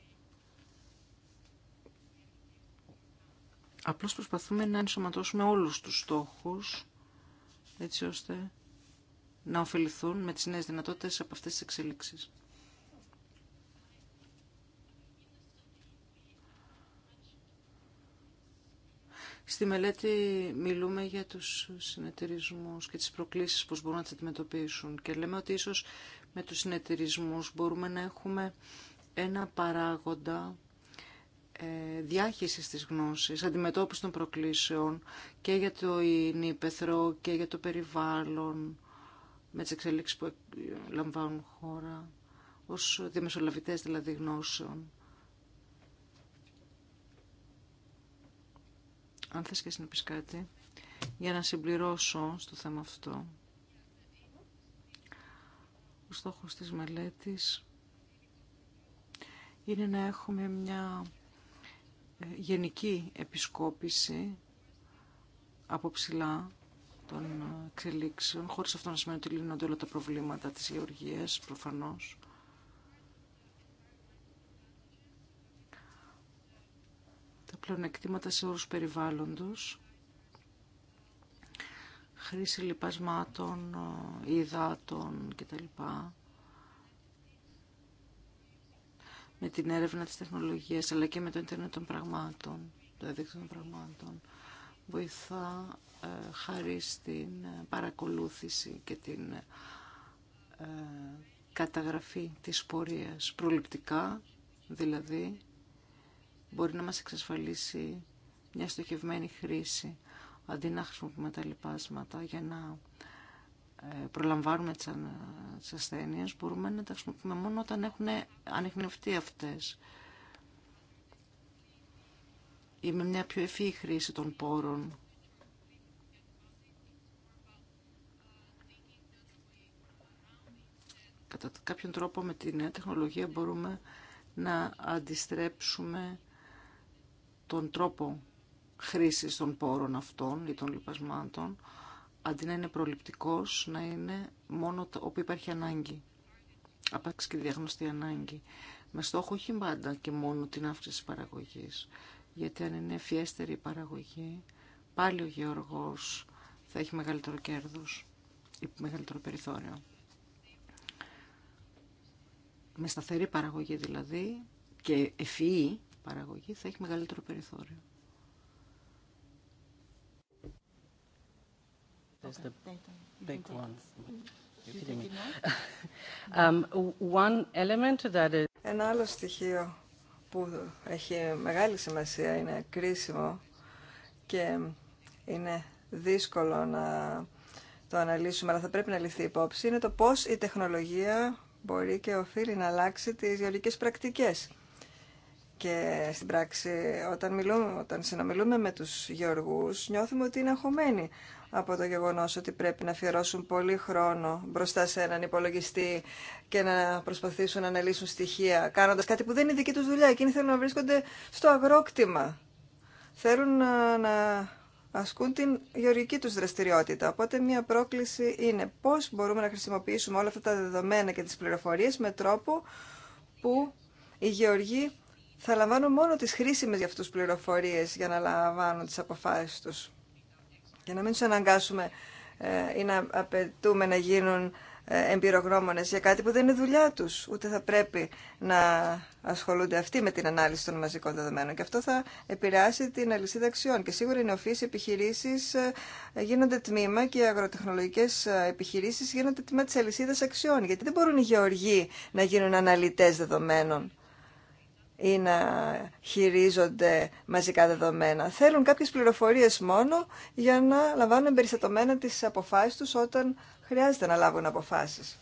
B: Απλώς προσπαθούμε να ενσωματώσουμε όλους τους στόχους, έτσι ώστε να ωφεληθούν με τις νέες δυνατότητες από αυτές τις εξελίξεις. Στη μελέτη μιλούμε για τους συνεταιρισμούς και τις προκλήσεις που μπορούν να τις αντιμετωπίσουν και λέμε ότι ίσως με τους συνεταιρισμούς μπορούμε να έχουμε ένα παράγοντα ε, διάχυσης της γνώσης, αντιμετώπιση των προκλήσεων και για το ύπεθρο και για το περιβάλλον με τις εξελίξεις που λαμβάνουν χώρα, ως διαμεσολαβητές δηλαδή γνώσεων. Αν θες και να πεις κάτι, για να συμπληρώσω στο θέμα αυτό. Ο στόχος της μελέτης είναι να έχουμε μια ε, γενική επισκόπηση από ψηλά των ε, εξελίξεων, χωρίς αυτό να σημαίνει ότι λύνονται όλα τα προβλήματα της γεωργίας, προφανώς. Τα πλεονεκτήματα σε όρους περιβάλλοντος, χρήση λιπασμάτων, ε, υδάτων κτλ. Με την έρευνα της τεχνολογίας, αλλά και με το ίντερνετ των πραγμάτων, το έδεικτο των πραγμάτων βοηθά ε, χάρη στην ε, παρακολούθηση και την ε, καταγραφή της πορείας προληπτικά, δηλαδή μπορεί να μας εξασφαλίσει μια στοχευμένη χρήση αντί να χρησιμοποιούμε τα λοιπάσματα για να προλαμβάνουμε τις ασθένειες μπορούμε να τα χρησιμοποιούμε μόνο όταν έχουν ανοιχνευτεί αυτές ή με μια πιο ευφύη χρήση των πόρων. Κατά κάποιον τρόπο με τη νέα τεχνολογία μπορούμε να αντιστρέψουμε τον τρόπο χρήσης των πόρων αυτών ή των λοιπασμάτων, αντί να είναι προληπτικός, να είναι μόνο όπου υπάρχει ανάγκη. Απάξει και διαγνωστή ανάγκη. Με στόχο όχι πάντα και μόνο την αύξηση παραγωγής, γιατί αν είναι ευφιέστερη η παραγωγή, πάλι ο γεωργός θα έχει μεγαλύτερο κέρδος ή μεγαλύτερο περιθώριο. Με σταθερή παραγωγή δηλαδή και ευφυή παραγωγή θα έχει μεγαλύτερο περιθώριο.
A: Ένα άλλο στοιχείο που έχει μεγάλη σημασία, είναι κρίσιμο και είναι δύσκολο να το αναλύσουμε, αλλά θα πρέπει να ληφθεί υπόψη, είναι το πώς η τεχνολογία μπορεί και οφείλει να αλλάξει τις γεωργικές πρακτικές. Και στην πράξη, όταν, μιλούμε, όταν συνομιλούμε με τους γεωργούς, νιώθουμε ότι είναι αγχωμένοι από το γεγονός ότι πρέπει να αφιερώσουν πολύ χρόνο μπροστά σε έναν υπολογιστή και να προσπαθήσουν να αναλύσουν στοιχεία, κάνοντας κάτι που δεν είναι δική τους δουλειά. Εκείνοι θέλουν να βρίσκονται στο αγρόκτημα. Θέλουν ε, να ασκούν την γεωργική τους δραστηριότητα. Οπότε μια πρόκληση είναι πώς μπορούμε να χρησιμοποιήσουμε όλα αυτά τα δεδομένα και τις πληροφορίες με τρόπο που οι γεωργοί θα λαμβάνουν μόνο τις χρήσιμες για αυτούς πληροφορίες για να λαμβάνουν τις αποφάσεις τους. Για να μην του αναγκάσουμε ε, ή να απαιτούμε να γίνουν ε, εμπειρογνώμονες για κάτι που δεν είναι δουλειά τους. Ούτε θα πρέπει να ασχολούνται αυτοί με την ανάλυση των μαζικών δεδομένων. Και αυτό θα επηρεάσει την αλυσίδα αξιών. Και σίγουρα οι επιχειρήσει επιχειρήσεις ε, γίνονται τμήμα και οι αγροτεχνολογικές επιχειρήσει γίνονται τμήμα τη αλυσίδα αξιών. Γιατί δεν μπορούν οι γεωργοί να γίνουν αναλυτέ δεδομένων ή να χειρίζονται μαζικά δεδομένα. Θέλουν κάποιες πληροφορίες μόνο για να λαμβάνουν περιστατωμένα τις αποφάσεις τους όταν χρειάζεται να λάβουν αποφάσεις.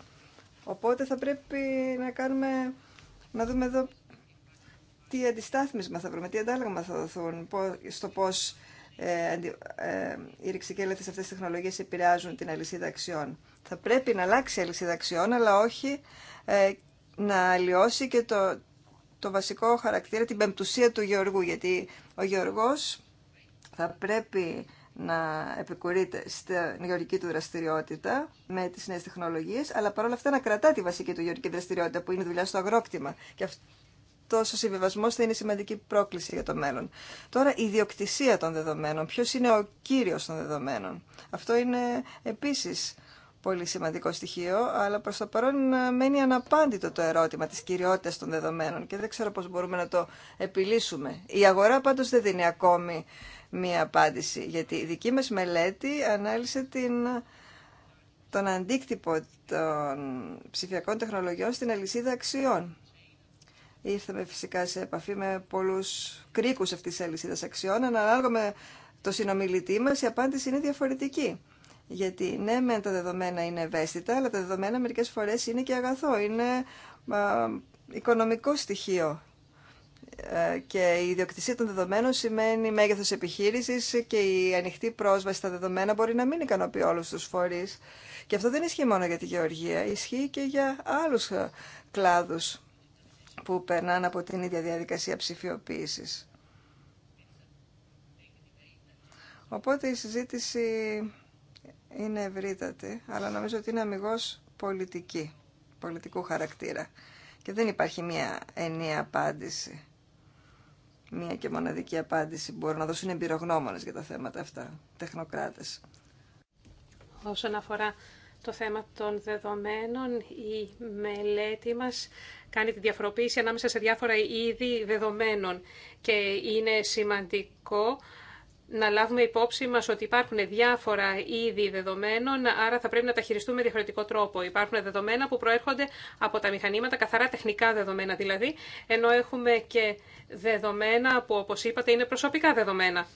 A: Οπότε θα πρέπει να κάνουμε, να δούμε εδώ τι αντιστάθμισμα θα βρούμε, τι αντάλλαγμα θα δοθούν, στο πώς ε, ε, οι ρηξικέλευτες αυτές τις τεχνολογίες επηρεάζουν την αλυσίδα αξιών. Θα πρέπει να αλλάξει η αλυσίδα αξιών, αλλά όχι ε, να αλλοιώσει και το, το βασικό χαρακτήρα, την πεμπτουσία του Γεωργού, γιατί ο Γεωργός θα πρέπει να επικουρείται στην γεωργική του δραστηριότητα με τις νέες τεχνολογίες, αλλά παρόλα αυτά να κρατά τη βασική του γεωργική δραστηριότητα που είναι δουλειά στο αγρόκτημα. Και αυτός ο συμβιβασμό θα είναι σημαντική πρόκληση για το μέλλον. Τώρα, η ιδιοκτησία των δεδομένων. Ποιος είναι ο κύριος των δεδομένων. Αυτό είναι επίσης πολύ σημαντικό στοιχείο, αλλά προς το παρόν ε, μένει αναπάντητο το ερώτημα της κυριότητας των δεδομένων και δεν ξέρω πώς μπορούμε να το επιλύσουμε. Η αγορά πάντως δεν δίνει ακόμη μία απάντηση, γιατί η δική μας μελέτη ανάλυσε την, τον αντίκτυπο των ψηφιακών τεχνολογιών στην αλυσίδα αξιών. Ήρθαμε φυσικά σε επαφή με πολλούς κρίκους αυτής της αλυσίδας αξιών, ανάλογα με το συνομιλητή μας η απάντηση είναι διαφορετική. Γιατί ναι, μεν τα δεδομένα είναι ευαίσθητα, αλλά τα δεδομένα μερικές φορές είναι και αγαθό, είναι οικονομικό στοιχείο. Ε, και η ιδιοκτησία των δεδομένων σημαίνει μέγεθος επιχείρησης και η ανοιχτή πρόσβαση στα δεδομένα μπορεί να μην ικανοποιεί όλους τους φορείς. Και αυτό δεν ισχύει μόνο για τη γεωργία, ισχύει και για άλλους ε, κλάδους που περνάνε από την ίδια διαδικασία ψηφιοποίησης. Οπότε η συζήτηση είναι ευρύτατη, αλλά νομίζω ότι είναι αμυγός πολιτική, πολιτικού χαρακτήρα. Και δεν υπάρχει μία ενιαία απάντηση. Μία και μοναδική απάντηση μπορούν να δώσουν εμπειρογνώμονες για τα θέματα αυτά, τεχνοκράτες.
C: Όσον αφορά το θέμα των δεδομένων, η μελέτη μας κάνει τη διαφοροποίηση ανάμεσα σε διάφορα είδη δεδομένων και είναι σημαντικό να λάβουμε υπόψη μας ότι υπάρχουν διάφορα είδη δεδομένων, άρα θα πρέπει να τα χειριστούμε με διαφορετικό τρόπο. Υπάρχουν δεδομένα που προέρχονται από τα μηχανήματα, καθαρά τεχνικά δεδομένα δηλαδή, ενώ έχουμε και δεδομένα που, όπως είπατε, είναι προσωπικά δεδομένα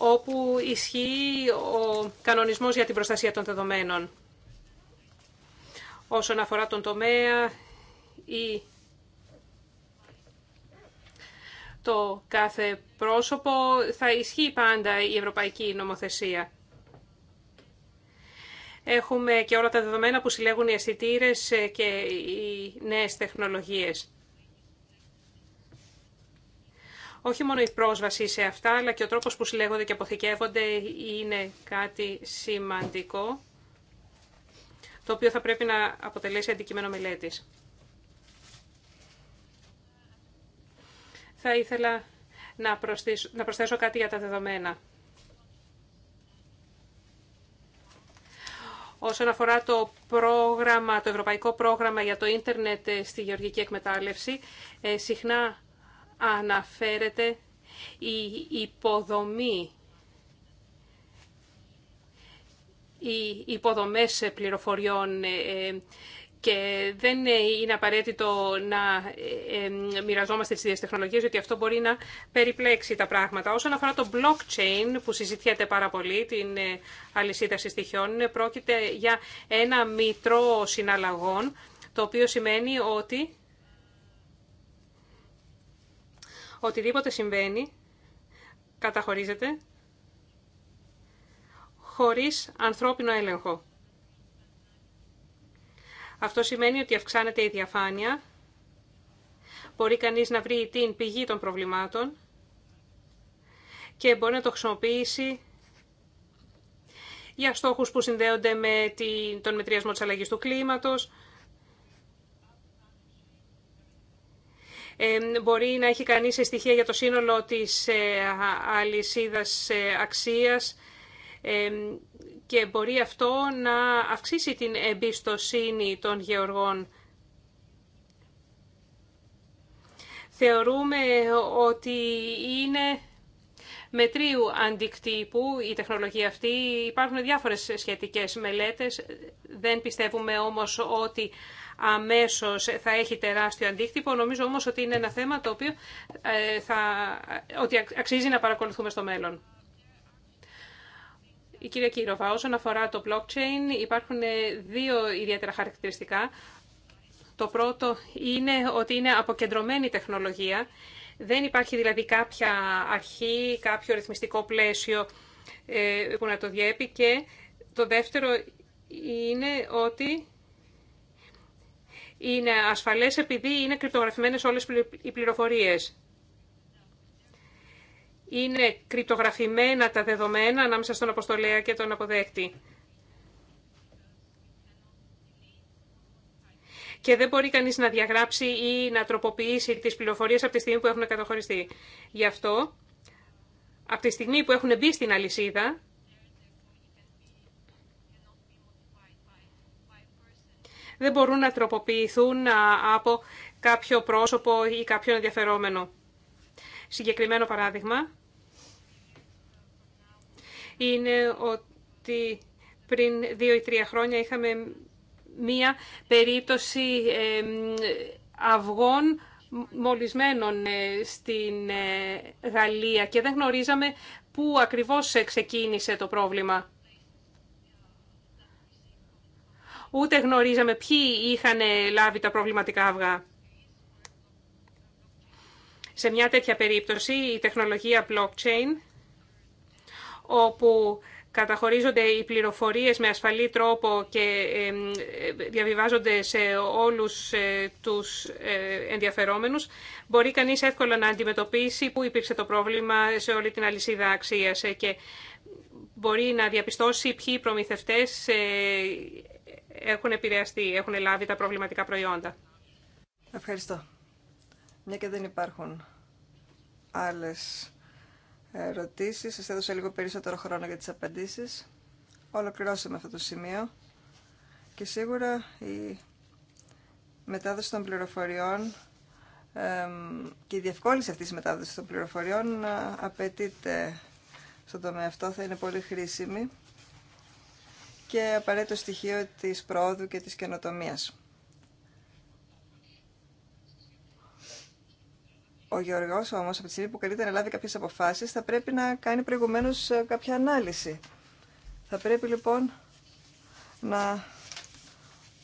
C: όπου ισχύει ο κανονισμός για την προστασία των δεδομένων. Όσον αφορά τον τομέα ή το κάθε πρόσωπο θα ισχύει πάντα η ευρωπαϊκή νομοθεσία. Έχουμε και όλα τα δεδομένα που συλλέγουν οι αισθητήρε και οι νέες τεχνολογίες. Όχι μόνο η πρόσβαση σε αυτά, αλλά και ο τρόπος που συλλέγονται και αποθηκεύονται είναι κάτι σημαντικό, το οποίο θα πρέπει να αποτελέσει αντικείμενο μελέτης. Θα ήθελα να, να προσθέσω κάτι για τα δεδομένα. Όσον αφορά το πρόγραμμα, το ευρωπαϊκό πρόγραμμα για το ίντερνετ ε, στη γεωργική εκμετάλλευση, ε, συχνά αναφέρεται η υποδομή, οι υποδομές πληροφοριών, ε, και δεν είναι απαραίτητο να ε, ε, μοιραζόμαστε τις ίδιες τεχνολογίες, γιατί αυτό μπορεί να περιπλέξει τα πράγματα. Όσον αφορά το blockchain, που συζητιέται πάρα πολύ, την ε, αλυσίδα συστοιχιών, πρόκειται για ένα μητρό συναλλαγών, το οποίο σημαίνει ότι οτιδήποτε συμβαίνει, καταχωρίζεται χωρίς ανθρώπινο έλεγχο. Αυτό σημαίνει ότι αυξάνεται η διαφάνεια. Μπορεί κανείς να βρει την πηγή των προβλημάτων και μπορεί να το χρησιμοποιήσει για στόχους που συνδέονται με τον μετριασμό της αλλαγής του κλίματος. Ε, μπορεί να έχει κανείς στοιχεία για το σύνολο της ε, αλυσίδας ε, αξίας και μπορεί αυτό να αυξήσει την εμπιστοσύνη των γεωργών. Θεωρούμε ότι είναι μετρίου αντικτύπου η τεχνολογία αυτή. Υπάρχουν διάφορες σχετικές μελέτες. Δεν πιστεύουμε όμως ότι αμέσως θα έχει τεράστιο αντίκτυπο. Νομίζω όμως ότι είναι ένα θέμα το οποίο ε, θα, ότι αξίζει να παρακολουθούμε στο μέλλον. Η κυρία Κύροβα, όσον αφορά το blockchain υπάρχουν δύο ιδιαίτερα χαρακτηριστικά. Το πρώτο είναι ότι είναι αποκεντρωμένη τεχνολογία. Δεν υπάρχει δηλαδή κάποια αρχή, κάποιο ρυθμιστικό πλαίσιο ε, που να το διέπει και το δεύτερο είναι ότι είναι ασφαλές επειδή είναι κρυπτογραφημένες όλες οι πληροφορίες είναι κρυπτογραφημένα τα δεδομένα ανάμεσα στον αποστολέα και τον αποδέκτη. και δεν μπορεί κανείς να διαγράψει ή να τροποποιήσει τις πληροφορίες από τη στιγμή που έχουν καταχωριστεί. Γι' αυτό, από τη στιγμή που έχουν μπει στην αλυσίδα, δεν μπορούν να τροποποιηθούν από κάποιο πρόσωπο ή κάποιον ενδιαφερόμενο. Συγκεκριμένο παράδειγμα είναι ότι πριν δύο ή τρία χρόνια είχαμε μία περίπτωση αυγών μολυσμένων ε, στην ε, Γαλλία και δεν γνωρίζαμε πού ακριβώς ξεκίνησε το πρόβλημα. Ούτε γνωρίζαμε ποιοι είχαν ε, λάβει τα προβληματικά αυγά. Σε μια τέτοια περίπτωση η τεχνολογία blockchain, όπου καταχωρίζονται οι πληροφορίες με ασφαλή τρόπο και ε, ε, διαβιβάζονται σε όλους ε, τους ενδιαφερόμενους, μπορεί κανείς εύκολα να αντιμετωπίσει που υπήρξε το πρόβλημα σε όλη την αλυσίδα αξίας και μπορεί να διαπιστώσει ποιοι προμηθευτές έχουν επηρεαστεί, έχουν λάβει τα προβληματικά προϊόντα.
A: Ευχαριστώ. Μια και δεν υπάρχουν άλλες ερωτήσεις. Σας έδωσα λίγο περισσότερο χρόνο για τις απαντήσεις. Ολοκληρώσαμε αυτό το σημείο και σίγουρα η μετάδοση των πληροφοριών και η διευκόλυνση αυτής της μετάδοσης των πληροφοριών ε, απαιτείται στον τομέα αυτό, θα είναι πολύ χρήσιμη και απαραίτητο στοιχείο της πρόοδου και της καινοτομίας. Ο Γιώργο, όμω, από τη στιγμή που καλείται να λάβει κάποιε αποφάσει, θα πρέπει να κάνει προηγουμένω ε, κάποια ανάλυση. Θα πρέπει λοιπόν να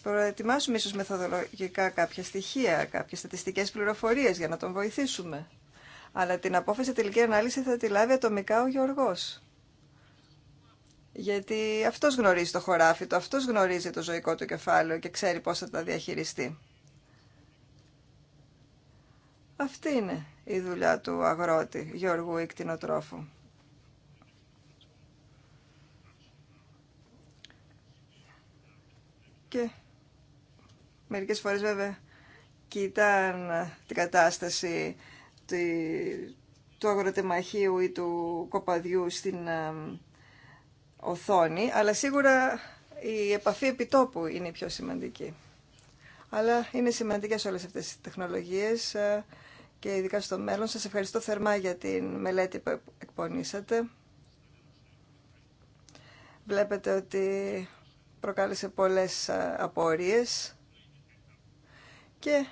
A: προετοιμάσουμε ίσω μεθοδολογικά κάποια στοιχεία, κάποιε στατιστικές πληροφορίε για να τον βοηθήσουμε. Αλλά την απόφαση τελική ανάλυση θα τη λάβει ατομικά ο Γεωργός. Γιατί αυτό γνωρίζει το χωράφι του, αυτός γνωρίζει το ζωικό του κεφάλαιο και ξέρει πώ θα τα διαχειριστεί. Αυτή είναι η δουλειά του αγρότη, Γιώργου ή κτηνοτρόφου. Και μερικές φορές βέβαια κοιτάν την κατάσταση του αγροτεμαχίου ή του κοπαδιού στην ε, οθόνη, αλλά σίγουρα η και μερικες φορες βεβαια κοιταν την επιτόπου είναι η πιο σημαντική. Αλλά είναι σημαντικές όλες αυτές οι τεχνολογίες ε, και ειδικά στο μέλλον. Σας ευχαριστώ θερμά για την μελέτη που εκπονήσατε. Βλέπετε ότι προκάλεσε πολλές απορίες και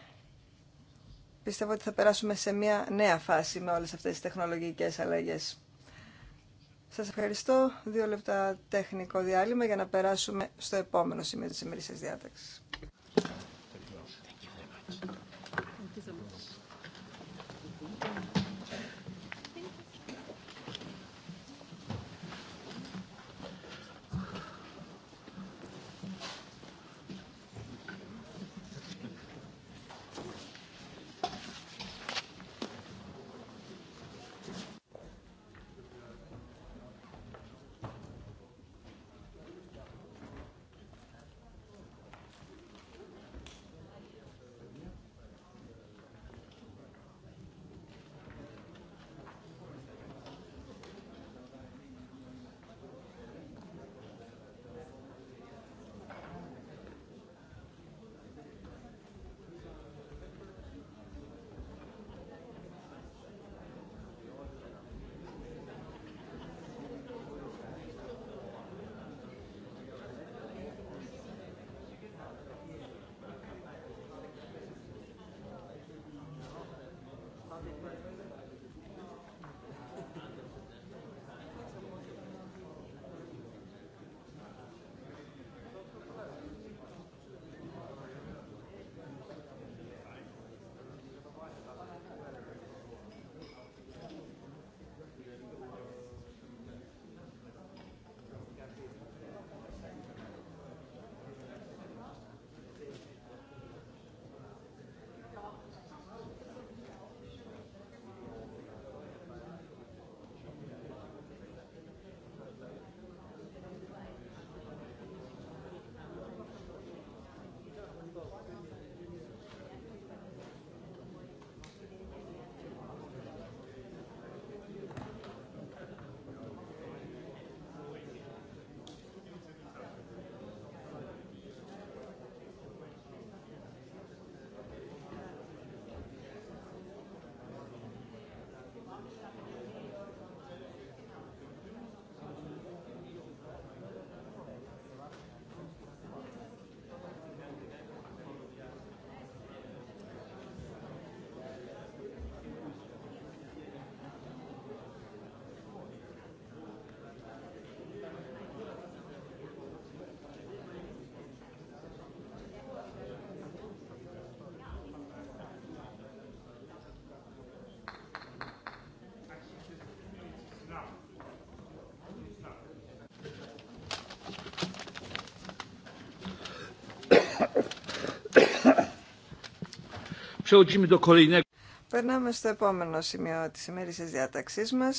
A: πιστεύω ότι θα περάσουμε σε μια νέα φάση με όλες αυτές τις τεχνολογικές αλλαγές. Σας ευχαριστώ. Δύο λεπτά τεχνικό διάλειμμα για να περάσουμε στο επόμενο σημείο της ημερήσιας διάταξης. Περνάμε στο επόμενο σημείο της της διάταξή μα.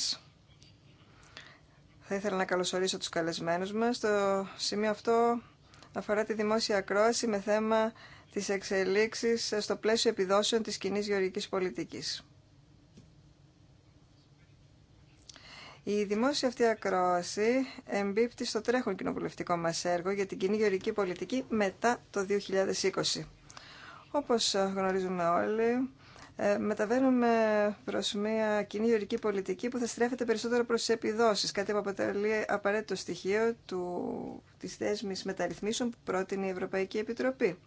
A: Θα ήθελα να καλωσορίσω του καλεσμένου μα Το σημείο αυτό αφορά τη δημόσια ακρόαση με θέμα τις εξελίξεις στο πλαίσιο επιδόσεων τη κοινή γεωργική πολιτική. Η δημόσια αυτή ακρόαση εμπίπτει στο τρέχον κοινοβουλευτικό μας έργο για την κοινή γεωργική πολιτική μετά το 2020. Όπως γνωρίζουμε όλοι, ε, μεταβαίνουμε προς μια κοινή γεωρική πολιτική που θα στρέφεται περισσότερο προς τι επιδόσεις, κάτι που αποτελεί απαραίτητο στοιχείο του, της θέσμης μεταρρυθμίσεων που πρότεινε η Ευρωπαϊκή Επιτροπή.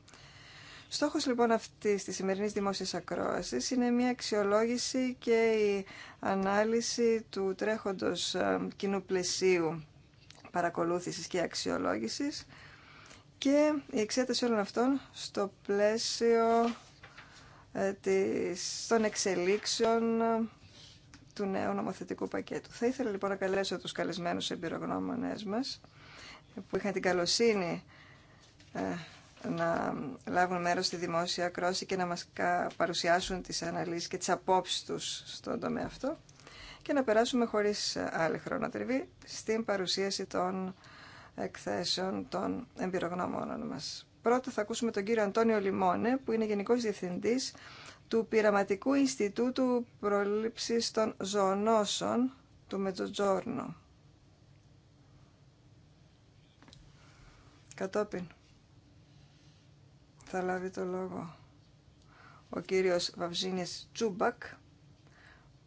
A: Στόχος λοιπόν αυτής της σημερινής δημόσιας ακρόασης είναι μια αξιολόγηση και η ανάλυση του τρέχοντος ε, κοινού πλαισίου παρακολούθησης και αξιολόγησης και η εξέταση όλων αυτών στο πλαίσιο ε, της, των εξελίξεων ε, του νέου νομοθετικού πακέτου. Θα ήθελα λοιπόν να καλέσω τους καλεσμένους εμπειρογνώμονές μας που είχαν την καλοσύνη ε, να λάβουν μέρος στη δημόσια κρόση και να μας παρουσιάσουν τις αναλύσεις και τις απόψεις τους στον τομέα αυτό και να περάσουμε χωρίς άλλη χρονοτριβή στην παρουσίαση των εκθέσεων των εμπειρογνώμονων μας. Πρώτα θα ακούσουμε τον κύριο Αντώνιο Λιμόνε, που είναι Γενικός Διευθυντής του Πειραματικού Ινστιτούτου Προλήψης των Ζωονόσων του Μετζοτζόρνο. Κατόπιν θα λάβει το λόγο ο κύριος Βαυζίνης Τσούμπακ,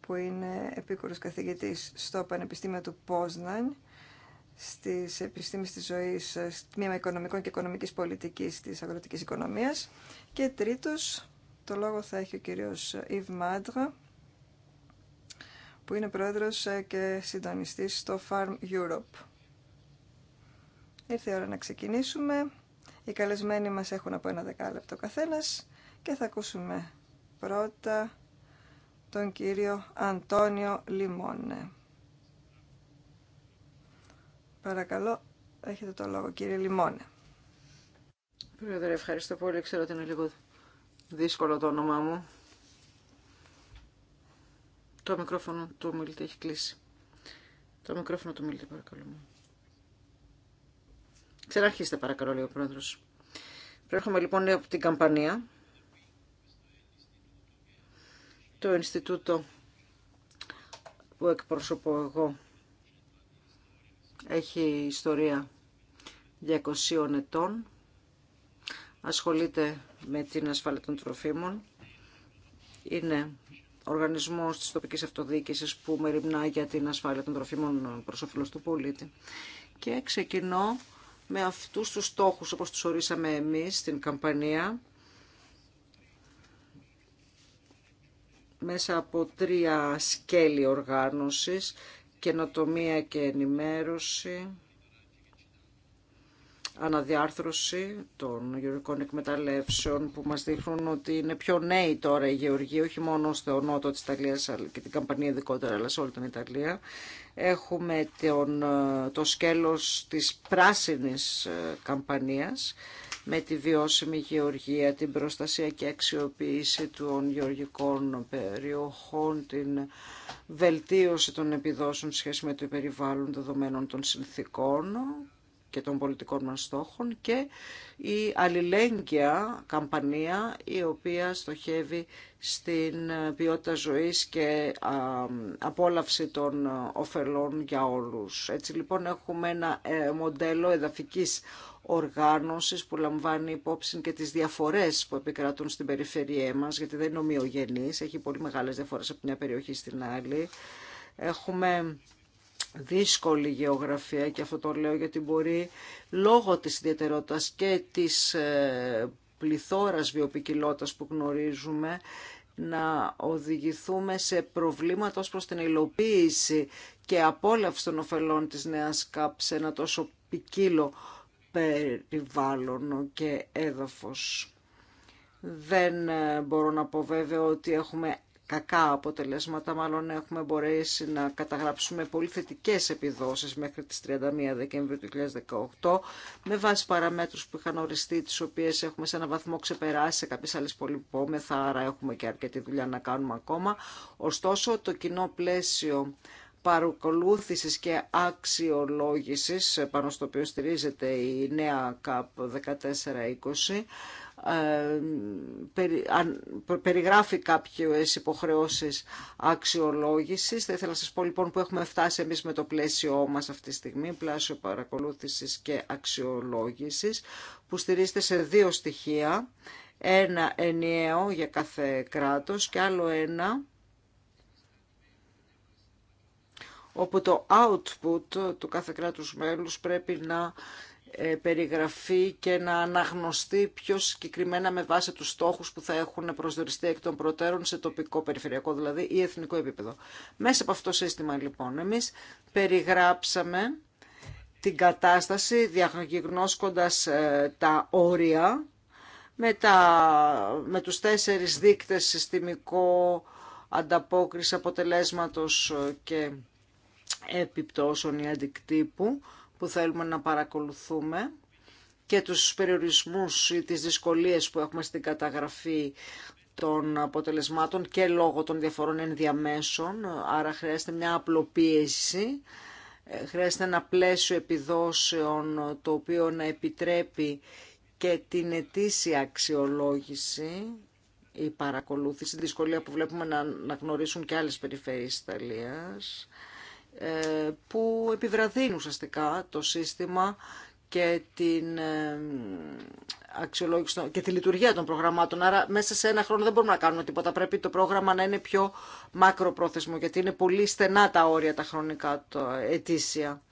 A: που είναι επίκουρος καθηγητής στο Πανεπιστήμιο του Πόσναν στις επιστήμες της ζωής, ε, τμήμα οικονομικών και οικονομικής πολιτικής της αγροτικής οικονομίας. Και τρίτος, το λόγο θα έχει ο κύριος Ιβ Μάντρα, που είναι πρόεδρος ε, και συντονιστής στο Farm Europe. Ήρθε η ώρα να ξεκινήσουμε. Οι καλεσμένοι μας έχουν από ένα δεκάλεπτο καθένας και θα ακούσουμε πρώτα τον κύριο Αντώνιο Λιμόνε Παρακαλώ, έχετε το λόγο κύριε Λιμόνε.
B: Πρόεδρε, ευχαριστώ πολύ. Ξέρω ότι είναι λίγο δύσκολο το όνομά μου. Το μικρόφωνο του μιλητή έχει κλείσει. Το μικρόφωνο του μιλητή, παρακαλώ. Ξεραρχίστε, παρακαλώ, λέει ο πρόεδρος. Προέρχομαι λοιπόν από την Καμπανία. Το Ινστιτούτο που εκπροσωπώ εγώ έχει ιστορία 200 ετών. Ασχολείται με την ασφάλεια των τροφίμων. Είναι οργανισμός της τοπικής αυτοδιοίκησης που μεριμνά για την ασφάλεια των τροφίμων προς όφελος του πολίτη. Και ξεκινώ με αυτούς τους στόχους όπως τους ορίσαμε εμείς στην καμπανία μέσα από τρία σκέλη οργάνωσης καινοτομία και ενημέρωση αναδιάρθρωση των γεωργικών εκμεταλλεύσεων που μας δείχνουν ότι είναι πιο νέοι τώρα οι γεωργοί, όχι μόνο στο νότο της Ιταλίας και την Καμπανία ειδικότερα, αλλά σε όλη την Ιταλία. Έχουμε τον, το σκέλος της πράσινης ε, καμπανίας με τη βιώσιμη γεωργία, την προστασία και αξιοποίηση των γεωργικών περιοχών, την βελτίωση των επιδόσεων σχέση με το περιβάλλον δεδομένων των συνθήκων και των πολιτικών μας στόχων και η αλληλέγγυα καμπανία η οποία στοχεύει στην ποιότητα ζωής και απόλαυση των ωφελών για όλους. Έτσι λοιπόν έχουμε ένα ε, μοντέλο εδαφικής οργάνωσης που λαμβάνει υπόψη και τις διαφορές που επικρατούν στην περιφέρειά μας, γιατί δεν είναι ομοιογενής, έχει πολύ μεγάλες διαφορές από μια περιοχή στην άλλη. Έχουμε δύσκολη γεωγραφία και αυτό το λέω γιατί μπορεί λόγω της ιδιαιτερότητας και της ε, πληθώρας βιοπικιλότητας που γνωρίζουμε να οδηγηθούμε σε προβλήματα ως προς την υλοποίηση και απόλαυση των ωφελών της νέας ΚΑΠ σε ένα τόσο ποικίλο περιβάλλον και έδαφος. Δεν ε, μπορώ να πω βέβαια ότι έχουμε κακά αποτελέσματα. Μάλλον έχουμε μπορέσει να καταγράψουμε πολύ θετικέ επιδόσεις μέχρι τις 31 Δεκεμβρίου του 2018 με βάση παραμέτρους που είχαν οριστεί, τις οποίες έχουμε σε ένα βαθμό ξεπεράσει, σε κάποιες άλλες πολυπόμεθα, άρα έχουμε και αρκετή δουλειά να κάνουμε ακόμα. Ωστόσο, το κοινό πλαίσιο παρακολούθησης και αξιολόγηση πάνω στο οποίο στηρίζεται η νέα ΚΑΠ 1420 ε, περιγράφει κάποιες υποχρεώσεις αξιολόγησης. Θα ήθελα να σας πω λοιπόν που έχουμε φτάσει εμείς με το πλαίσιό μας αυτή τη στιγμή, πλάσιο παρακολούθησης και αξιολόγησης, που στηρίζεται σε δύο στοιχεία. Ένα ενιαίο για κάθε κράτος και άλλο ένα όπου το output του κάθε κράτους μέλους πρέπει να ε, περιγραφή και να αναγνωστεί πιο συγκεκριμένα με βάση τους στόχους που θα έχουν προσδιοριστεί εκ των προτέρων σε τοπικό, περιφερειακό δηλαδή ή εθνικό επίπεδο. Μέσα από αυτό το σύστημα λοιπόν εμείς περιγράψαμε την κατάσταση διαγνώσκοντας ε, τα όρια με, τα, με τους τέσσερις δείκτες συστημικό ανταπόκριση αποτελέσματος ε, και επιπτώσεων ή αντικτύπου που θέλουμε να παρακολουθούμε και τους περιορισμούς ή τις δυσκολίες που έχουμε στην καταγραφή των αποτελεσμάτων και λόγω των διαφορών ενδιαμέσων, άρα χρειάζεται μια απλοποίηση, ε, χρειάζεται ένα πλαίσιο επιδόσεων το οποίο να επιτρέπει και την ετήσια αξιολόγηση η παρακολούθηση, η δυσκολία που βλέπουμε να, να γνωρίσουν και άλλες περιφέρειες Ιταλίας. Ε, που επιβραδύνουν ουσιαστικά το σύστημα και την ε, αξιολόγηση και τη λειτουργία των προγραμμάτων. Άρα μέσα σε ένα χρόνο δεν μπορούμε να κάνουμε τίποτα. Πρέπει το πρόγραμμα να είναι πιο μακροπρόθεσμο γιατί είναι πολύ στενά τα όρια τα χρονικά το ετήσια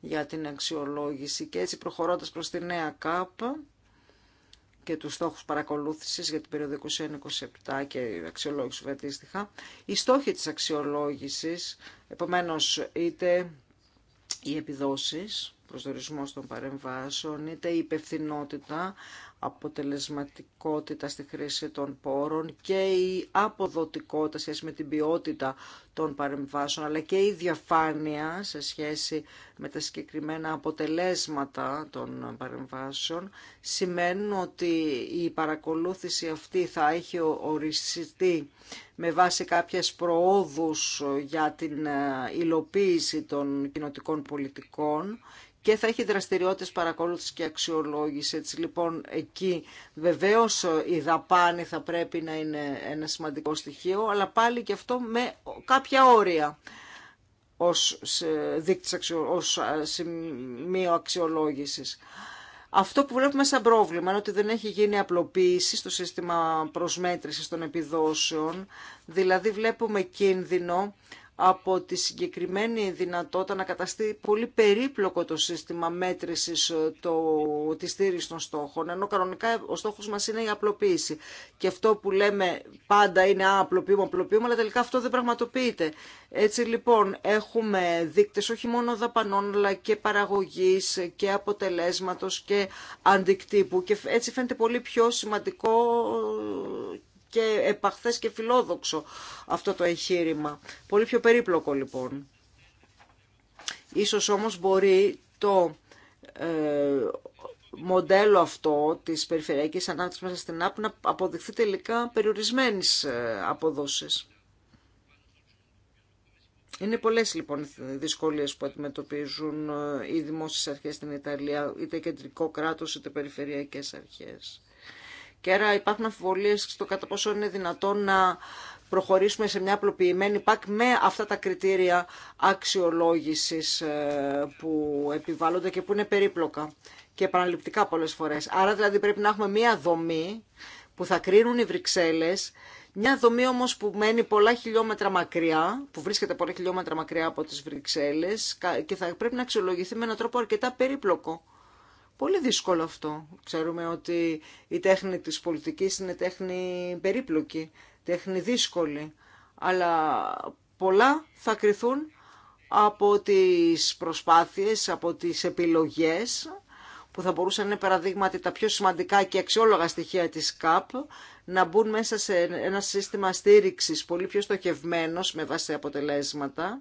B: για την αξιολόγηση. Και έτσι προχωρώντας προς τη νέα ΚΑΠ και τους στόχους παρακολούθησης για την περίοδο 2021-2027 και αξιολόγηση αντίστοιχα. Οι στόχοι της αξιολόγησης, επομένως είτε οι επιδόσεις, προσδορισμός των παρεμβάσεων, είτε η υπευθυνότητα αποτελεσματικότητα στη χρήση των πόρων και η αποδοτικότητα σχέση με την ποιότητα των παρεμβάσεων, αλλά και η διαφάνεια σε σχέση με τα συγκεκριμένα αποτελέσματα των παρεμβάσεων, σημαίνουν ότι η παρακολούθηση αυτή θα έχει οριστεί με βάση κάποιες προόδους για την υλοποίηση των κοινοτικών πολιτικών και θα έχει δραστηριότητες παρακολούθησης και αξιολόγηση. Έτσι λοιπόν εκεί βεβαίως η δαπάνη θα πρέπει να είναι ένα σημαντικό στοιχείο, αλλά πάλι και αυτό με κάποια όρια ως, δείκτης, ως σημείο αξιολόγησης. Αυτό που βλέπουμε σαν πρόβλημα είναι ότι δεν έχει γίνει απλοποίηση στο σύστημα προσμέτρησης των επιδόσεων, δηλαδή βλέπουμε κίνδυνο από τη συγκεκριμένη δυνατότητα να καταστεί πολύ περίπλοκο το σύστημα μέτρησης ε, το, της στήριξης των στόχων, ενώ κανονικά ο στόχος μας είναι η απλοποίηση. Και αυτό που λέμε πάντα είναι απλοποιούμε, απλοποιούμε, αλλά τελικά αυτό δεν πραγματοποιείται. Έτσι λοιπόν έχουμε δείκτες όχι μόνο δαπανών, αλλά και παραγωγής και αποτελέσματος και αντικτύπου. Και έτσι φαίνεται πολύ πιο σημαντικό και επαχθές και φιλόδοξο αυτό το εγχείρημα. Πολύ πιο περίπλοκο λοιπόν. Ίσως όμως μπορεί το ε, μοντέλο αυτό της περιφερειακής ανάπτυξης μέσα στην ΑΠ να αποδειχθεί τελικά περιορισμένης ε, αποδόσεις. Είναι πολλές λοιπόν οι δυσκολίες που αντιμετωπίζουν ε, οι δημόσιες αρχές στην Ιταλία, είτε κεντρικό κράτος είτε περιφερειακές αρχές. Και άρα υπάρχουν αμφιβολίες στο κατά πόσο είναι δυνατόν να προχωρήσουμε σε μια απλοποιημένη ΠΑΚ με αυτά τα κριτήρια αξιολόγησης ε, που επιβάλλονται και που είναι περίπλοκα και επαναληπτικά πολλές φορές. Άρα δηλαδή πρέπει να έχουμε μια δομή που θα κρίνουν οι Βρυξέλλες, μια δομή όμως που μένει πολλά χιλιόμετρα μακριά, που βρίσκεται πολλά χιλιόμετρα μακριά από τις Βρυξέλλες και θα πρέπει να αξιολογηθεί με έναν τρόπο αρκετά περίπλοκο. Πολύ δύσκολο αυτό. Ξέρουμε ότι η τέχνη της πολιτικής είναι τέχνη περίπλοκη, τέχνη δύσκολη. Αλλά πολλά θα κρυθούν από τις προσπάθειες, από τις επιλογές που θα μπορούσαν να είναι παραδείγματι τα πιο σημαντικά και αξιόλογα στοιχεία της ΚΑΠ να μπουν μέσα σε ένα σύστημα στήριξης πολύ πιο στοχευμένος με βάση αποτελέσματα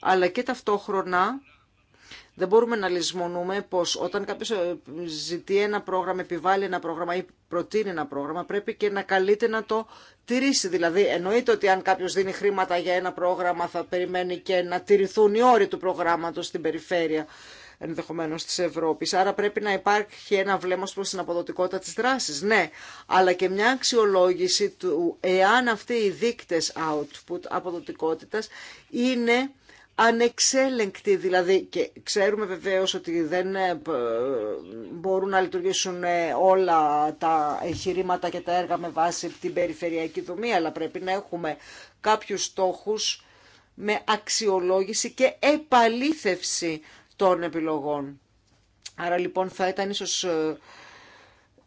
B: αλλά και ταυτόχρονα δεν μπορούμε να λησμονούμε πω όταν κάποιο ε, ζητεί ένα πρόγραμμα, επιβάλλει ένα πρόγραμμα ή προτείνει ένα πρόγραμμα, πρέπει και να καλείται να το τηρήσει. Δηλαδή, εννοείται ότι αν κάποιο δίνει χρήματα για ένα πρόγραμμα, θα περιμένει και να τηρηθούν οι όροι του προγράμματο στην περιφέρεια ενδεχομένω τη Ευρώπη. Άρα πρέπει να υπάρχει ένα βλέμμα προ την αποδοτικότητα τη δράση, ναι, αλλά και μια αξιολόγηση του εάν αυτοί οι δείκτε output αποδοτικότητα είναι ανεξέλεγκτη δηλαδή και ξέρουμε βεβαίως ότι δεν ε, μπορούν να λειτουργήσουν ε, όλα τα εγχειρήματα και τα έργα με βάση την περιφερειακή δομή αλλά πρέπει να έχουμε κάποιους στόχους με αξιολόγηση και επαλήθευση των επιλογών. Άρα λοιπόν θα ήταν ίσως ε,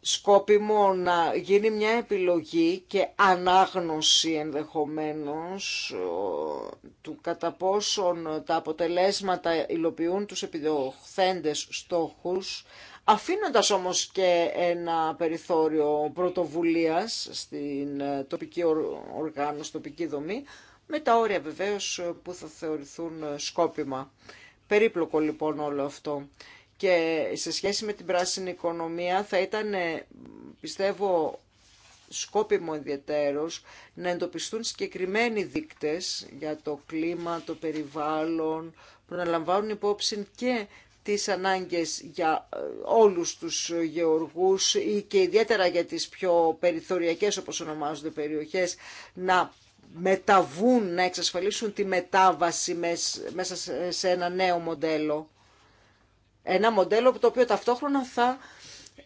B: σκόπιμο να γίνει μια επιλογή και ανάγνωση ενδεχομένως του κατά πόσον τα αποτελέσματα υλοποιούν τους επιδοχθέντες στόχους, αφήνοντας όμως και ένα περιθώριο πρωτοβουλίας στην ε, τοπική οργάνωση, τοπική δομή, με τα όρια βεβαίως που θα θεωρηθούν ε, σκόπιμα. Περίπλοκο λοιπόν όλο αυτό και σε σχέση με την πράσινη οικονομία θα ήταν, ε, πιστεύω, σκόπιμο ιδιαίτερος να εντοπιστούν συγκεκριμένοι δείκτες για το κλίμα, το περιβάλλον, που να λαμβάνουν υπόψη και τις ανάγκες για ε, όλους τους γεωργούς ή και ιδιαίτερα για τις πιο περιθωριακές όπως ονομάζονται περιοχές να μεταβούν, να εξασφαλίσουν τη μετάβαση μέσα σε ένα νέο μοντέλο ένα μοντέλο το οποίο ταυτόχρονα θα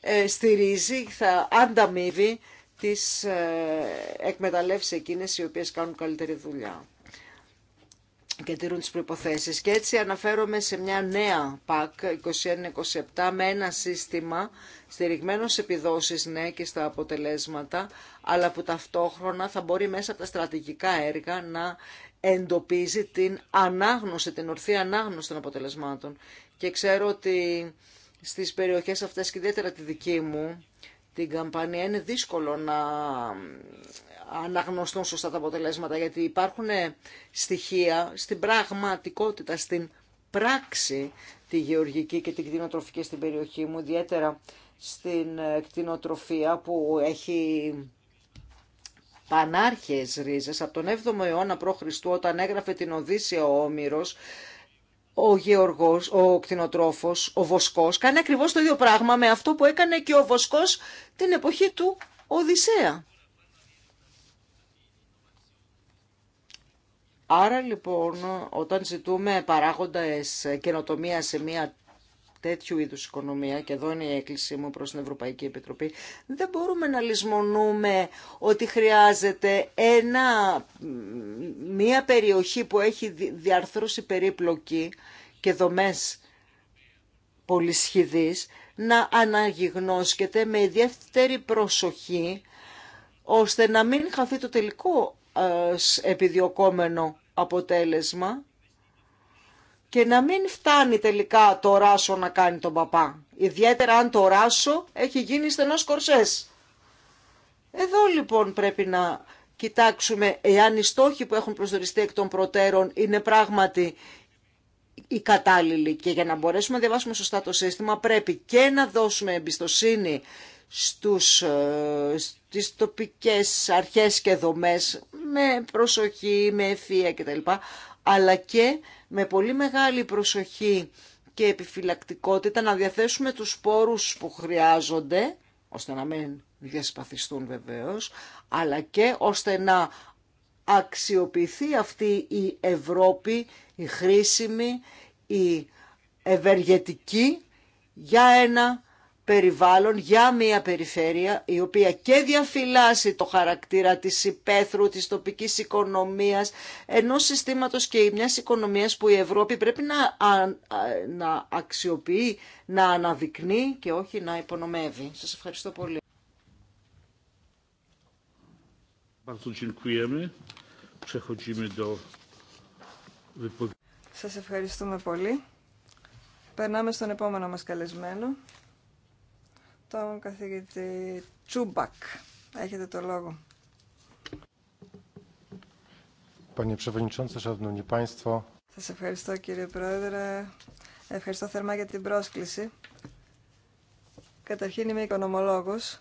B: ε, στηρίζει, θα ανταμείβει τις ε, εκμεταλλεύσεις εκείνες οι οποίες κάνουν καλύτερη δουλειά και τηρούν τις προϋποθέσεις. Και έτσι αναφέρομαι σε μια νέα ΠΑΚ 21-27 με ένα σύστημα στηριγμένο σε επιδόσεις ναι και στα αποτελέσματα, αλλά που ταυτόχρονα θα μπορεί μέσα από τα στρατηγικά έργα να εντοπίζει την ανάγνωση, την ορθή ανάγνωση των αποτελεσμάτων και ξέρω ότι στις περιοχές αυτές και ιδιαίτερα τη δική μου, την καμπανία είναι δύσκολο να αναγνωστούν σωστά τα αποτελέσματα γιατί υπάρχουν στοιχεία στην πραγματικότητα, στην πράξη τη γεωργική και την κτηνοτροφική στην περιοχή μου, ιδιαίτερα στην ε, κτηνοτροφία που έχει πανάρχες ρίζες. Από τον 7ο αιώνα π.Χ. όταν έγραφε την Οδύσσια ο Όμηρος, ο γεωργός, ο κτηνοτρόφος, ο βοσκός κάνει ακριβώς το ίδιο πράγμα με αυτό που έκανε και ο βοσκός την εποχή του Οδυσσέα. Άρα λοιπόν όταν ζητούμε παράγοντες καινοτομία σε μια τέτοιου είδους οικονομία, και εδώ είναι η έκκλησή μου προς την Ευρωπαϊκή Επιτροπή, δεν μπορούμε να λησμονούμε ότι χρειάζεται ένα, μια περιοχή που έχει διαρθρώσει περίπλοκη και δομές πολυσχηδείς, να αναγυγνώσκεται με ιδιαίτερη προσοχή, ώστε να μην χαθεί το τελικό ε, επιδιωκόμενο αποτέλεσμα και να μην φτάνει τελικά το ράσο να κάνει τον παπά. Ιδιαίτερα αν το ράσο έχει γίνει στενός κορσές. Εδώ λοιπόν πρέπει να κοιτάξουμε εάν οι στόχοι που έχουν προσδοριστεί εκ των προτέρων είναι πράγματι οι κατάλληλοι και για να μπορέσουμε να διαβάσουμε σωστά το σύστημα πρέπει και να δώσουμε εμπιστοσύνη στους, ε, στις τοπικές αρχές και δομές με προσοχή, με ευθεία κτλ. Αλλά και με πολύ μεγάλη προσοχή και επιφυλακτικότητα να διαθέσουμε τους σπόρους που χρειάζονται, ώστε να μην διασπαθιστούν βεβαίως, αλλά και ώστε να αξιοποιηθεί αυτή η Ευρώπη, η χρήσιμη, η ευεργετική, για ένα περιβάλλον για μια περιφέρεια η οποία και διαφυλάσσει το χαρακτήρα της υπαίθρου, της τοπικής οικονομίας, ενός συστήματος και μιας οικονομίας που η Ευρώπη πρέπει να, να αξιοποιεί, να αναδεικνύει και όχι να υπονομεύει. Σας ευχαριστώ πολύ.
A: Σας ευχαριστούμε πολύ. Περνάμε στον επόμενο μας καλεσμένο τον καθηγητή Τσούμπακ. Έχετε το λόγο. Σας ευχαριστώ κύριε Πρόεδρε. Ευχαριστώ θερμά για την πρόσκληση. Καταρχήν είμαι οικονομολόγος.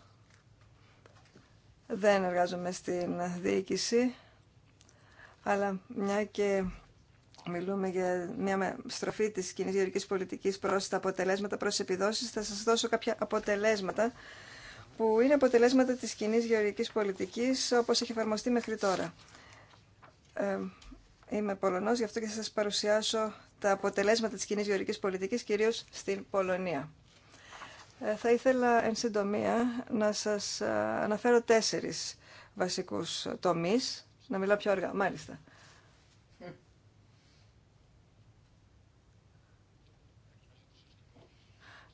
A: Δεν εργάζομαι στην διοίκηση, αλλά μια και μιλούμε για μια στροφή της κοινή γεωργικής πολιτικής προς τα αποτελέσματα, προς τις επιδόσεις, θα σας δώσω κάποια αποτελέσματα που είναι αποτελέσματα της κοινή γεωργικής πολιτικής όπως έχει εφαρμοστεί μέχρι τώρα. Ε, είμαι Πολωνός, γι' αυτό και θα σας παρουσιάσω τα αποτελέσματα της κοινή γεωργικής πολιτικής, κυρίως στην Πολωνία. Ε, θα ήθελα εν συντομία να σας ε, αναφέρω τέσσερις βασικούς τομείς. Να μιλάω πιο αργά, μάλιστα.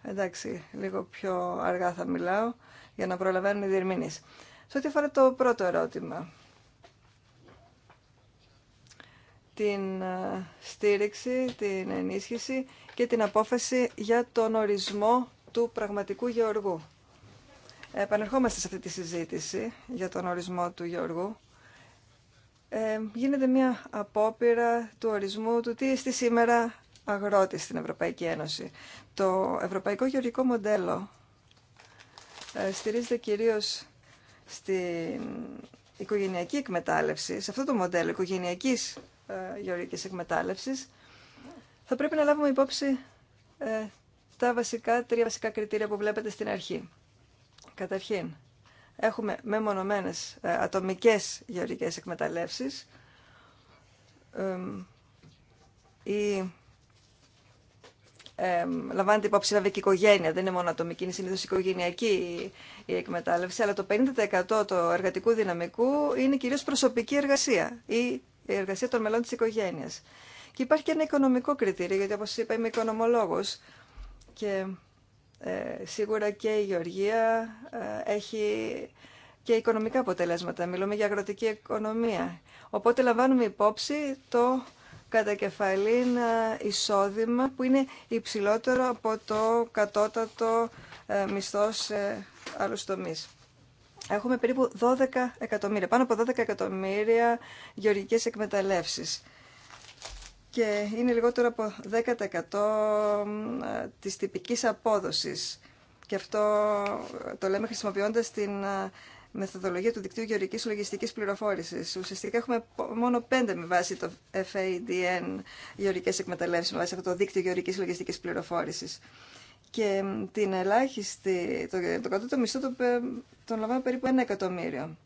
A: Εντάξει, λίγο πιο αργά θα μιλάω για να προλαβαίνουν οι διερμηνείς. Σε ό,τι αφορά το πρώτο ερώτημα, την ε, στήριξη, την ενίσχυση και την απόφαση για τον ορισμό του πραγματικού γεωργού. Επανερχόμαστε σε αυτή τη συζήτηση για τον ορισμό του γεωργού. Ε, γίνεται μια απόπειρα του ορισμού του τι είστε σήμερα αγρότης στην Ευρωπαϊκή Ένωση. Το ευρωπαϊκό γεωργικό μοντέλο ε, στηρίζεται κυρίως στην οικογενειακή εκμετάλλευση. Σε αυτό το μοντέλο οικογενειακής ε, γεωργικής εκμετάλλευσης θα πρέπει να λάβουμε υπόψη ε, τα βασικά, τρία βασικά κριτήρια που βλέπετε στην αρχή. Καταρχήν, έχουμε μεμονωμένες ατομικές γεωργικές εκμεταλλεύσεις ε, λαμβάνεται υπόψη βέβαια και η οικογένεια, δεν είναι μόνο ατομική, είναι συνήθω οικογενειακή η εκμετάλλευση, αλλά το 50% του εργατικού δυναμικού είναι κυρίως προσωπική εργασία ή η εργασία των μελών της οικογένεια. Και υπάρχει και ένα οικονομικό κριτήριο, γιατί όπω είπα είμαι οικονομολόγο, και ε, σίγουρα και η Γεωργία ε, έχει και οικονομικά αποτελέσματα. Μιλούμε για αγροτική οικονομία. Οπότε λαμβάνουμε υπόψη το κατά κεφαλήν ε, εισόδημα που είναι υψηλότερο από το κατώτατο ε, μισθό σε άλλους τομείς. Έχουμε περίπου 12 εκατομμύρια, πάνω από 12 εκατομμύρια γεωργικές εκμεταλλεύσεις και είναι λιγότερο από 10% ε, της τυπικής απόδοσης. Και αυτό το λέμε χρησιμοποιώντας την μεθοδολογία του δικτύου γεωργικής λογιστικής πληροφόρησης. Ουσιαστικά έχουμε μόνο πέντε με βάση το FADN γεωργικές εκμεταλλεύσεις, με βάση αυτό το δίκτυο γεωργικής λογιστικής πληροφόρησης. Και την ελάχιστη, το, το κατώτατο μισθό το, ε, τον λαμβάνω περίπου ένα εκατομμύριο.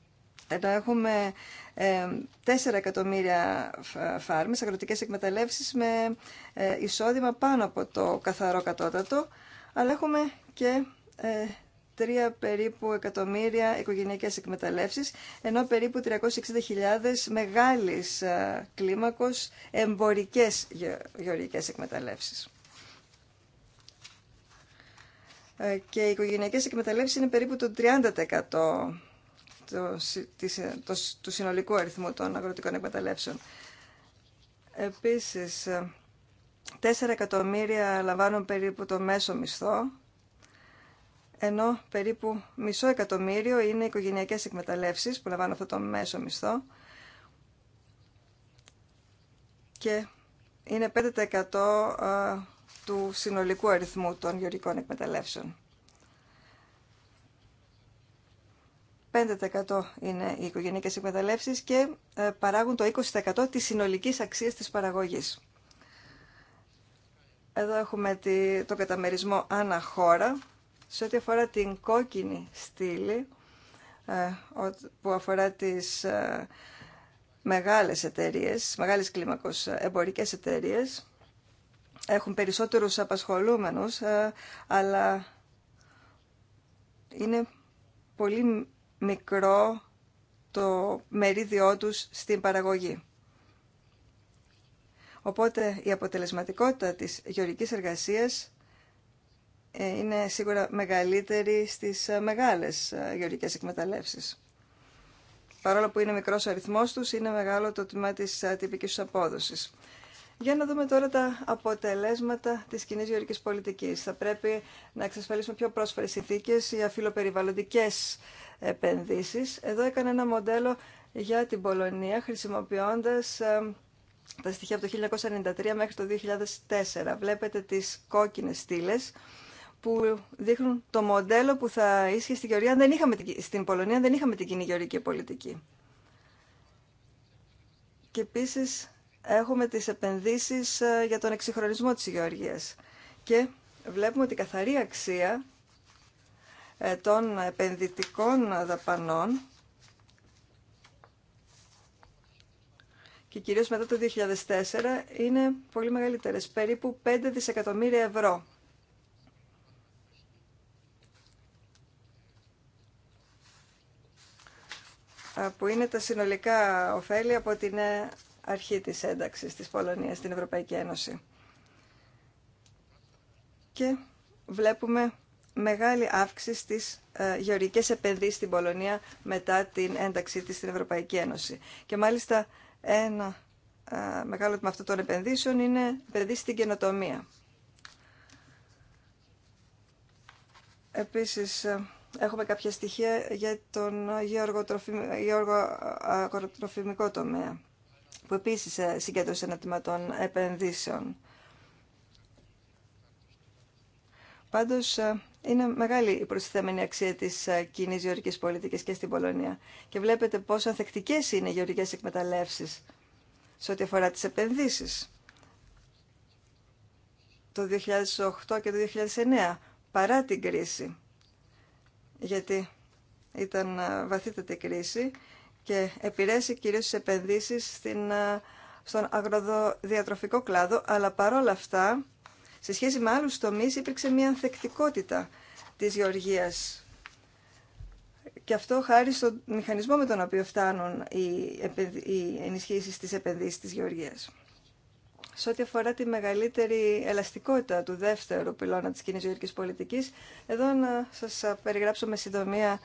A: Ενώ έχουμε ε, 4 εκατομμύρια φάρμες, αγροτικές εκμεταλλεύσεις με ε, εισόδημα πάνω από το καθαρό κατώτατο, αλλά έχουμε και ε, 3 περίπου εκατομμύρια οικογενειακές εκμεταλλεύσεις, ενώ περίπου 360.000 μεγάλης ε, κλίμακος εμπορικές γεωργικές εκμεταλλεύσεις. Ε, και οι οικογενειακές εκμεταλλεύσεις είναι περίπου το 30% ε, του συνολικού αριθμού των αγροτικών εκμεταλλεύσεων. Επίσης, 4 εκατομμύρια λαμβάνουν περίπου το μέσο μισθό, ενώ περίπου μισό εκατομμύριο είναι οικογενειακές εκμεταλλεύσεις που λαμβάνουν αυτό το μέσο μισθό και είναι 5% του συνολικού αριθμού των γεωργικών εκμεταλλεύσεων. 5% είναι οι οικογενειακές εκμεταλλεύσεις και ε, παράγουν το 20% της συνολικής αξίας της παραγωγής. Εδώ έχουμε το καταμερισμό αναχώρα σε ό,τι αφορά την κόκκινη στήλη, ε, που αφορά τις ε, μεγάλες εταιρείες, μεγάλες κλίμακος ε, εμπορικές εταιρείες, έχουν περισσότερους απασχολούμενους, αλλά είναι πολύ μικρό το μερίδιό τους στην παραγωγή. Οπότε η αποτελεσματικότητα της γεωργικής εργασίας ε, είναι σίγουρα μεγαλύτερη στις ε, μεγάλες ε, γεωργικές εκμεταλλεύσεις. Παρόλο που είναι μικρός ο αριθμός τους, είναι μεγάλο το τμήμα της τυπικής τους απόδοσης. Για να δούμε τώρα τα αποτελέσματα τη κοινή γεωργική πολιτική. Θα πρέπει να εξασφαλίσουμε πιο πρόσφαρε συνθήκε για φιλοπεριβαλλοντικέ επενδύσει. Εδώ έκανα ένα μοντέλο για την Πολωνία χρησιμοποιώντα τα στοιχεία από το 1993 μέχρι το 2004. Βλέπετε τις κόκκινες στήλες που δείχνουν το μοντέλο που θα ίσχυε στην, Γεωργία, δεν είχαμε, στην Πολωνία δεν είχαμε την κοινή γεωργική πολιτική. Και επίση έχουμε τις επενδύσεις ε, για τον εξυγχρονισμό της γεωργίας. Και βλέπουμε ότι η καθαρή αξία ε, των επενδυτικών δαπανών και κυρίως μετά το 2004 είναι πολύ μεγαλύτερες, περίπου 5 δισεκατομμύρια ευρώ. που είναι τα συνολικά ωφέλη από την ε, αρχή της ένταξης της Πολωνίας στην Ευρωπαϊκή Ένωση. Και βλέπουμε μεγάλη αύξηση στις ε, γεωργικές επενδύσεις στην Πολωνία μετά την ένταξή της στην Ευρωπαϊκή Ένωση. Και μάλιστα ένα ε, μεγάλο τμήμα αυτών των επενδύσεων είναι επενδύσεις στην καινοτομία. Επίσης, έχουμε κάποια στοιχεία για τον γεωργοτροφημικό τομέα, που επίσης ε, συγκέντρωσε των επενδύσεων. Πάντως, ε, είναι μεγάλη η προσθέμενη αξία της ε, κοινή γεωργικής πολιτικής και στην Πολωνία. Και βλέπετε πόσο ανθεκτικές είναι οι γεωργικές εκμεταλλεύσεις σε ό,τι αφορά τις επενδύσεις. Το 2008 και το 2009, παρά την κρίση γιατί ήταν ε, βαθύτατη κρίση και επηρέασε κυρίως τις επενδύσεις ε, στον αγροδιατροφικό κλάδο, αλλά παρόλα αυτά, σε σχέση με άλλους τομείς, υπήρξε μια ανθεκτικότητα της γεωργίας. Και αυτό χάρη στον μηχανισμό με τον οποίο φτάνουν οι, οι ενισχύσεις της επενδύσης της γεωργίας σε ό,τι αφορά τη μεγαλύτερη ελαστικότητα του δεύτερου πυλώνα της κοινής γεωργικής πολιτικής, εδώ να σας περιγράψω με συντομία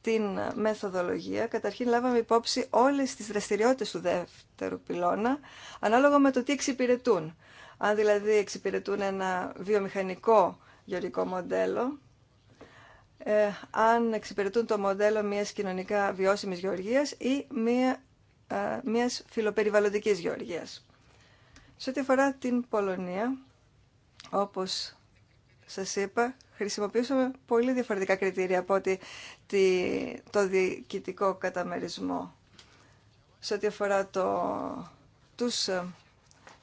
A: την μεθοδολογία. Καταρχήν λάβαμε υπόψη όλες τις δραστηριότητες του δεύτερου πυλώνα, ανάλογα με το τι εξυπηρετούν. Αν δηλαδή εξυπηρετούν ένα βιομηχανικό γεωργικό μοντέλο, ε, αν εξυπηρετούν το μοντέλο μιας κοινωνικά βιώσιμης γεωργίας ή μια, ε, μιας φιλοπεριβαλλοντικής γεωργίας. Σε ό,τι αφορά την Πολωνία, όπως σας είπα, χρησιμοποιήσαμε πολύ διαφορετικά κριτήρια από ότι το διοικητικό καταμερισμό. Σε ό,τι αφορά το, τους... Ε,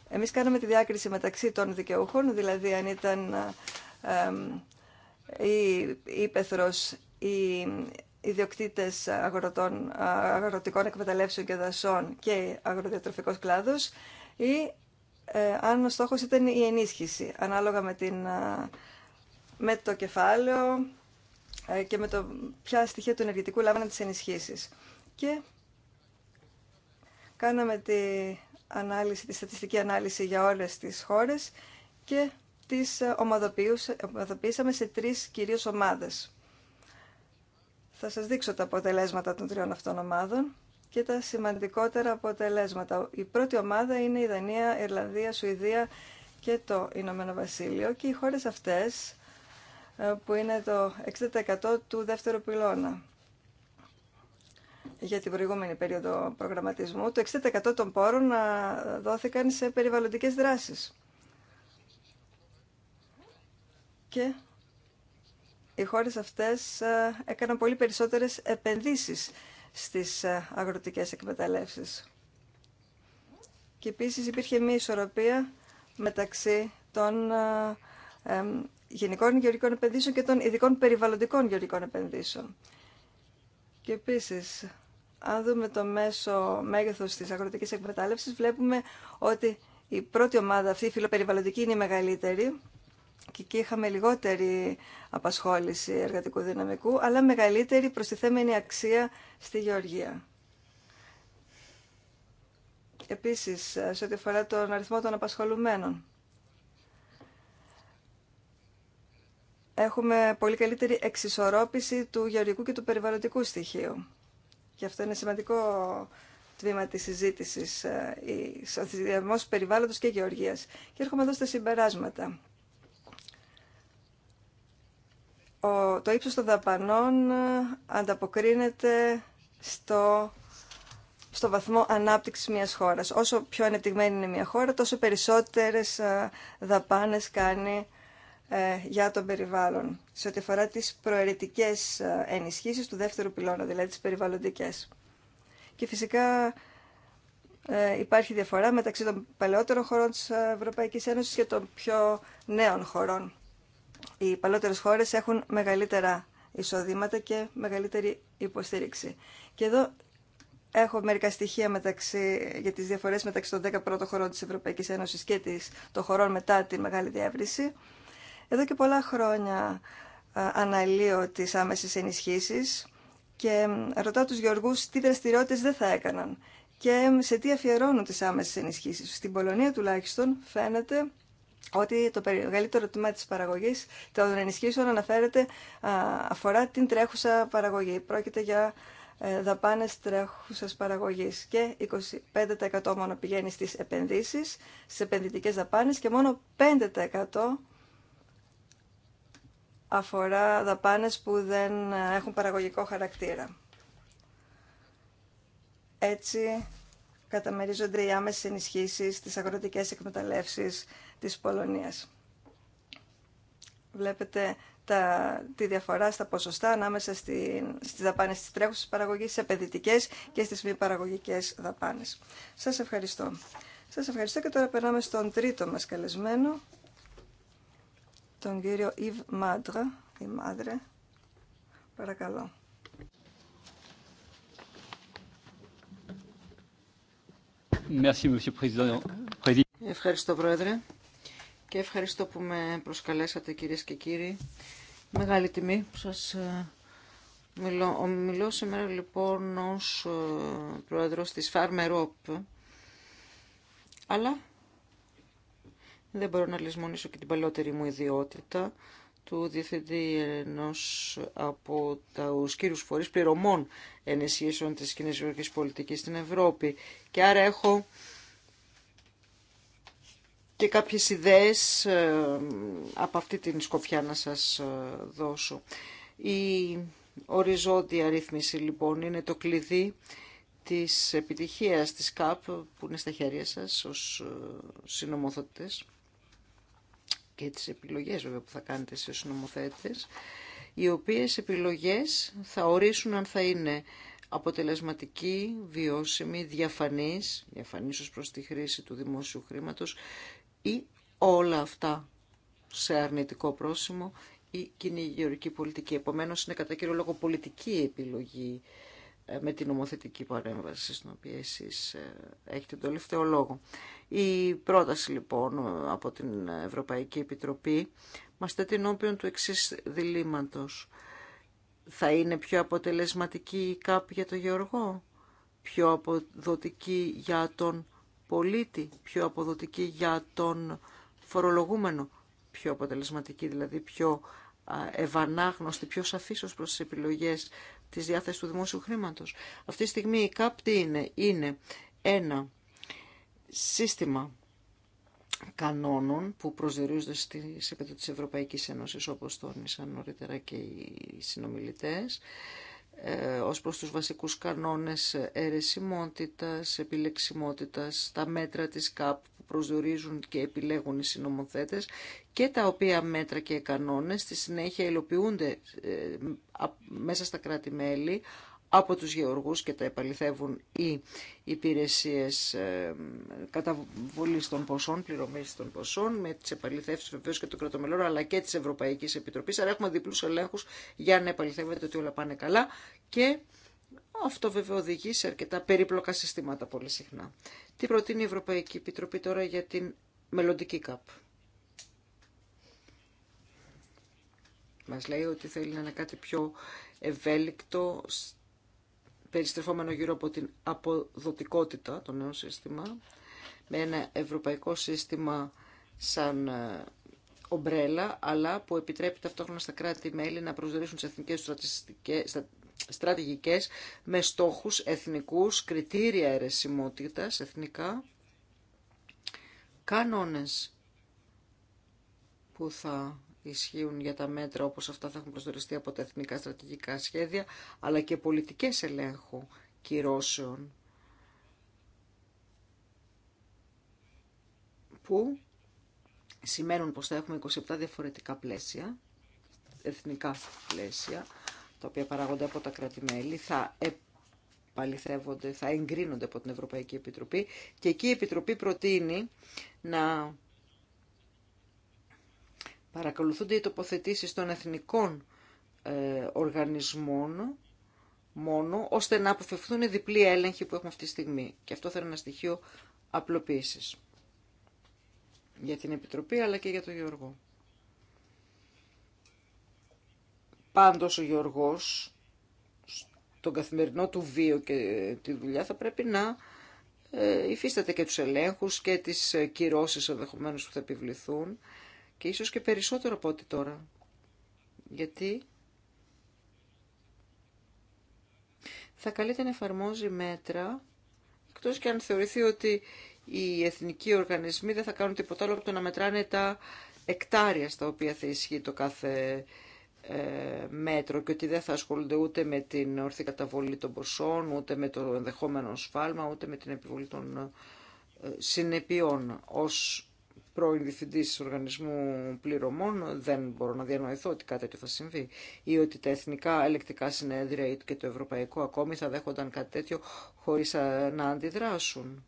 A: εμείς κάναμε τη διάκριση μεταξύ των δικαιούχων, δηλαδή αν ήταν ε, ε η ύπεθρος ή ιδιοκτήτες ε, αγροτικών εκμεταλλεύσεων και δασών και αγροδιατροφικός κλάδος ή ε, αν ο στόχος ήταν η ενίσχυση, ανάλογα με, την, ε, με το κεφάλαιο ε, και με το ποια στοιχεία του ενεργητικού λάβανε τις ενισχύσεις. Και κάναμε τη, ανάλυση, τη στατιστική ανάλυση για όλες τις χώρες και τις ομαδοποιήσαμε σε τρεις κυρίως ομάδες. Θα σας δείξω τα αποτελέσματα των τριών αυτών ομάδων και τα σημαντικότερα αποτελέσματα. Η πρώτη ομάδα είναι η Δανία, η Ιρλανδία, Σουηδία και το Ηνωμένο Βασίλειο και οι χώρες αυτές ε, που είναι το 60% του δεύτερου πυλώνα για την προηγούμενη περίοδο προγραμματισμού, το 60% των πόρων ε, δόθηκαν σε περιβαλλοντικές δράσεις. Και οι χώρες αυτές ε, έκαναν πολύ περισσότερες επενδύσεις στις ε, αγροτικές εκμεταλλεύσεις. Και επίσης υπήρχε μία ισορροπία μεταξύ των ε, γενικών γεωργικών επενδύσεων και των ειδικών περιβαλλοντικών γεωργικών επενδύσεων. Και επίσης, αν δούμε το μέσο μέγεθος της αγροτικής εκμετάλλευσης, βλέπουμε ότι η πρώτη ομάδα αυτή, η φιλοπεριβαλλοντική, είναι η μεγαλύτερη και εκεί είχαμε λιγότερη απασχόληση εργατικού δυναμικού, αλλά μεγαλύτερη προστιθέμενη αξία στη γεωργία. Επίσης, σε ό,τι αφορά τον αριθμό των απασχολουμένων. Έχουμε πολύ καλύτερη εξισορρόπηση του γεωργικού και του περιβαλλοντικού στοιχείου. Και αυτό είναι σημαντικό τμήμα της συζήτησης, ε, ο περιβάλλοντος και γεωργίας. Και έρχομαι εδώ στα συμπεράσματα. το ύψος των δαπανών ε, ανταποκρίνεται στο, στο βαθμό ανάπτυξης μιας χώρας. Όσο πιο ανεπτυγμένη είναι μια χώρα, τόσο περισσότερες ε, δαπάνες κάνει ε, για τον περιβάλλον, σε ό,τι αφορά τις προαιρετικές ενισχύσεις του δεύτερου πυλώνα, δηλαδή τις περιβαλλοντικές. Και φυσικά υπάρχει διαφορά μεταξύ των παλαιότερων χωρών της Ευρωπαϊκής Ένωσης και των πιο νέων χωρών οι παλαιότερες χώρες έχουν μεγαλύτερα εισοδήματα και μεγαλύτερη υποστήριξη. Και εδώ έχω μερικά στοιχεία μεταξύ, για τις διαφορές μεταξύ των 10 πρώτων χωρών της Ευρωπαϊκής Ένωσης και της, των χωρών μετά τη Μεγάλη Διεύρυνση. Εδώ και πολλά χρόνια ε, αναλύω τις άμεσες ενισχύσεις και ε, ρωτάω τους γεωργούς τι δραστηριότητες δεν θα έκαναν και ε, σε τι αφιερώνουν τις άμεσες ενισχύσεις. Στην Πολωνία τουλάχιστον φαίνεται ότι το μεγαλύτερο τμήμα της παραγωγής των ενισχύσεων αναφέρεται αφορά την τρέχουσα παραγωγή. Πρόκειται για ε, δαπάνες τρέχουσας παραγωγής και 25% μόνο πηγαίνει στις επενδύσεις, στις επενδυτικές δαπάνες και μόνο 5% αφορά δαπάνες που δεν ε, έχουν παραγωγικό χαρακτήρα. Έτσι καταμερίζονται οι άμεσες ενισχύσεις στις αγροτικές εκμεταλλεύσεις της Πολωνίας. Βλέπετε τα, τη διαφορά στα ποσοστά ανάμεσα στην, στις δαπάνες της τρέχουσης παραγωγής, στις επενδυτικές και στις μη παραγωγικές δαπάνες. Σας ευχαριστώ. Σας ευχαριστώ και τώρα περνάμε στον τρίτο μας καλεσμένο, τον κύριο Ιβ Μάντρα, η Μάδρε. Παρακαλώ.
B: Ευχαριστώ, Πρόεδρε και ευχαριστώ που με προσκαλέσατε κυρίες και κύριοι. Μεγάλη τιμή που σας ε, μιλώ. Μιλώ σήμερα λοιπόν ως ε, πρόεδρος της Farmer Αλλά δεν μπορώ να λησμονήσω και την παλαιότερη μου ιδιότητα του Διευθυντή ενό από του κύριου φορεί πληρωμών ενισχύσεων τη κοινή γεωργική πολιτική στην Ευρώπη. Και άρα έχω και κάποιες ιδέες ε, από αυτή την σκοπιά να σας ε, δώσω. Η οριζόντια ρύθμιση λοιπόν είναι το κλειδί της επιτυχίας της ΚΑΠ που είναι στα χέρια σας ως ε, συνομοθετές και τις επιλογές βέβαια που θα κάνετε ως οι οποίες επιλογές θα ορίσουν αν θα είναι αποτελεσματική, βιώσιμη, διαφανής, διαφανής ως προς τη χρήση του δημόσιου χρήματος ή όλα αυτά σε αρνητικό πρόσημο η κοινή γεωρική πολιτική. Επομένως είναι κατά κύριο λόγο πολιτική επιλογή ε, με την νομοθετική παρέμβαση στην οποία εσείς ε, έχετε τον τελευταίο λόγο. Η πρόταση λοιπόν από την Ευρωπαϊκή Επιτροπή μας θέτει ενώπιον του εξή διλήμματος. Θα είναι πιο αποτελεσματική η ΚΑΠ για τον Γεωργό, πιο αποδοτική για τον πολίτη πιο αποδοτική για τον φορολογούμενο, πιο αποτελεσματική δηλαδή, πιο ευανάγνωστη, πιο σαφής ως προς τις επιλογές της διάθεσης του δημόσιου χρήματος. Αυτή τη στιγμή η είναι. Είναι ένα σύστημα κανόνων που προσδιορίζονται στις επίπεδο της Ευρωπαϊκής Ένωσης όπως τόνισαν νωρίτερα και οι συνομιλητές ε, ως προς τους βασικούς κανόνες αιρεσιμότητας, επιλεξιμότητας, τα μέτρα της ΚΑΠ που προσδιορίζουν και επιλέγουν οι συνομοθέτες και τα οποία μέτρα και κανόνες στη συνέχεια υλοποιούνται ε, μέσα στα κράτη-μέλη από τους γεωργούς και τα επαληθεύουν οι υπηρεσίες ε, καταβολής των ποσών, πληρωμής των ποσών, με τις επαληθεύσεις βεβαίως και των κρατομελών, αλλά και της Ευρωπαϊκής Επιτροπής. Άρα έχουμε διπλούς ελέγχους για να επαληθεύεται ότι όλα πάνε καλά και αυτό βέβαια οδηγεί σε αρκετά περίπλοκα συστήματα πολύ συχνά. Τι προτείνει η Ευρωπαϊκή Επιτροπή τώρα για την μελλοντική ΚΑΠ. Μας λέει ότι θέλει να είναι κάτι πιο ευέλικτο περιστρεφόμενο γύρω από την αποδοτικότητα, το νέο σύστημα, με ένα ευρωπαϊκό σύστημα σαν ε, ομπρέλα, αλλά που επιτρέπει ταυτόχρονα στα κράτη-μέλη να προσδιορίσουν τι εθνικέ στρατηγικές με στόχους εθνικούς, κριτήρια αιρεσιμότητας εθνικά, κανόνες που θα ισχύουν για τα μέτρα όπως αυτά θα έχουν προσδοριστεί από τα εθνικά στρατηγικά σχέδια, αλλά και πολιτικές ελέγχου κυρώσεων που σημαίνουν πως θα έχουμε 27 διαφορετικά πλαίσια, εθνικά πλαίσια, τα οποία παράγονται από τα κράτη-μέλη, θα επαληθεύονται, θα εγκρίνονται από την Ευρωπαϊκή Επιτροπή και εκεί η Επιτροπή προτείνει να Παρακολουθούνται οι τοποθετήσεις των εθνικών ε, οργανισμών μόνο, ώστε να αποφευθούν οι διπλοί έλεγχοι που έχουμε αυτή τη στιγμή. Και αυτό θα είναι ένα στοιχείο απλοποίησης για την Επιτροπή αλλά και για τον Γιώργο. Πάντως ο Γιώργος στον καθημερινό του βίο και τη δουλειά θα πρέπει να ε, υφίσταται και τους ελέγχους και τις κυρώσεις ενδεχομένω που θα επιβληθούν και ίσως και περισσότερο από ό,τι τώρα. Γιατί θα καλείται να εφαρμόζει μέτρα, εκτός και αν θεωρηθεί ότι οι εθνικοί οργανισμοί δεν θα κάνουν τίποτα άλλο από το να μετράνε τα εκτάρια στα οποία θα ισχύει το κάθε ε, μέτρο και ότι δεν θα ασχολούνται ούτε με την ορθή καταβολή των ποσών, ούτε με το ενδεχόμενο σφάλμα, ούτε με την επιβολή των ε, συνεπειών ως πρώην διευθυντή οργανισμού πληρωμών, δεν μπορώ να διανοηθώ ότι κάτι τέτοιο θα συμβεί. Ή ότι τα εθνικά ελεκτικά συνέδρια και το ευρωπαϊκό ακόμη θα δέχονταν κάτι τέτοιο χωρί ε, να αντιδράσουν.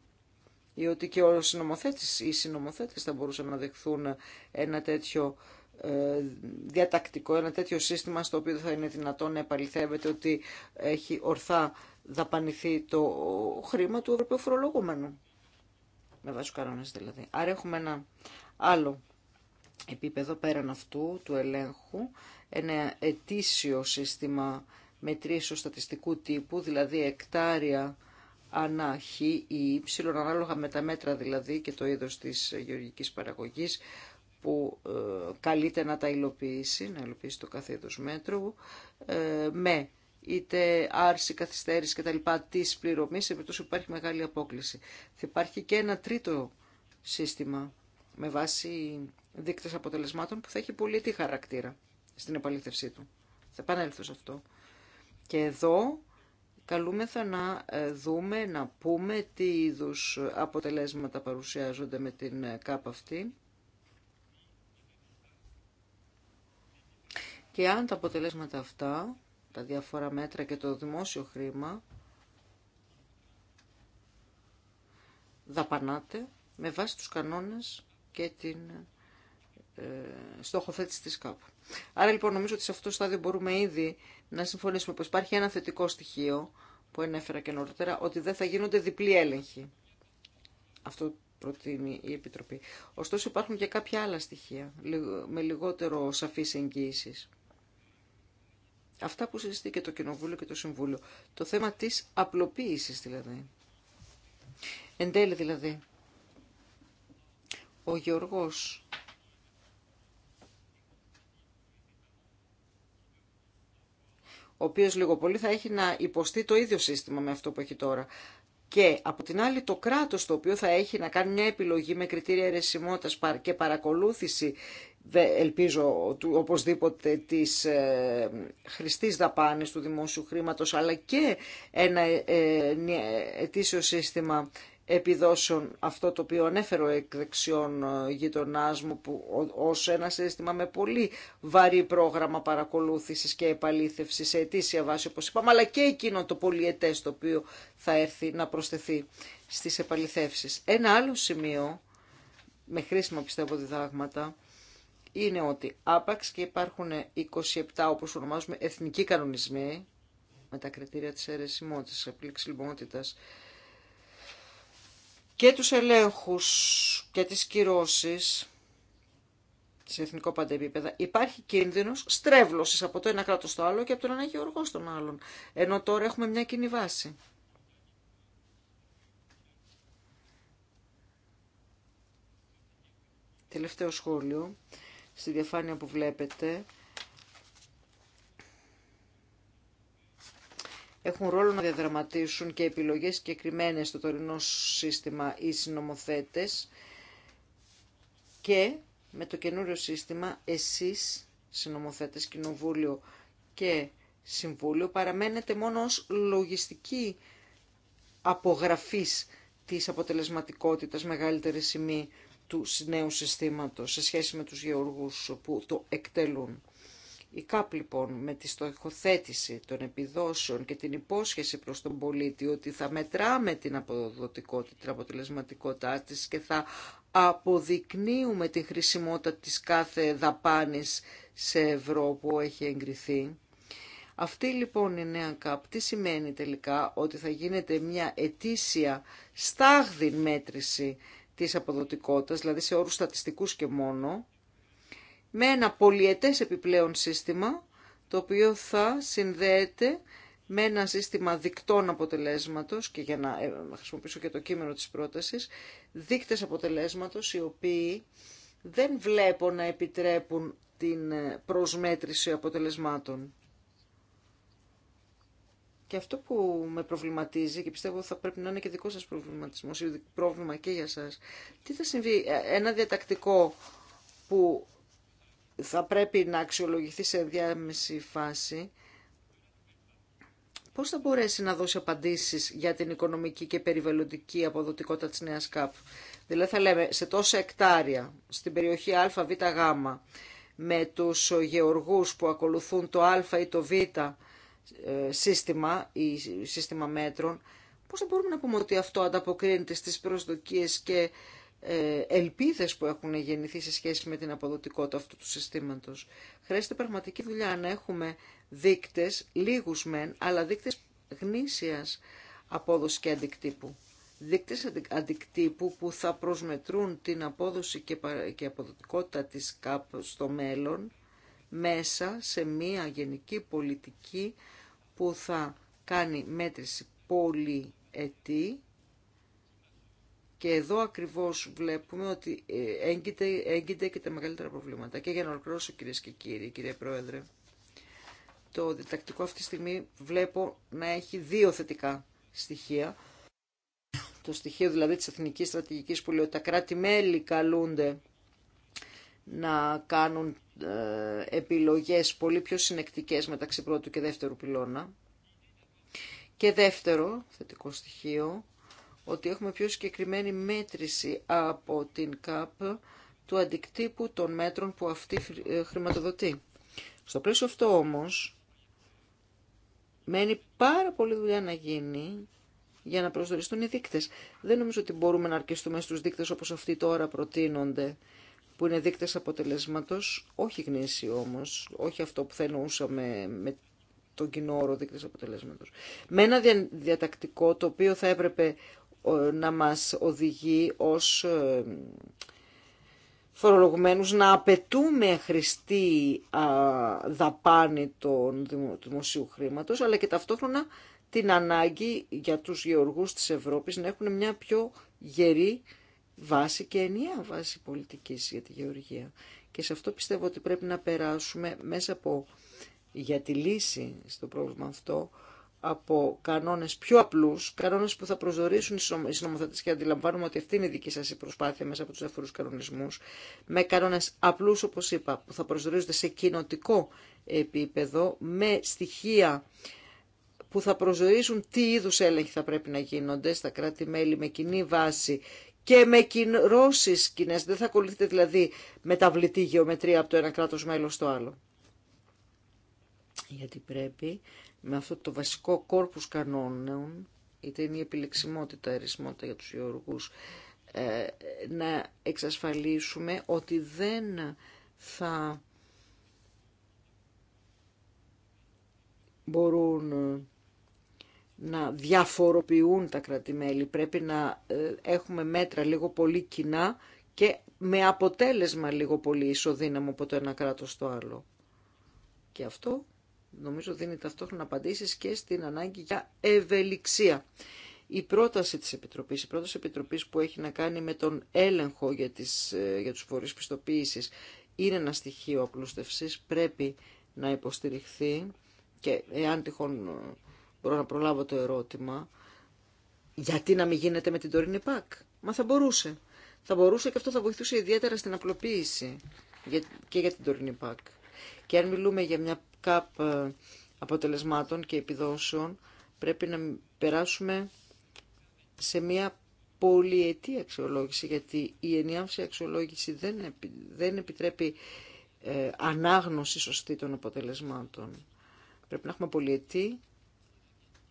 B: Ή ότι και ο ή οι συνομοθέτες θα μπορούσαν να δεχθούν ένα τέτοιο ε, διατακτικό, ένα τέτοιο σύστημα στο οποίο θα είναι δυνατόν να επαληθεύεται ότι έχει ορθά δαπανηθεί το χρήμα του Ευρωπαίου Φορολογούμενου με βάση δηλαδή. Άρα έχουμε ένα άλλο επίπεδο πέραν αυτού του ελέγχου, ένα ετήσιο σύστημα μετρήσεως στατιστικού τύπου, δηλαδή εκτάρια ανά χ ή ύψιλον, ε, ανάλογα με τα μέτρα δηλαδή και το είδος της γεωργικής παραγωγής, που ε, καλείται να τα υλοποιήσει, να υλοποιήσει το κάθε μέτρου, ε, με είτε άρση καθυστέρηση κτλ. τη πληρωμή, σε περίπτωση που υπάρχει μεγάλη απόκληση. Θα υπάρχει και ένα τρίτο σύστημα με βάση δείκτες αποτελεσμάτων που θα έχει πολιτή χαρακτήρα στην επαλήθευσή του. Θα επανέλθω σε αυτό. Και εδώ καλούμεθα να ε, δούμε, να πούμε τι είδου αποτελέσματα παρουσιάζονται με την ε, ΚΑΠ αυτή. Και αν τα αποτελέσματα αυτά τα διάφορα μέτρα και το δημόσιο χρήμα δαπανάται με βάση τους κανόνες και την ε, στόχοθέτηση της ΚΑΠ. Άρα λοιπόν νομίζω ότι σε αυτό το στάδιο μπορούμε ήδη να συμφωνήσουμε πως υπάρχει ένα θετικό στοιχείο που ενέφερα και νωρίτερα, ότι δεν θα γίνονται διπλή έλεγχη. Αυτό προτείνει η Επιτροπή. Ωστόσο υπάρχουν και κάποια άλλα στοιχεία, με λιγότερο σαφείς εγγύησης. Αυτά που συζητεί και το Κοινοβούλιο και το Συμβούλιο. Το θέμα της απλοποίησης δηλαδή. Εν τέλει δηλαδή, ο Γεωργός ο οποίος λίγο πολύ θα έχει να υποστεί το ίδιο σύστημα με αυτό που έχει τώρα. Και από την άλλη το κράτος το οποίο θα έχει να κάνει μια επιλογή με κριτήρια αιρεσιμότητας και παρακολούθηση ελπίζω του, οπωσδήποτε της ε, χρηστής του δημόσιου χρήματος αλλά και ένα ε, ε, ετήσιο σύστημα επιδόσεων αυτό το οποίο ανέφερε ο εκδεξιών ε, γειτονά μου που, ως ένα σύστημα με πολύ βαρύ πρόγραμμα παρακολούθησης και επαλήθευση σε ετήσια βάση όπως είπαμε αλλά και εκείνο το πολυετές το οποίο θα έρθει να προσθεθεί στις επαληθεύσεις. Ένα άλλο σημείο με χρήσιμα πιστεύω διδάγματα είναι ότι άπαξ και υπάρχουν 27 όπως ονομάζουμε εθνικοί κανονισμοί με τα κριτήρια της αιρεσιμότητας, της επιλεξιλμότητας και τους ελέγχους και τις κυρώσεις σε εθνικό παντεπίπεδα, υπάρχει κίνδυνο στρέβλωσης από το ένα κράτο στο άλλο και από τον ένα γεωργό στον άλλον. Ενώ τώρα έχουμε μια κοινή βάση. Τελευταίο σχόλιο στη διαφάνεια που βλέπετε έχουν ρόλο να διαδραματίσουν και επιλογές συγκεκριμένε στο τωρινό σύστημα οι συνομοθέτες και με το καινούριο σύστημα εσείς συνομοθέτες κοινοβούλιο και συμβούλιο παραμένετε μόνο ως λογιστική απογραφής της αποτελεσματικότητας μεγαλύτερη σημεία του νέου συστήματος σε σχέση με τους γεωργούς που το εκτελούν. Η ΚΑΠ λοιπόν με τη στοχοθέτηση των επιδόσεων και την υπόσχεση προς τον πολίτη ότι θα μετράμε την αποδοτικότητα, την αποτελεσματικότητά της και θα αποδεικνύουμε τη χρησιμότητα της κάθε δαπάνης σε ευρώ που έχει εγκριθεί. Αυτή λοιπόν η νέα ΚΑΠ τι σημαίνει τελικά ότι θα γίνεται μια ετήσια στάχδη μέτρηση της αποδοτικότητας, δηλαδή σε όρους στατιστικούς και μόνο, με ένα πολιετές επιπλέον σύστημα, το οποίο θα συνδέεται με ένα σύστημα δικτών αποτελέσματος και για να ε, χρησιμοποιήσω και το κείμενο της πρότασης, δείκτες αποτελέσματος οι οποίοι δεν βλέπω να επιτρέπουν την ε, προσμέτρηση αποτελεσμάτων. Και αυτό που με προβληματίζει και πιστεύω θα πρέπει να είναι και δικό σας προβληματισμός ή πρόβλημα και για σας. Τι θα συμβεί, ε, ένα διατακτικό που θα πρέπει να αξιολογηθεί σε διάμεση φάση, πώς θα μπορέσει να δώσει απαντήσεις για την οικονομική και περιβαλλοντική αποδοτικότητα της νέας ΚΑΠ. Δηλαδή θα λέμε σε τόσα εκτάρια, στην περιοχή α, β, γ, με τους γεωργούς που ακολουθούν το α ή το β ε, σύστημα ή σύστημα μέτρων, πώς θα μπορούμε να πούμε ότι αυτό ανταποκρίνεται στις προσδοκίες και ε, ελπίδες που έχουν γεννηθεί σε σχέση με την αποδοτικότητα αυτού του συστήματος. Χρειάζεται πραγματική δουλειά να έχουμε δείκτες, λίγους μεν, αλλά δείκτες γνήσιας απόδοσης και αντικτύπου. Δείκτες αντικτύπου που θα προσμετρούν την απόδοση και αποδοτικότητα της ΚΑΠ στο μέλλον μέσα σε μία γενική πολιτική που θα κάνει μέτρηση πολύ πολυετή και εδώ ακριβώς βλέπουμε ότι ε, έγκυται, και τα μεγαλύτερα προβλήματα. Και για να ολοκληρώσω κυρίες και κύριοι, κύριε Πρόεδρε, το διτακτικό αυτή τη στιγμή βλέπω να έχει δύο θετικά στοιχεία. Το στοιχείο δηλαδή της εθνικής στρατηγικής που λέει ότι τα κράτη-μέλη καλούνται να κάνουν ε, επιλογές πολύ πιο συνεκτικές μεταξύ πρώτου και δεύτερου πυλώνα. Και δεύτερο θετικό στοιχείο, ότι έχουμε πιο συγκεκριμένη μέτρηση από την ΚΑΠ του αντικτύπου των μέτρων που αυτή ε, χρηματοδοτεί. Στο πλαίσιο αυτό όμως, μένει πάρα πολύ δουλειά να γίνει για να προσδοριστούν οι δείκτες. Δεν νομίζω ότι μπορούμε να αρκεστούμε στους δείκτες όπως αυτοί τώρα προτείνονται που είναι δείκτες αποτελέσματος, όχι γνήσιοι όμως, όχι αυτό που θα εννοούσαμε με τον κοινό όρο δείκτες αποτελέσματος. Με ένα διατακτικό το οποίο θα έπρεπε ε, να μας οδηγεί ως ε, φορολογουμένους να απαιτούμε χρηστή δαπάνη των δημοσίου χρήματος, αλλά και ταυτόχρονα την ανάγκη για τους γεωργούς της Ευρώπης να έχουν μια πιο γερή βάση και ενιαία βάση πολιτικής για τη γεωργία. Και σε αυτό πιστεύω ότι πρέπει να περάσουμε μέσα από, για τη λύση στο πρόβλημα αυτό, από κανόνες πιο απλούς, κανόνες που θα προσδορίσουν οι συνομοθέτες και αντιλαμβάνουμε ότι αυτή είναι η δική σας προσπάθεια μέσα από τους αφορούς κανονισμούς, με κανόνες απλούς όπως είπα, που θα προσδορίζονται σε κοινοτικό επίπεδο, με στοιχεία που θα προσδορίσουν τι είδους έλεγχοι θα πρέπει να γίνονται στα κράτη-μέλη με κοινή βάση και με κυρώσει κοινέ. Δεν θα ακολουθείτε δηλαδή μεταβλητή γεωμετρία από το ένα κράτος μέλο στο άλλο. Γιατί πρέπει με αυτό το βασικό κόρπου κανόνων, είτε είναι η επιλεξιμότητα, η αρισμότητα για τους γεωργούς, ε, να εξασφαλίσουμε ότι δεν θα μπορούν να διαφοροποιούν τα κρατημέλη. Πρέπει να ε, έχουμε μέτρα λίγο πολύ κοινά και με αποτέλεσμα λίγο πολύ ισοδύναμο από το ένα κράτος στο άλλο. Και αυτό νομίζω δίνει ταυτόχρονα απαντήσεις και στην ανάγκη για ευελιξία. Η πρόταση της Επιτροπής, η πρόταση Επιτροπής που έχει να κάνει με τον έλεγχο για, τις, ε, για τους φορείς πιστοποίησης είναι ένα στοιχείο απλούστευσης, πρέπει να υποστηριχθεί και εάν τυχόν ε, μπορώ να προλάβω το ερώτημα, γιατί να μην γίνεται με την τωρινή ΠΑΚ. Μα θα μπορούσε. Θα μπορούσε και αυτό θα βοηθούσε ιδιαίτερα στην απλοποίηση και για την τωρινή ΠΑΚ. Και αν μιλούμε για μια ΚΑΠ ε, αποτελεσμάτων και επιδόσεων, πρέπει να περάσουμε σε μια πολυετή αξιολόγηση, γιατί η ενιάμψη αξιολόγηση δεν, δεν επιτρέπει ε, ανάγνωση σωστή των αποτελεσμάτων. Πρέπει να έχουμε πολυετή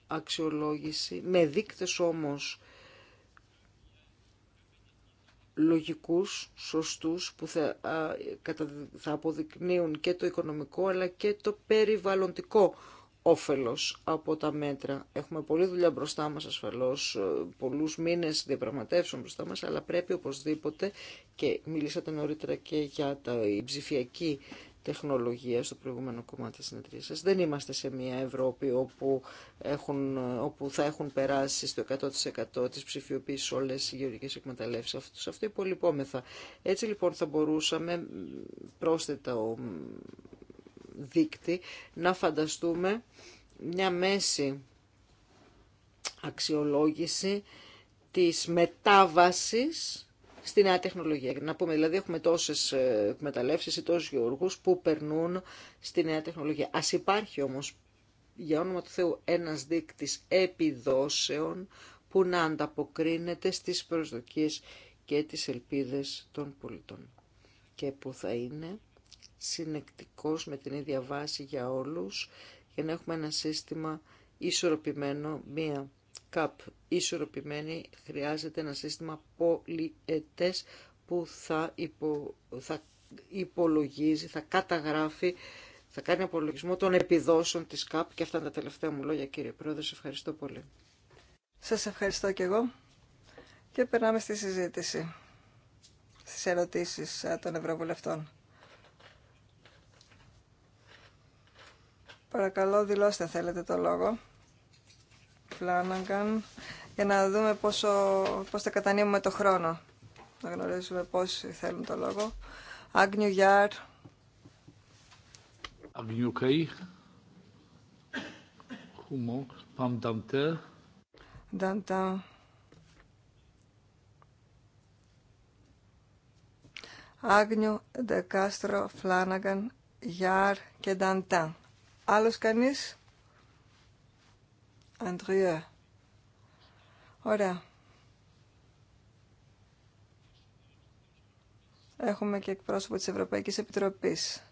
B: αξιολόγηση, με δείκτες όμως λογικούς, σωστούς, που θα, θα αποδεικνύουν και το οικονομικό αλλά και το περιβαλλοντικό όφελος από τα μέτρα. Έχουμε πολλή δουλειά μπροστά μας ασφαλώς, ε, πολλούς μήνες διαπραγματεύσεων μπροστά μας, αλλά πρέπει οπωσδήποτε, και μιλήσατε νωρίτερα και για τα, η ψηφιακή τεχνολογία στο προηγούμενο κομμάτι της συνεδρίας Δεν είμαστε σε μια Ευρώπη όπου, έχουν, όπου θα έχουν περάσει στο 100% της ψηφιοποίησης όλες οι γεωργικές εκμεταλλεύσεις. Αυτό, αυτό υπολοιπόμεθα. Έτσι λοιπόν θα μπορούσαμε πρόσθετα ο δίκτυ να φανταστούμε μια μέση αξιολόγηση της μετάβασης στη νέα τεχνολογία. Να πούμε, δηλαδή έχουμε τόσες ε, εκμεταλλεύσεις ή τόσους γεωργούς που περνούν στη νέα τεχνολογία. Ας υπάρχει όμως, για όνομα του Θεού, ένας δείκτης επιδόσεων που να ανταποκρίνεται στις προσδοκίες και τις ελπίδες των πολιτών και που θα είναι συνεκτικός με την ίδια βάση για όλους για να έχουμε ένα σύστημα ισορροπημένο, μία ΚΑΠ ισορροπημένη χρειάζεται ένα σύστημα πολυετές που θα, υπο, θα υπολογίζει, θα καταγράφει, θα κάνει απολογισμό των επιδόσεων της ΚΑΠ και αυτά είναι τα τελευταία μου λόγια κύριε Πρόεδρε, σε ευχαριστώ πολύ. Σας ευχαριστώ και εγώ και περνάμε στη συζήτηση,
A: στις ερωτήσεις ε, των Ευρωβουλευτών. Παρακαλώ δηλώστε αν θέλετε το λόγο. Φλάναγκαν για να δούμε πόσο, πώς θα κατανείμουμε το χρόνο. Να γνωρίζουμε πόσοι θέλουν το λόγο. Άγνιου Γιάρ.
C: Άγνιου Καϊ. Χουμόκ. Παμ Νταμτέ.
A: Νταμτά. Άγνιου, Ντεκάστρο, Φλάναγκαν, Γιάρ και χουμοκ παμ νταμτε Νταντά. αγνιου φλαναγκαν γιαρ κανείς? Αντριέ. Ωραία. Έχουμε και εκπρόσωπο της Ευρωπαϊκής Επιτροπής.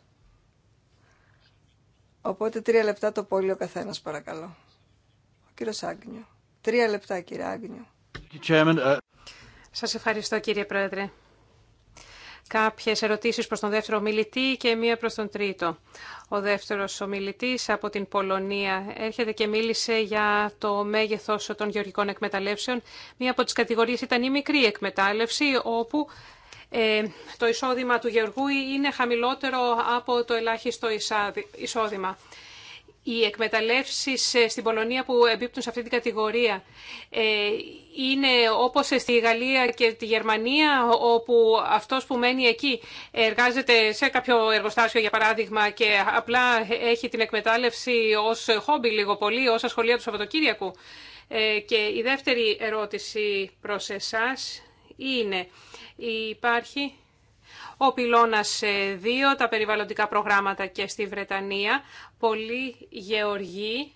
A: Οπότε τρία λεπτά το πόλιο ο καθένας παρακαλώ. Ο κύριος Άγνιο. Τρία λεπτά κύριε Άγνιο. Ε, Σας ευχαριστώ κύριε Πρόεδρε
C: κάποιες ερωτήσεις προς τον δεύτερο ομιλητή και μία προς τον τρίτο. Ο δεύτερος ομιλητής από την Πολωνία έρχεται και μίλησε για το μέγεθος των γεωργικών εκμεταλλεύσεων. Μία από τις κατηγορίες ήταν η μικρή εκμετάλλευση, όπου ε, το εισόδημα του γεωργού είναι χαμηλότερο από το ελάχιστο εισόδημα οι εκμεταλλεύσεις ε, στην Πολωνία που εμπίπτουν σε αυτή την κατηγορία ε, είναι όπως στη Γαλλία και τη Γερμανία όπου αυτός που μένει εκεί εργάζεται σε κάποιο εργοστάσιο για παράδειγμα και απλά έχει την εκμετάλλευση ως χόμπι λίγο πολύ, ως ασχολία του Σαββατοκύριακου. Ε, και η δεύτερη ερώτηση προς εσάς είναι υπάρχει ο πυλώνας 2, ε, τα περιβαλλοντικά προγράμματα και στη Βρετανία. Πολλοί γεωργοί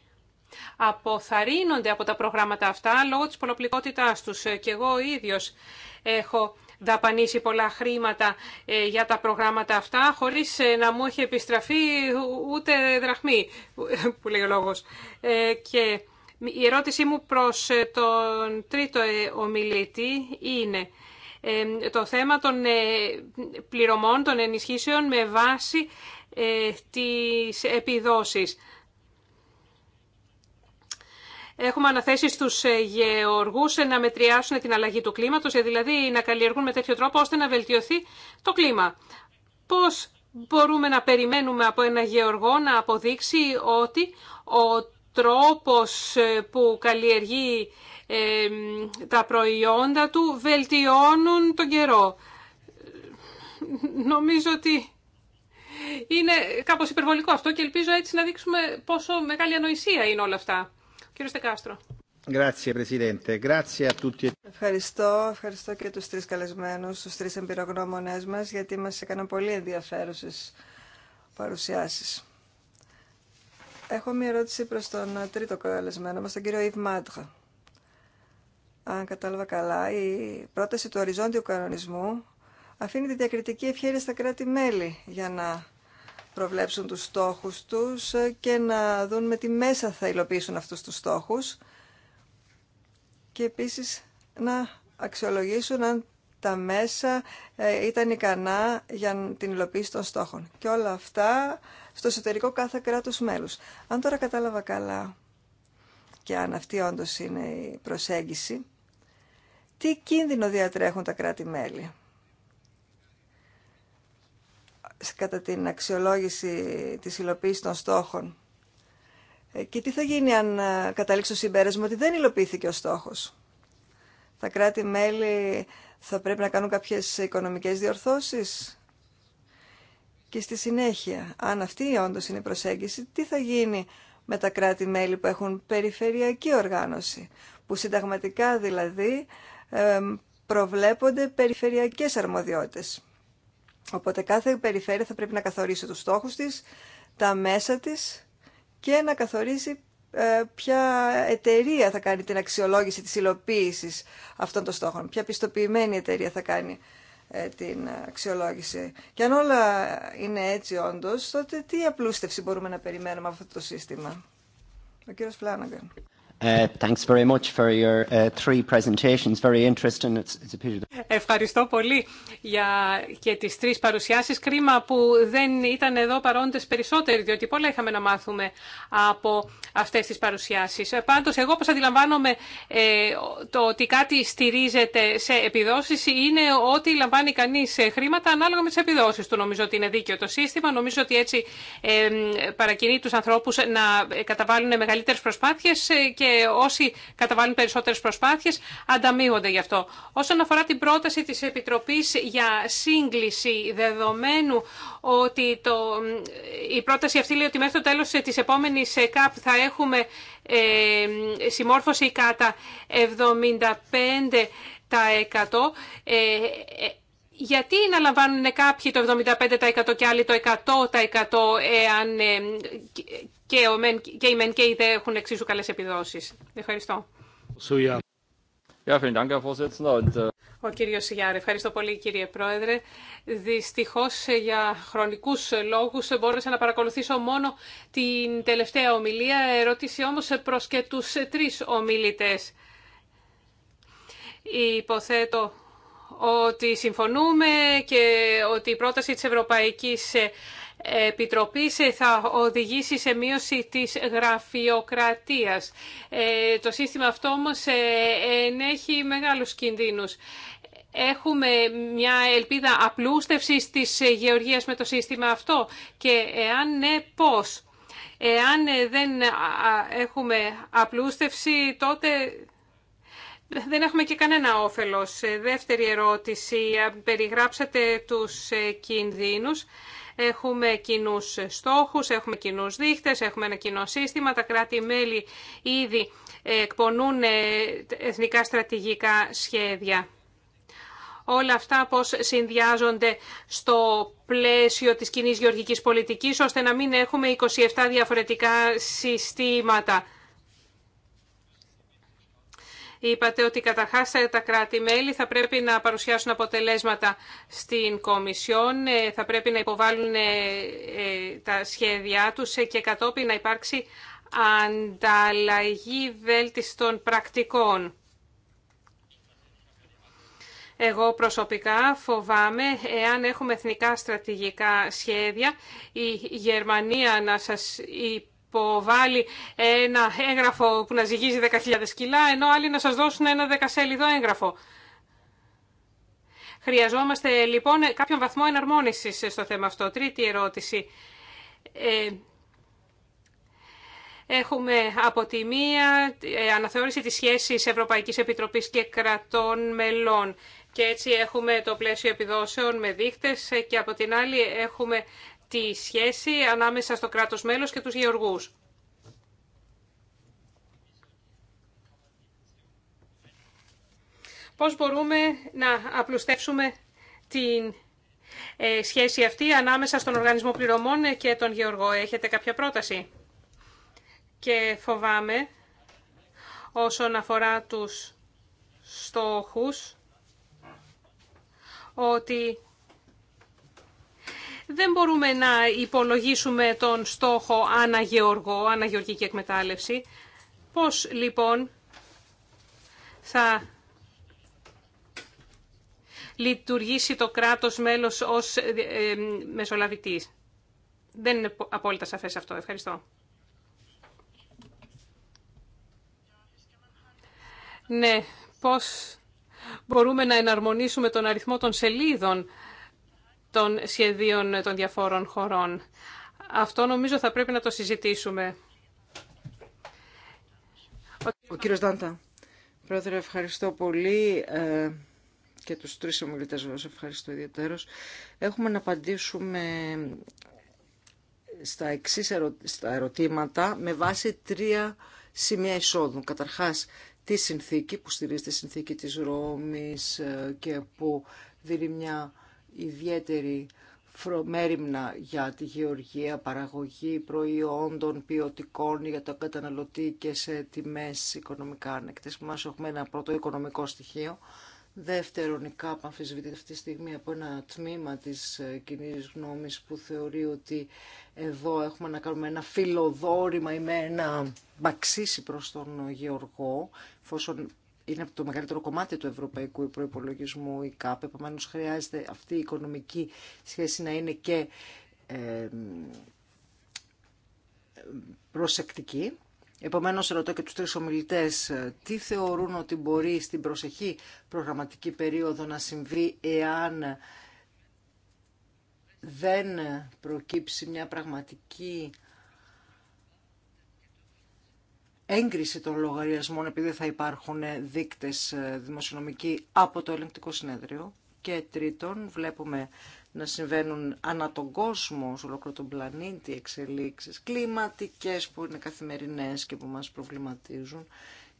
C: αποθαρρύνονται από τα προγράμματα αυτά λόγω της πολλοπλικότητάς τους. Ε, και εγώ ίδιος έχω δαπανίσει πολλά χρήματα ε, για τα προγράμματα αυτά χωρίς να μου έχει επιστραφεί ούτε δραχμή, που λέει ο λόγος. Και η ερώτησή μου προς τον τρίτο ομιλητή είναι το θέμα των ε, πληρωμών, των ενισχύσεων με βάση ε, τις επιδόσεις. Έχουμε αναθέσει στους ε, γεωργούς να μετριάσουν την αλλαγή του κλίματος, δηλαδή να καλλιεργούν με τέτοιο τρόπο ώστε να βελτιωθεί το κλίμα. Πώς μπορούμε να περιμένουμε από ένα γεωργό να αποδείξει ότι ο τρόπος που καλλιεργεί τα προϊόντα του βελτιώνουν τον καιρό. Νομίζω ότι είναι κάπως υπερβολικό αυτό και ελπίζω έτσι να δείξουμε πόσο μεγάλη ανοησία είναι όλα αυτά. Κύριε Στεκάστρο.
A: Ευχαριστώ, ευχαριστώ και τους τρεις καλεσμένους, τους τρεις εμπειρογνώμονές μας, γιατί μας έκαναν πολύ ενδιαφέρουσες παρουσιάσεις. Έχω μία ερώτηση προς τον τρίτο καλεσμένο μας, τον κύριο Ιβ Μάντχα αν κατάλαβα καλά, η πρόταση του οριζόντιου κανονισμού αφήνει τη διακριτική ευχαίρεια στα κράτη-μέλη για να προβλέψουν τους στόχους τους και να δουν με τι μέσα θα υλοποιήσουν αυτούς τους στόχους και επίσης να αξιολογήσουν αν τα μέσα ε, ήταν ικανά για την υλοποίηση των στόχων. Και όλα αυτά στο εσωτερικό κάθε κράτους μέλους. Αν τώρα κατάλαβα καλά και αν αυτή όντως είναι η προσέγγιση, τι κίνδυνο διατρέχουν τα κράτη-μέλη. Κατά την αξιολόγηση της υλοποίησης των στόχων. Ε, και τι θα γίνει αν ε, καταλήξω συμπέρασμα ότι δεν υλοποιήθηκε ο στόχος. Τα κράτη-μέλη θα πρέπει να κάνουν κάποιες οικονομικές διορθώσεις. Και στη συνέχεια, αν αυτή όντω είναι η προσέγγιση, τι θα γίνει με τα κράτη-μέλη που έχουν περιφερειακή οργάνωση, που συνταγματικά δηλαδή προβλέπονται περιφερειακές αρμοδιότητες. Οπότε κάθε περιφέρεια θα πρέπει να καθορίσει τους στόχους της, τα μέσα της και να καθορίσει ε, ποια εταιρεία θα κάνει την αξιολόγηση της υλοποίησης αυτών των στόχων, ποια πιστοποιημένη εταιρεία θα κάνει ε, την αξιολόγηση. Και αν όλα είναι έτσι όντως, τότε τι απλούστευση μπορούμε να περιμένουμε από αυτό το σύστημα. Ο κύριος Φλάνναγκαν. Ευχαριστώ πολύ
C: για και τις τρεις παρουσιάσεις. Κρίμα που δεν ήταν εδώ παρόντες περισσότεροι, διότι πολλά είχαμε να μάθουμε από αυτές τις παρουσιάσεις. Ε, πάντως, εγώ όπως αντιλαμβάνομαι ε, το ότι κάτι στηρίζεται σε επιδόσεις είναι ότι λαμβάνει κανείς ε, χρήματα ανάλογα με τις επιδόσεις του. Νομίζω ότι είναι δίκαιο το σύστημα. Νομίζω ότι έτσι παρακινεί τους ανθρώπους να καταβάλουν μεγαλύτερες προσπάθειες και και όσοι καταβάλουν περισσότερες προσπάθειες ανταμείβονται γι' αυτό. Όσον αφορά την πρόταση της Επιτροπής για σύγκληση δεδομένου ότι το, η πρόταση αυτή λέει ότι μέχρι το τέλος τη επόμενη ΚΑΠ θα έχουμε ε, συμμόρφωση κατά 75% ε, ε, γιατί να λαμβάνουν κάποιοι το 75% και άλλοι το 100% εάν ε, και, ο μεν, και οι μεν και οι δε έχουν εξίσου καλές επιδόσεις. Ευχαριστώ. Äh, ο κύριο Σιγιάρ, ευχαριστώ πολύ κύριε Πρόεδρε. Δυστυχώ για χρονικού λόγου μπόρεσα να παρακολουθήσω μόνο την τελευταία ομιλία. Ερώτηση όμω προ και του τρει ομιλητέ. Υποθέτω ότι συμφωνούμε και ότι η πρόταση της Ευρωπαϊκής Επιτροπής ε, θα οδηγήσει σε μείωση της γραφειοκρατίας. Ε, το σύστημα αυτό όμως ε, ενέχει μεγάλους κινδύνους. Έχουμε μια ελπίδα απλούστευσης της γεωργίας με το σύστημα αυτό και εάν ναι πώς. Εάν δεν έχουμε απλούστευση τότε δεν έχουμε και κανένα όφελος. Δεύτερη ερώτηση, περιγράψατε τους κινδύνους. Έχουμε κοινού στόχους, έχουμε κοινού δείχτες, έχουμε ένα κοινό σύστημα. Τα κράτη-μέλη ήδη εκπονούν ε, εθνικά στρατηγικά σχέδια. Όλα αυτά πώς συνδυάζονται στο πλαίσιο της κοινή γεωργικής πολιτικής, ώστε να μην έχουμε 27 διαφορετικά συστήματα Είπατε ότι καταρχά τα κράτη-μέλη θα πρέπει να παρουσιάσουν αποτελέσματα στην Κομισιόν, ε, θα πρέπει να υποβάλουν ε, ε, τα σχέδιά τους και κατόπιν να υπάρξει ανταλλαγή βέλτιστων πρακτικών. Εγώ προσωπικά φοβάμαι, εάν έχουμε εθνικά στρατηγικά σχέδια, η Γερμανία να σας βάλει ένα έγγραφο που να ζυγίζει 10.000 κιλά, ενώ άλλοι να σας δώσουν ένα δεκασέλιδο έγγραφο. Χρειαζόμαστε λοιπόν κάποιον βαθμό εναρμόνισης στο θέμα αυτό. Τρίτη ερώτηση. Ε, έχουμε από τη μία ε, αναθεώρηση της σχέσης Ευρωπαϊκής Επιτροπής και κρατών μελών. Και έτσι έχουμε το πλαίσιο επιδόσεων με δείχτες. Ε, και από την άλλη έχουμε τη σχέση ανάμεσα στο κράτος μέλος και τους γεωργούς. Πώς μπορούμε να απλουστεύσουμε την ε, σχέση αυτή ανάμεσα στον οργανισμό πληρωμών και τον γεωργό. Έχετε κάποια πρόταση. Και φοβάμαι όσον αφορά τους στόχους ότι δεν μπορούμε να υπολογίσουμε τον στόχο αναγεωργό, αναγεωργική εκμετάλλευση. Πώς λοιπόν θα λειτουργήσει το κράτος μέλος ως ε, ε, μεσολαβητής. Δεν είναι απόλυτα σαφές αυτό. Ευχαριστώ. Ναι, πώς μπορούμε να εναρμονίσουμε τον αριθμό των σελίδων των σχεδίων των διαφόρων χωρών. Αυτό νομίζω θα πρέπει να το συζητήσουμε.
B: Ο κύριος Δάντα. Πρόεδρε, ευχαριστώ πολύ ε, και τους τρεις ομιλητές σας ευχαριστώ ιδιαίτερος. Έχουμε να απαντήσουμε στα εξή στα ερωτήματα με βάση τρία σημεία εισόδου. Καταρχάς, τη συνθήκη που στηρίζει τη συνθήκη της Ρώμης ε, και που δίνει μια ιδιαίτερη φρομέριμνα για τη γεωργία, παραγωγή προϊόντων ποιοτικών για τον καταναλωτή και σε τιμές οικονομικά άνεκτες. Μας έχουμε ένα πρώτο οικονομικό στοιχείο. Δεύτερον, η ΚΑΠ αμφισβητείται αυτή τη στιγμή από ένα τμήμα της ε, κοινή γνώμης που θεωρεί ότι εδώ έχουμε να κάνουμε ένα φιλοδόρημα ή με ένα μπαξίσι προς τον ε, Γεωργό, εφόσον είναι το μεγαλύτερο κομμάτι του ευρωπαϊκού Προπολογισμού η ΚΑΠ, επομένω, χρειάζεται αυτή η οικονομική σχέση να είναι και προσεκτική. Επομένω, ρωτώ και του τρεις ομιλητές ε, τι θεωρούν ότι μπορεί στην προσεχή προγραμματική περίοδο να συμβεί εάν δεν προκύψει μια πραγματική έγκριση των λογαριασμών επειδή θα υπάρχουν ε, δείκτες ε, δημοσιονομικοί από το ελεγκτικό συνέδριο. Και τρίτον, βλέπουμε να συμβαίνουν ανά τον κόσμο, σε ολόκληρο τον πλανήτη, εξελίξεις κλιματικές που είναι καθημερινές και που μας προβληματίζουν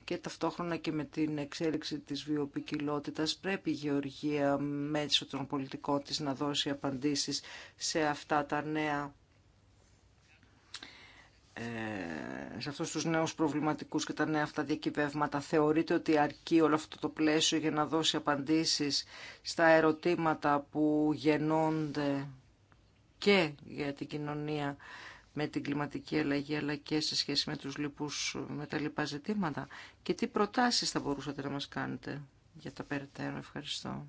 B: και ταυτόχρονα και με την εξέλιξη της βιοποικιλότητας πρέπει η Γεωργία μέσω των πολιτικών της να δώσει απαντήσεις σε αυτά τα νέα ε, σε αυτούς τους νέους προβληματικούς και τα νέα αυτά διακυβεύματα θεωρείτε ότι αρκεί όλο αυτό το πλαίσιο για να δώσει απαντήσεις στα ερωτήματα που γεννώνται και για την κοινωνία με την κλιματική αλλαγή αλλά και σε σχέση με, τους λοιπούς, με τα λοιπά ζητήματα και τι προτάσεις θα μπορούσατε να μας κάνετε για τα περαιτέρω. Ευχαριστώ.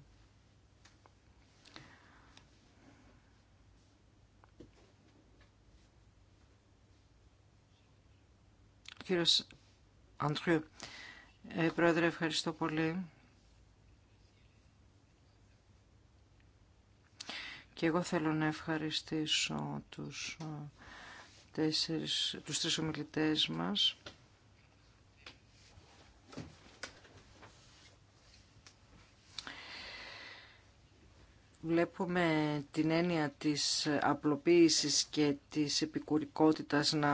B: Κύριος Αντριού, ε, Πρόεδρε, ευχαριστώ πολύ. Και εγώ θέλω να ευχαριστήσω τους, ε, τέσσερις, τους τρεις ομιλητές μας βλέπουμε την έννοια της απλοποίησης και της επικουρικότητας να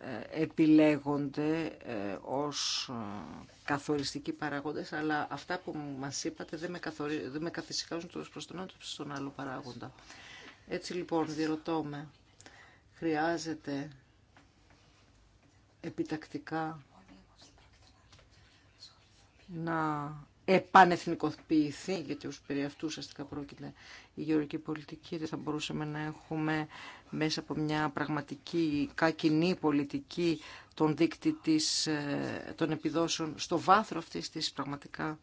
B: ε, επιλέγονται ε, ως ε, καθοριστικοί παράγοντες, αλλά αυτά που μας είπατε δεν με, καθορι... δεν με τους προς τον άλλο παράγοντα. Έτσι λοιπόν διερωτώ με, χρειάζεται επιτακτικά να επανεθνικοποιηθεί, γιατί ως περί αυτού ουσιαστικά πρόκειται η γεωργική πολιτική, δεν θα μπορούσαμε να έχουμε μέσα από μια πραγματική κακινή πολιτική τον δείκτη της, ε, των επιδόσεων στο βάθρο αυτής της πραγματικά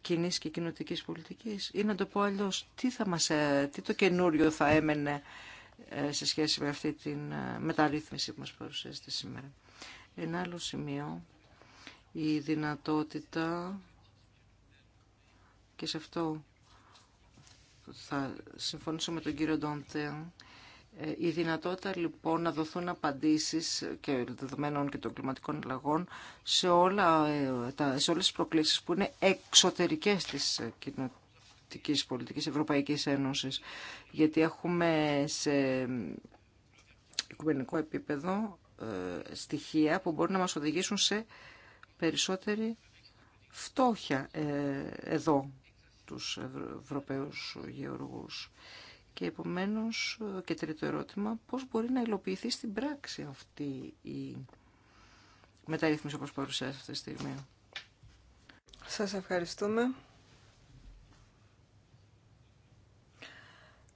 B: κοινή και κοινοτική πολιτικής. Ή να το πω αλλιώ, τι, ε, τι το καινούριο θα έμενε ε, σε σχέση με αυτή την μεταρρύθμιση που μας παρουσιάζεται σήμερα. Ένα άλλο σημείο, η δυνατότητα και σε αυτό θα συμφωνήσω με τον κύριο Ντοντέν, ε, η δυνατότητα λοιπόν να δοθούν απαντήσεις και δεδομένων και των κλιματικών αλλαγών σε, όλα, ε, σε όλες τις προκλήσεις που είναι εξωτερικές της ε, κοινωτικής πολιτικής Ευρωπαϊκής Ένωσης. Γιατί έχουμε σε οικουμενικό επίπεδο στοιχεία που μπορεί να μας οδηγήσουν σε περισσότερη φτώχεια εδώ τους Ευρωπαίους γεωργούς. Και επομένως, και τρίτο ερώτημα, πώς μπορεί να υλοποιηθεί στην πράξη αυτή η μεταρρύθμιση όπως παρουσιάζει αυτή τη στιγμή. Σας ευχαριστούμε.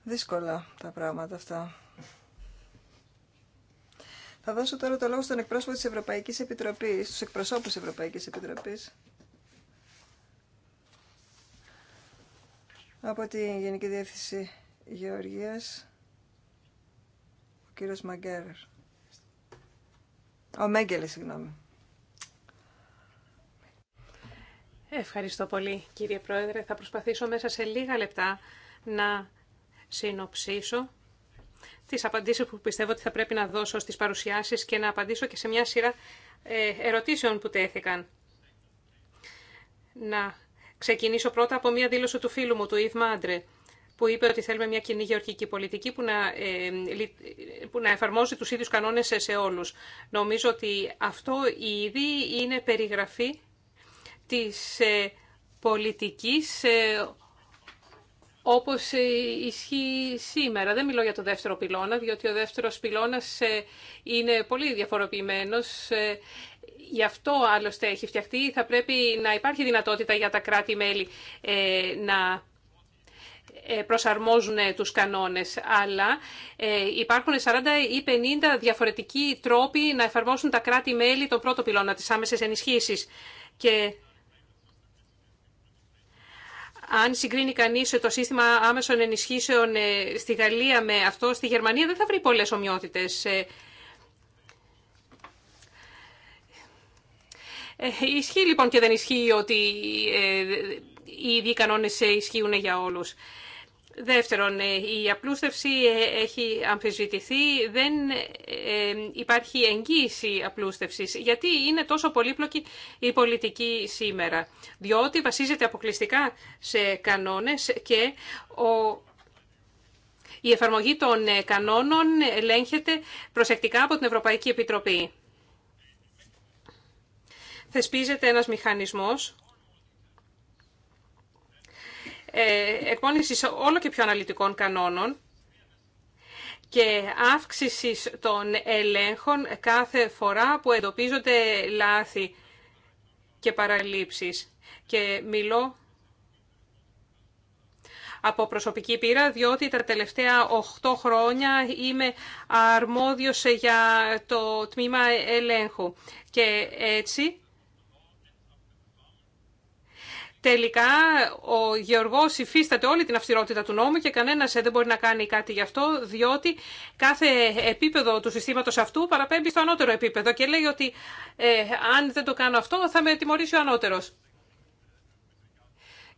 A: Δύσκολα τα πράγματα αυτά. Θα δώσω τώρα το λόγο στον εκπρόσωπο της Ευρωπαϊκής Επιτροπής, στους εκπροσώπους της Ευρωπαϊκής Επιτροπής. Από τη Γενική Διεύθυνση Γεωργίας, ο κύριος Μαγκέρερ. Ο Μέγκελε, συγγνώμη.
C: Ευχαριστώ πολύ, κύριε Πρόεδρε. Θα προσπαθήσω μέσα σε λίγα λεπτά να συνοψίσω τις απαντήσεις που πιστεύω ότι θα πρέπει να δώσω στις παρουσιάσεις και να απαντήσω και σε μια σειρά ε, ερωτήσεων που τέθηκαν. Να ξεκινήσω πρώτα από μία δήλωση του φίλου μου, του Ιβ Μάντρε, που είπε ότι θέλουμε μια κοινή γεωργική πολιτική που να, ε, που να εφαρμόζει τους ίδιους κανόνες σε, σε όλους. Νομίζω ότι αυτό ήδη είναι περιγραφή της ε, πολιτικής ε, όπως ε, ισχύει σήμερα. Δεν μιλώ για το δεύτερο πυλώνα, διότι ο δεύτερος πυλώνας είναι πολύ διαφοροποιημένος. Γι' αυτό άλλωστε έχει φτιαχτεί. Θα πρέπει να υπάρχει δυνατότητα για τα κράτη-μέλη ε, να ε, προσαρμόζουν ε, τους κανόνες, αλλά υπάρχουν 40 ή 50 διαφορετικοί τρόποι να εφαρμόσουν τα κράτη-μέλη τον πρώτο πυλώνα της άμεσης ενισχύσης. Και αν συγκρίνει κανείς το σύστημα άμεσων ενισχύσεων στη Γαλλία με αυτό στη Γερμανία, δεν θα βρει πολλέ ομοιότητε. Ε, ισχύει λοιπόν και δεν ισχύει ότι ε, οι ίδιοι κανόνε ισχύουν για όλους. Δεύτερον, ε, η απλούστευση έχει αμφισβητηθεί, δεν υπάρχει εγγύηση απλούστευσης. Γιατί είναι τόσο πολύπλοκη η πολιτική σήμερα. Διότι βασίζεται αποκλειστικά σε κανόνες και ο η εφαρμογή των κανόνων ελέγχεται προσεκτικά από την Ευρωπαϊκή Επιτροπή θεσπίζεται ένας μηχανισμός ε, εκπόνησης όλο και πιο αναλυτικών κανόνων και αύξησης των ελέγχων κάθε φορά που εντοπίζονται λάθη και παραλήψεις. Και μιλώ από προσωπική πείρα, διότι τα τελευταία 8 χρόνια είμαι αρμόδιος για το τμήμα ελέγχου. Και έτσι Τελικά ο Γεωργός υφίσταται όλη την αυστηρότητα του νόμου και κανένας ε, δεν μπορεί να κάνει κάτι γι' αυτό διότι κάθε επίπεδο του συστήματος αυτού παραπέμπει στο ανώτερο επίπεδο και λέει ότι ε, αν δεν το κάνω αυτό θα με τιμωρήσει ο ανώτερο.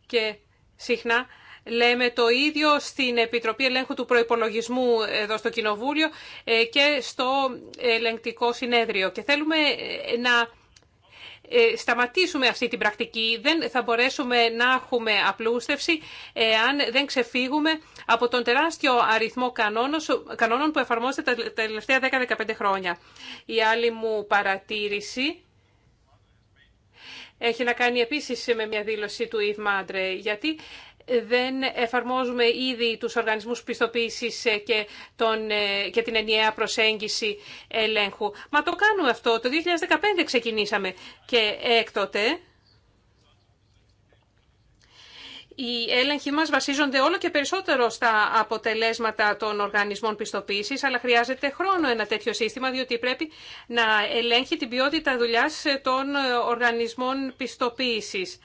C: Και συχνά λέμε το ίδιο στην Επιτροπή Ελέγχου του Προϋπολογισμού εδώ στο Κοινοβούλιο ε, και στο Ελεγκτικό Συνέδριο και θέλουμε να ε, σταματήσουμε αυτή την πρακτική. Δεν θα μπορέσουμε να έχουμε απλούστευση εάν δεν ξεφύγουμε από τον τεράστιο αριθμό κανόνων που εφαρμόζεται τα τελευταία 10-15 χρόνια. Η άλλη μου παρατήρηση έχει να κάνει επίσης με μια δήλωση του Ιβ Μάντρε, γιατί δεν εφαρμόζουμε ήδη τους οργανισμούς πιστοποίησης ε, και, τον, ε, και την ενιαία προσέγγιση ελέγχου. Μα το κάνουμε αυτό. Το 2015 ξεκινήσαμε και έκτοτε... Οι έλεγχοι μας βασίζονται όλο και περισσότερο στα αποτελέσματα των οργανισμών πιστοποίησης, αλλά χρειάζεται χρόνο ένα τέτοιο σύστημα, διότι πρέπει να ελέγχει την ποιότητα δουλειάς των οργανισμών πιστοποίησης.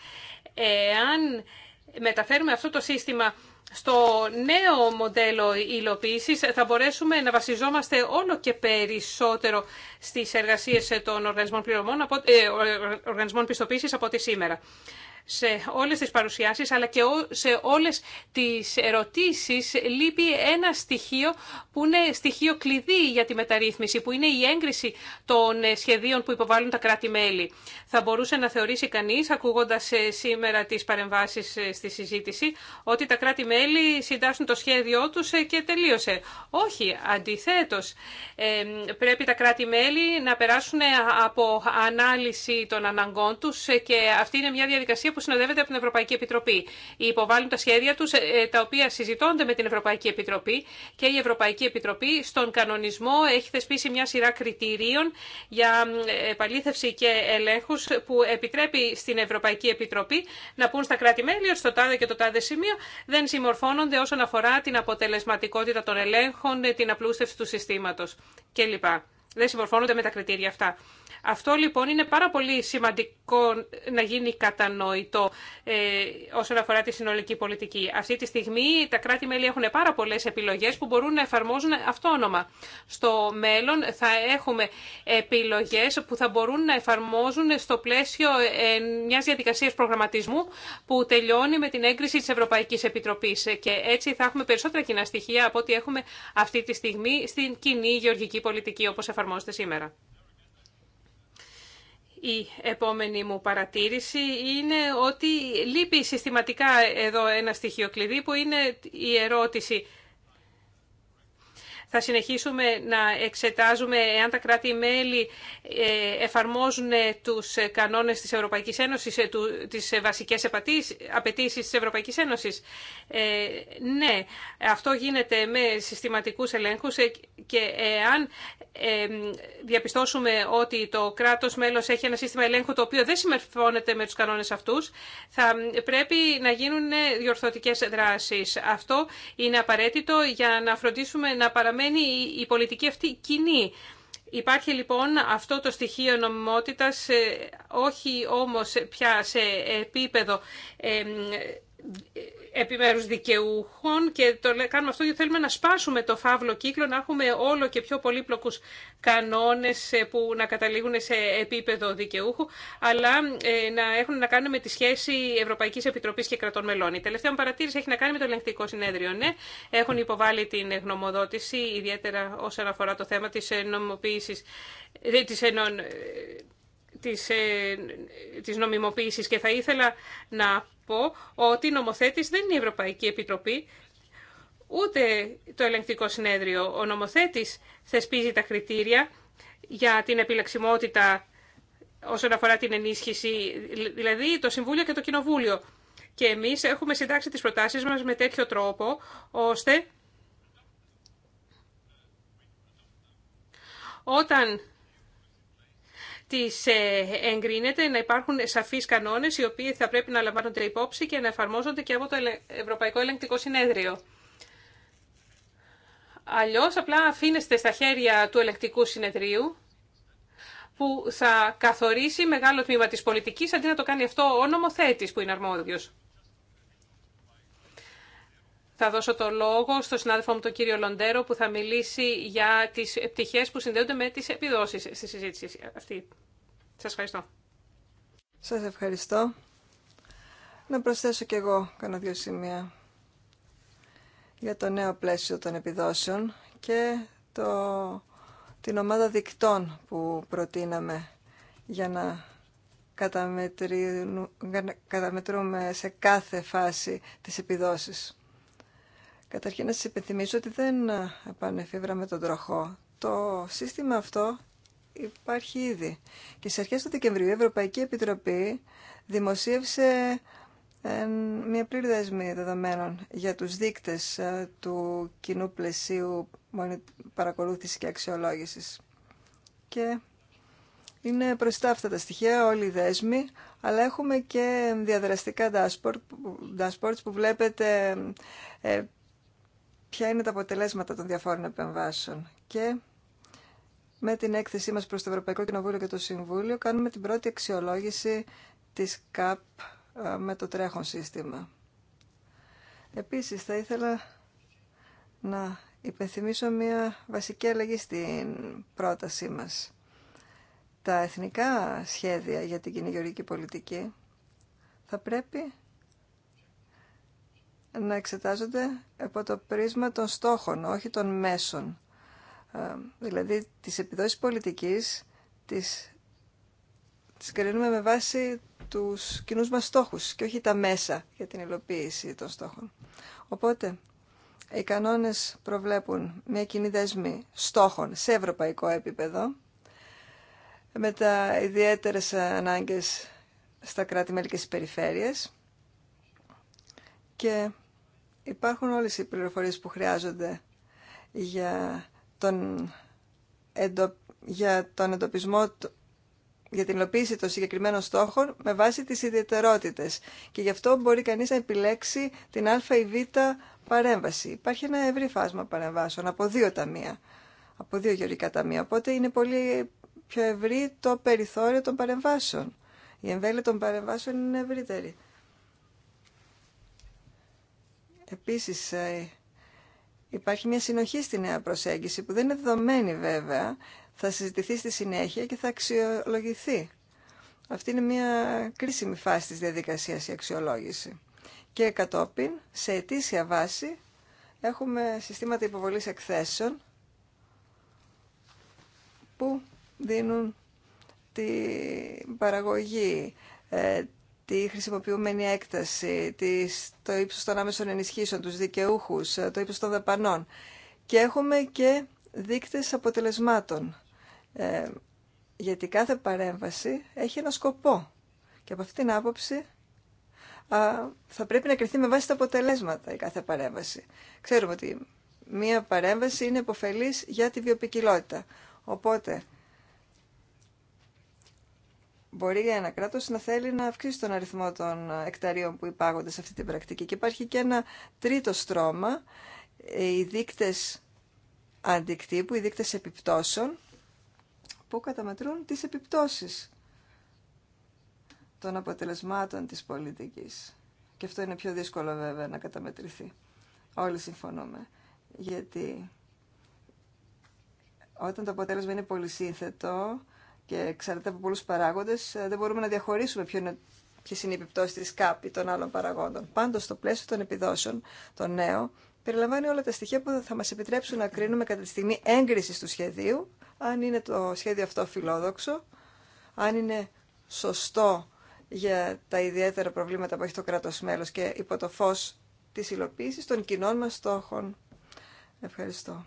C: Εάν μεταφέρουμε αυτό το σύστημα στο νέο μοντέλο υλοποίηση θα μπορέσουμε να βασιζόμαστε όλο και περισσότερο στις εργασίες των οργανισμών, πληρωμών, ε, οργανισμών πιστοποίησης από ό,τι σήμερα σε όλες τις παρουσιάσεις αλλά και σε όλες τις ερωτήσεις λείπει ένα στοιχείο που είναι στοιχείο κλειδί για τη μεταρρύθμιση που είναι η έγκριση των σχεδίων που υποβάλλουν τα κράτη-μέλη. Θα μπορούσε να θεωρήσει κανείς ακούγοντας ε, σήμερα τις παρεμβάσεις ε, στη συζήτηση ότι τα κράτη-μέλη συντάσσουν το σχέδιό τους ε, και τελείωσε. Όχι, αντιθέτως πρέπει τα κράτη-μέλη να περάσουν από ανάλυση των αναγκών τους και αυτή είναι μια διαδικασία που συνοδεύεται από την Ευρωπαϊκή Επιτροπή. Υποβάλλουν τα σχέδια τους, ε, ε, τα οποία συζητώνται με την Ευρωπαϊκή Επιτροπή και η Ευρωπαϊκή Επιτροπή στον κανονισμό έχει θεσπίσει μια σειρά κριτηρίων για επαλήθευση και ελέγχου που επιτρέπει στην Ευρωπαϊκή Επιτροπή να πούν στα κράτη-μέλη ότι στο τάδε και το τάδε σημείο δεν συμμορφώνονται όσον αφορά την αποτελεσματικότητα των ελέγχων, ε, την απλούστευση του συστήματο. κλπ. Δεν συμμορφώνονται με τα κριτήρια αυτά. Αυτό λοιπόν είναι πάρα πολύ σημαντικό να γίνει κατανοητό ε, όσον αφορά τη συνολική πολιτική. Αυτή τη στιγμή τα κράτη-μέλη έχουν πάρα πολλέ επιλογέ που μπορούν να εφαρμόζουν αυτόνομα. Στο μέλλον θα έχουμε επιλογέ που θα μπορούν να εφαρμόζουν στο πλαίσιο ε, μια διαδικασία προγραμματισμού που τελειώνει με την έγκριση τη Ευρωπαϊκή Επιτροπή. Και έτσι θα έχουμε περισσότερα κοινά στοιχεία από ό,τι έχουμε αυτή τη στιγμή στην κοινή γεωργική πολιτική όπω εφαρμόζεται σήμερα. Η επόμενη μου παρατήρηση είναι ότι λείπει συστηματικά εδώ ένα στοιχείο κλειδί που είναι η ερώτηση θα συνεχίσουμε να εξετάζουμε εάν τα κράτη-μέλη ε, εφαρμόζουν ε, τους ε, κανόνες της Ευρωπαϊκής Ένωσης, τις βασικές απαιτήσει της Ευρωπαϊκής Ένωσης. Ε, ναι, αυτό γίνεται με συστηματικούς ελέγχους και εάν διαπιστώσουμε ότι το κράτος μέλος έχει ένα σύστημα ελέγχου το οποίο δεν συμμερφώνεται με τους κανόνες αυτούς, θα πρέπει να γίνουν διορθωτικές δράσεις. Αυτό είναι απαραίτητο για να φροντίσουμε να παραμένουμε η πολιτική αυτή κοινή. Υπάρχει λοιπόν αυτό το στοιχείο νομιμότητας, ε, όχι όμως πια σε επίπεδο ε, ε, επιμέρους δικαιούχων και το κάνουμε αυτό γιατί θέλουμε να σπάσουμε το φαύλο κύκλο, να έχουμε όλο και πιο πολύπλοκους κανόνες ε, που να καταλήγουν σε επίπεδο δικαιούχου, αλλά ε, να έχουν να κάνουν με τη σχέση Ευρωπαϊκής Επιτροπής και κρατών μελών. Η τελευταία μου παρατήρηση έχει να κάνει με το ελεγκτικό συνέδριο. Ναι, έχουν υποβάλει την γνωμοδότηση, ιδιαίτερα όσον αφορά το θέμα της νομοποίησης, ε, της ενών, της, ε, της νομιμοποίησης και θα ήθελα να πω ότι νομοθέτης δεν είναι η Ευρωπαϊκή Επιτροπή ούτε το ελεγκτικό συνέδριο. Ο νομοθέτης θεσπίζει τα κριτήρια για την επιλεξιμότητα όσον αφορά την ενίσχυση, δηλαδή το Συμβούλιο και το Κοινοβούλιο. Και εμείς έχουμε συντάξει τις προτάσεις μας με τέτοιο τρόπο, ώστε όταν τις ε, εγκρίνεται να υπάρχουν σαφείς κανόνες οι οποίοι θα πρέπει να λαμβάνονται υπόψη και να εφαρμόζονται και από το Ευρωπαϊκό Ελεγκτικό Συνέδριο. Αλλιώς απλά αφήνεστε στα χέρια του Ελεγκτικού Συνεδρίου που θα καθορίσει μεγάλο τμήμα της πολιτικής αντί να το κάνει αυτό ο νομοθέτης που είναι αρμόδιος θα δώσω το λόγο στο συνάδελφό μου τον κύριο Λοντέρο που θα μιλήσει για τις πτυχές που συνδέονται με τις επιδόσεις στη συζήτηση αυτή. Σας ευχαριστώ.
A: Σας ευχαριστώ. Να προσθέσω κι εγώ κάνα δύο σημεία για το νέο πλαίσιο των επιδόσεων και το, την ομάδα δικτών που προτείναμε για να καταμετρούμε σε κάθε φάση της επιδόσεις. Καταρχήν να σας υπενθυμίσω ότι δεν επανεφίβραμε τον τροχό. Το σύστημα αυτό υπάρχει ήδη. Και σε αρχές του Δεκεμβρίου η Ευρωπαϊκή Επιτροπή δημοσίευσε ε, μια πλήρη δεσμή δεδομένων για τους δείκτες ε, του κοινού πλαισίου παρακολούθησης και αξιολόγησης. Και είναι τα αυτά τα στοιχεία, όλοι οι δέσμοι, αλλά έχουμε και διαδραστικά dashboards που βλέπετε ε, ποια είναι τα αποτελέσματα των διαφόρων επεμβάσεων. Και με την έκθεσή μας προς το Ευρωπαϊκό Κοινοβούλιο και το Συμβούλιο κάνουμε την πρώτη αξιολόγηση της ΚΑΠ ε, με το τρέχον σύστημα. Επίσης θα ήθελα να υπενθυμίσω μια βασική αλλαγή στην πρότασή μας. Τα εθνικά σχέδια για την κοινή πολιτική θα πρέπει να εξετάζονται από το πρίσμα των στόχων, όχι των μέσων. Ε, δηλαδή, τις επιδόσεις πολιτικής τις, τις κρίνουμε με βάση τους κοινού μας στόχους και όχι τα μέσα για την υλοποίηση των στόχων. Οπότε, οι κανόνες προβλέπουν μια κοινή δέσμη στόχων σε ευρωπαϊκό επίπεδο, με τα ιδιαίτερες ανάγκες στα κράτη-μέλη και στις περιφέρειες, και υπάρχουν όλες οι πληροφορίες που χρειάζονται για τον, εντο, για τον εντοπισμό για την υλοποίηση των συγκεκριμένων στόχων με βάση τις ιδιαιτερότητες και γι' αυτό μπορεί κανείς να επιλέξει την α ή β παρέμβαση. Υπάρχει ένα ευρύ φάσμα παρεμβάσεων από δύο ταμεία, από δύο γεωργικά ταμεία, οπότε είναι πολύ πιο ευρύ το περιθώριο των παρεμβάσεων. Η εμβέλεια των παρεμβάσεων είναι ευρύτερη. Επίσης, ε, υπάρχει μια συνοχή στη νέα προσέγγιση που δεν είναι δεδομένη βέβαια, θα συζητηθεί στη συνέχεια και θα αξιολογηθεί. Αυτή είναι μια κρίσιμη φάση της διαδικασίας η αξιολόγηση. Και κατόπιν, σε αιτήσια βάση, έχουμε συστήματα υποβολής εκθέσεων που δίνουν την παραγωγή, ε, τη χρησιμοποιούμενη έκταση, το ύψος των άμεσων ενισχύσεων, τους δικαιούχους, ε, το ύψος των δαπανών. Και έχουμε και δείκτες αποτελεσμάτων. Ε, γιατί κάθε παρέμβαση έχει ένα σκοπό. Και από αυτή την άποψη θα πρέπει να κριθεί με βάση τα αποτελέσματα η κάθε παρέμβαση. Ξέρουμε ότι μία παρέμβαση είναι υποφελής για τη βιοπικιλότητα. Οπότε μπορεί ένα κράτος να θέλει να αυξήσει τον αριθμό των εκταρίων που υπάγονται σε αυτή την πρακτική. Και υπάρχει και ένα τρίτο στρώμα, ε, οι δείκτες αντικτύπου, οι δείκτες επιπτώσεων, που καταμετρούν τις επιπτώσεις των αποτελεσμάτων της πολιτικής. Και αυτό είναι πιο δύσκολο βέβαια να καταμετρηθεί. Όλοι συμφωνούμε. Γιατί όταν το αποτέλεσμα είναι πολύ και εξαρτάται από πολλούς παράγοντες, ε, δεν μπορούμε να διαχωρίσουμε ποιο είναι ποιε είναι οι επιπτώσει τη κάπη των άλλων παραγόντων. Πάντω, το πλαίσιο των επιδόσεων, το νέο περιλαμβάνει όλα τα στοιχεία που θα μα επιτρέψουν να κρίνουμε κατά τη στιγμή έγκριση του σχεδίου, αν είναι το σχέδιο αυτό φιλόδοξο, αν είναι σωστό για τα ιδιαίτερα προβλήματα που έχει το κράτο μέλο και υπό το φω τη υλοποίηση των κοινών μα στόχων. Ευχαριστώ.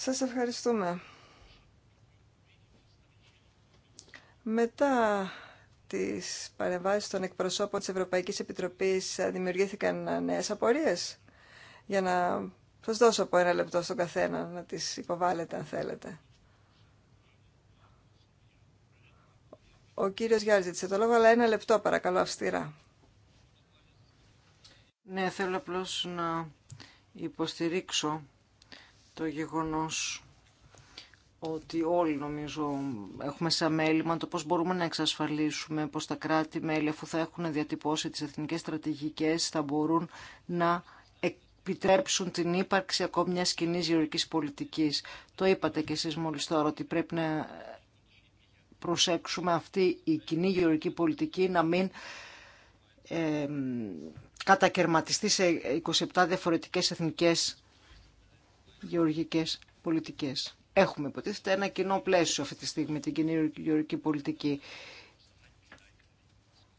A: Σας ευχαριστούμε. Μετά τις παρεμβάσεις των εκπροσώπων της Ευρωπαϊκής Επιτροπής ε, δημιουργήθηκαν ε, νέες απορίες. Για να σας δώσω από ένα λεπτό στον καθένα να τις υποβάλλετε αν θέλετε. Ο κύριος Γιάννης ζήτησε το λόγο, αλλά ένα λεπτό παρακαλώ αυστηρά.
B: Ναι, θέλω απλώς να υποστηρίξω το γεγονός ότι όλοι νομίζω έχουμε σαν μέλημα το πώς μπορούμε να εξασφαλίσουμε πως τα κράτη-μέλη αφού θα έχουν διατυπώσει τις εθνικές στρατηγικές θα μπορούν να επιτρέψουν την ύπαρξη ακόμη μιας κοινή γεωργικής πολιτικής. Το είπατε κι εσείς μόλις τώρα ότι πρέπει να προσέξουμε αυτή η κοινή γεωργική πολιτική να μην ε, κατακαιρματιστεί σε 27 διαφορετικές εθνικές γεωργικές πολιτικές. Έχουμε υποτίθεται ένα κοινό πλαίσιο αυτή τη στιγμή, την κοινή γεωργική πολιτική.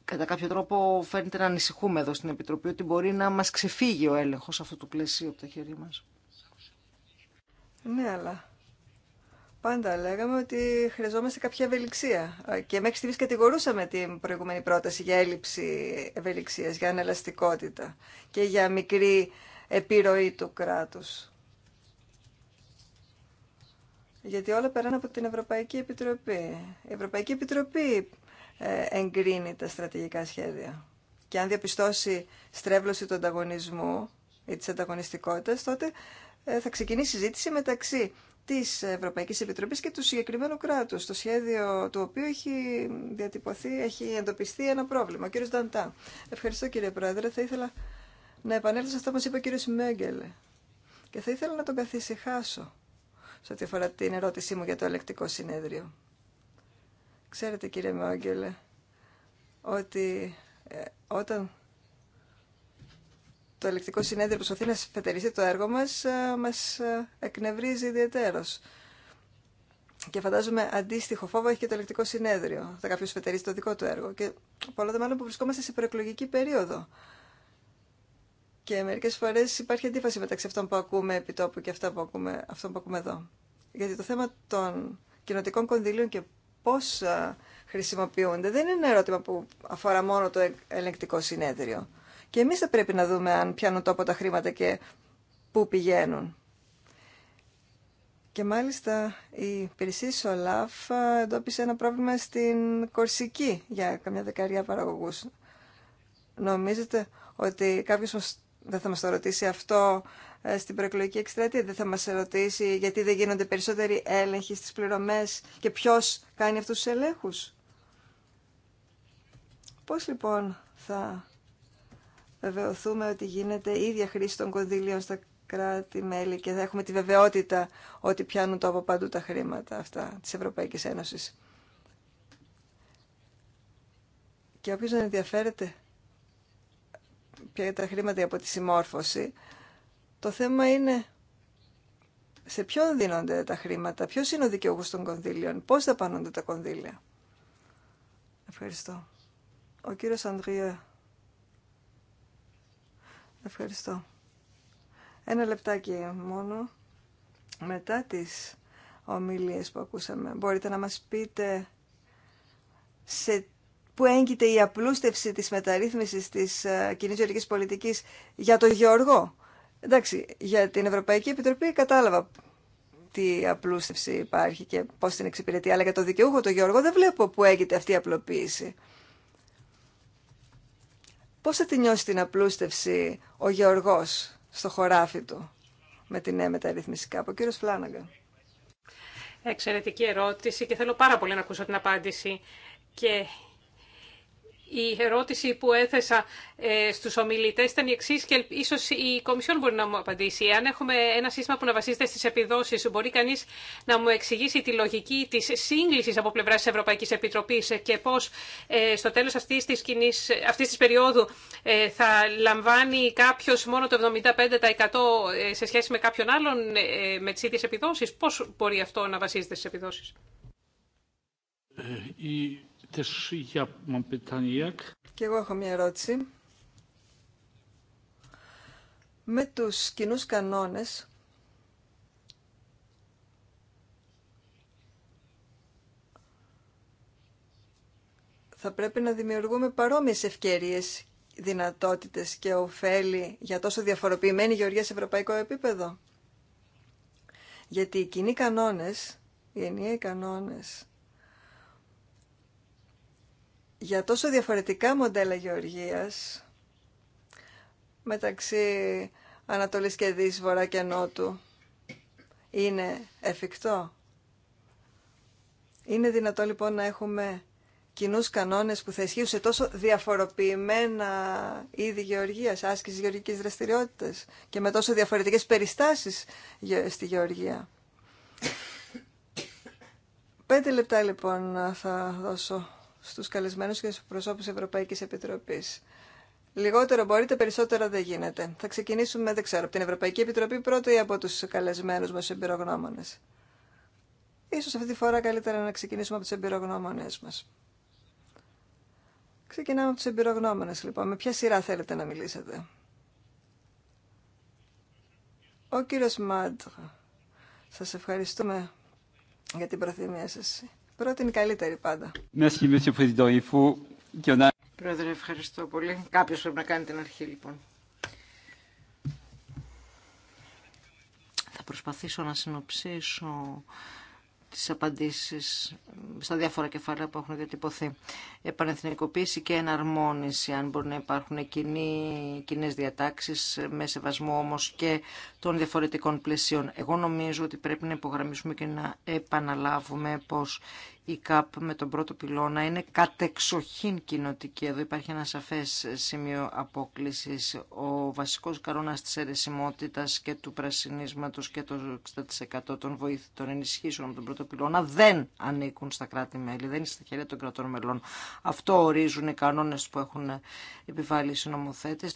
B: Κατά κάποιο τρόπο φαίνεται να ανησυχούμε εδώ στην Επιτροπή ότι μπορεί να μας ξεφύγει ο έλεγχος αυτού του πλαισίου από τα χέρια μας.
A: Ναι, αλλά πάντα λέγαμε ότι χρειαζόμαστε κάποια ευελιξία. Και μέχρι στιγμής κατηγορούσαμε την προηγούμενη πρόταση για έλλειψη ευελιξίας, για ανελαστικότητα και για μικρή επιρροή του κράτους γιατί όλα περνάνε από την Ευρωπαϊκή Επιτροπή. Η Ευρωπαϊκή Επιτροπή ε, εγκρίνει τα στρατηγικά σχέδια. Και αν διαπιστώσει στρέβλωση του ανταγωνισμού ή της ανταγωνιστικότητας, τότε ε, θα ξεκινήσει συζήτηση μεταξύ της Ευρωπαϊκής Επιτροπής και του συγκεκριμένου κράτους, το σχέδιο του οποίου έχει διατυπωθεί, έχει εντοπιστεί ένα πρόβλημα. Ο κύριος Νταντά. Ευχαριστώ κύριε Πρόεδρε. Θα ήθελα να επανέλθω σε αυτό που μας είπε ο κύριος Μέγκελε. Και θα ήθελα να τον καθησυχάσω σε ό,τι αφορά την ερώτησή μου για το ελεκτικό συνέδριο. Ξέρετε κύριε Μόγγελε ότι ε, όταν το ελεκτικό συνέδριο προσπαθεί να σφετεριστεί το έργο μας, ε, μας ε, εκνευρίζει ιδιαίτερος. Και φαντάζομαι αντίστοιχο φόβο έχει και το ελεκτικό συνέδριο. Θα κάποιο φετερίσει το δικό του έργο. Και πολλά τα μάλλον που βρισκόμαστε σε προεκλογική περίοδο. Και μερικέ φορές υπάρχει αντίφαση μεταξύ αυτών που ακούμε επί τόπου και αυτών που ακούμε, αυτών που ακούμε εδώ. Γιατί το θέμα των κοινοτικών κονδυλίων και πώ χρησιμοποιούνται δεν είναι ένα ερώτημα που αφορά μόνο το ελεγκτικό συνέδριο. Και εμείς θα πρέπει να δούμε αν πιάνουν τόπο τα χρήματα και πού πηγαίνουν. Και μάλιστα η υπηρεσία Σολάφ εντόπισε ένα πρόβλημα στην Κορσική για καμιά δεκαετία παραγωγούς. Νομίζετε ότι κάποιος δεν θα μας το ρωτήσει αυτό ε, στην προεκλογική εκστρατεία, δεν θα μας ρωτήσει γιατί δεν γίνονται περισσότεροι έλεγχοι στις πληρωμές και ποιος κάνει αυτούς τους ελέγχους. Πώς λοιπόν θα βεβαιωθούμε ότι γίνεται η ίδια χρήση των κονδύλιων στα κράτη-μέλη και θα έχουμε τη βεβαιότητα ότι πιάνουν το από παντού τα χρήματα αυτά της Ευρωπαϊκής Ένωσης. Και όποιος δεν ενδιαφέρεται πήρε τα χρήματα από τη συμμόρφωση. Το θέμα είναι σε ποιον δίνονται τα χρήματα, ποιο είναι ο δικαιούχο των κονδύλιων, πώ πανονται τα κονδύλια. Ευχαριστώ. Ο κύριο Ανδρία. Ευχαριστώ. Ένα λεπτάκι μόνο μετά τις ομιλίες που ακούσαμε. Μπορείτε να μας πείτε σε που έγκυται η απλούστευση της μεταρρύθμισης της ε, κοινή γεωργικής πολιτικής για το Γεωργό. Εντάξει, για την Ευρωπαϊκή Επιτροπή κατάλαβα τι απλούστευση υπάρχει και πώς την εξυπηρετεί, αλλά για το δικαιούχο το Γεωργό δεν βλέπω που έγκυται αυτή η απλοποίηση. Πώς θα τη νιώσει την απλούστευση ο Γεωργός στο χωράφι του με την νέα μεταρρύθμιση κάπου. Ο κύριος Φλάναγκα.
C: Εξαιρετική ερώτηση και θέλω πάρα πολύ να ακούσω την απάντηση. Και η ερώτηση που έθεσα ε, στους ομιλητές ήταν η εξή και ίσως η Κομισιόν μπορεί να μου απαντήσει. Αν έχουμε ένα σύστημα που να βασίζεται στις επιδόσεις, μπορεί κανείς να μου εξηγήσει τη λογική της σύγκλησης από πλευράς της Ευρωπαϊκής Επιτροπής και πώς ε, στο τέλος αυτής της, κοινής, αυτής της περίοδου ε, θα λαμβάνει κάποιο μόνο το 75% σε σχέση με κάποιον άλλον με τις ίδιες επιδόσεις. Πώς μπορεί αυτό να βασίζεται στις επιδόσεις. Η
A: και εγώ έχω μια ερώτηση. Με τους κοινού κανόνες θα πρέπει να δημιουργούμε παρόμοιες ευκαιρίες, δυνατότητες και ωφέλη για τόσο διαφοροποιημένη γεωργία σε ευρωπαϊκό επίπεδο. Γιατί οι κοινοί κανόνες, οι ενιαίοι κανόνες για τόσο διαφορετικά μοντέλα γεωργίας μεταξύ Ανατολής και Δύσης, Βορρά και Νότου είναι εφικτό. Είναι δυνατό λοιπόν να έχουμε κοινούς κανόνες που θα ισχύουν σε τόσο διαφοροποιημένα είδη γεωργίας, άσκηση γεωργικής δραστηριότητας και με τόσο διαφορετικές περιστάσεις στη γεωργία. Πέντε λεπτά λοιπόν θα δώσω στους καλεσμένους και στους προσώπους Ευρωπαϊκής Επιτροπής. Λιγότερο μπορείτε, περισσότερο δεν γίνεται. Θα ξεκινήσουμε, δεν ξέρω, από την Ευρωπαϊκή Επιτροπή πρώτο ή από τους καλεσμένους μας εμπειρογνώμονες. Ίσως αυτή τη φορά καλύτερα να ξεκινήσουμε από τους εμπειρογνώμονες μας. Ξεκινάμε από τους εμπειρογνώμονες, λοιπόν. Με ποια σειρά θέλετε να μιλήσετε. Ο κύριος Μάντρα. Σας ευχαριστούμε για την προθυμία σας πρώτη είναι
B: καλύτερη πάντα. Πρόεδρε, ευχαριστώ πολύ. Κάποιο πρέπει να κάνει την αρχή, λοιπόν. Θα προσπαθήσω να συνοψίσω τις απαντήσεις στα διάφορα κεφάλαια που έχουν διατυπωθεί. Επανεθνικοποίηση και εναρμόνιση, αν μπορεί να υπάρχουν κοινέ διατάξεις, με σεβασμό όμως και των διαφορετικών πλαισίων. Εγώ νομίζω ότι πρέπει να υπογραμμίσουμε και να επαναλάβουμε πως η ΚΑΠ με τον πρώτο πυλώνα είναι κατεξοχήν κοινοτική. Εδώ υπάρχει ένα σαφές σημείο απόκλησης. Ο βασικός καρόνας της αιρεσιμότητας και του πρασινίσματος και το 60% των βοήθητων ενισχύσεων με τον πρώτο πυλώνα δεν ανήκουν στα κράτη-μέλη, δεν είναι στα χέρια των κρατών μελών. Αυτό ορίζουν οι κανόνες που έχουν επιβάλει οι συνομοθέτες.